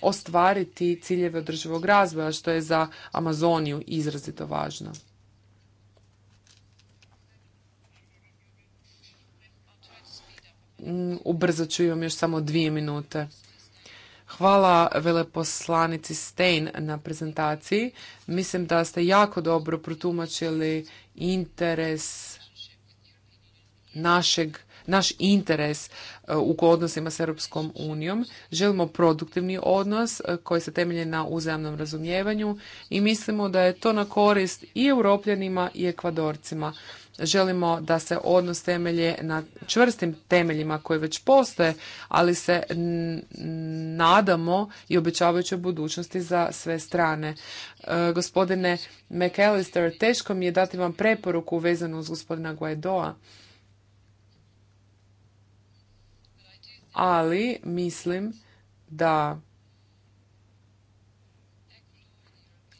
ostvariti ciljeve održivog razvoja, što je za Amazoniju izrazito važno. Mm, Ubrzo ću imam još samo dvije minute. Hvala veleposlanici Stein na prezentaciji. Mislim da ste jako dobro protumačili interes našeg naš interes e, u odnosima s Europskom unijom. Želimo produktivni odnos e, koji se temelji na uzajamnom razumijevanju i mislimo da je to na korist i europljanima i ekvadorcima. Želimo da se odnos temelje na čvrstim temeljima koji već postoje, ali se nadamo i obećavajućoj budućnosti za sve strane. E, gospodine McAllister, teško mi je dati vam preporuku vezanu uz gospodina Guaidoa. ali mislim da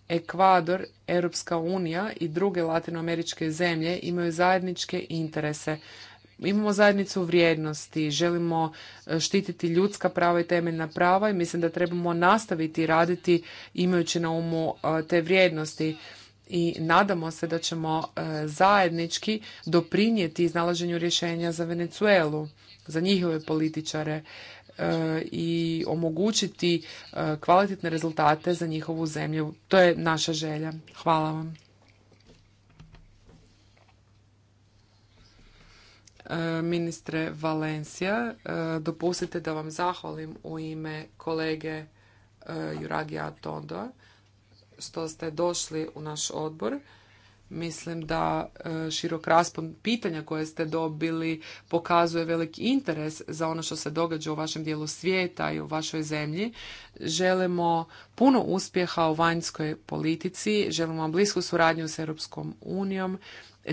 Ekvador, Europska unija i druge latinoameričke zemlje imaju zajedničke interese. Imamo zajednicu vrijednosti, želimo e, štititi ljudska prava i temeljna prava i mislim da trebamo nastaviti raditi imajući na umu e, te vrijednosti i nadamo se da ćemo e, zajednički doprinijeti iznalaženju rješenja za Venecuelu za njihove političare e, i omogućiti e, kvalitetne rezultate za njihovu zemlju. To je naša želja. Hvala vam. E, ministre Valencija, dopustite da vam zahvalim u ime kolege Juragija Tondo što ste došli u naš odbor. Mislim da e, širok raspon pitanja koje ste dobili pokazuje veliki interes za ono što se događa u vašem dijelu svijeta i u vašoj zemlji. Želimo puno uspjeha u vanjskoj politici, želimo vam blisku suradnju s Europskom unijom.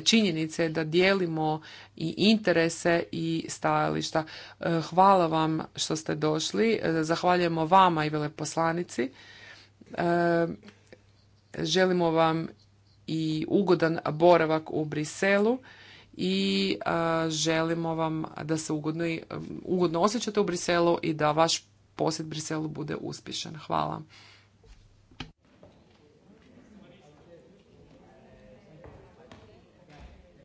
Činjenica je da dijelimo i interese i stajališta. E, hvala vam što ste došli. E, zahvaljujemo vama i veleposlanici. Želimo vam i ugodan boravak u Briselu i želimo vam da se ugodno, ugodno osjećate u Briselu i da vaš posjet Briselu bude uspješan. Hvala.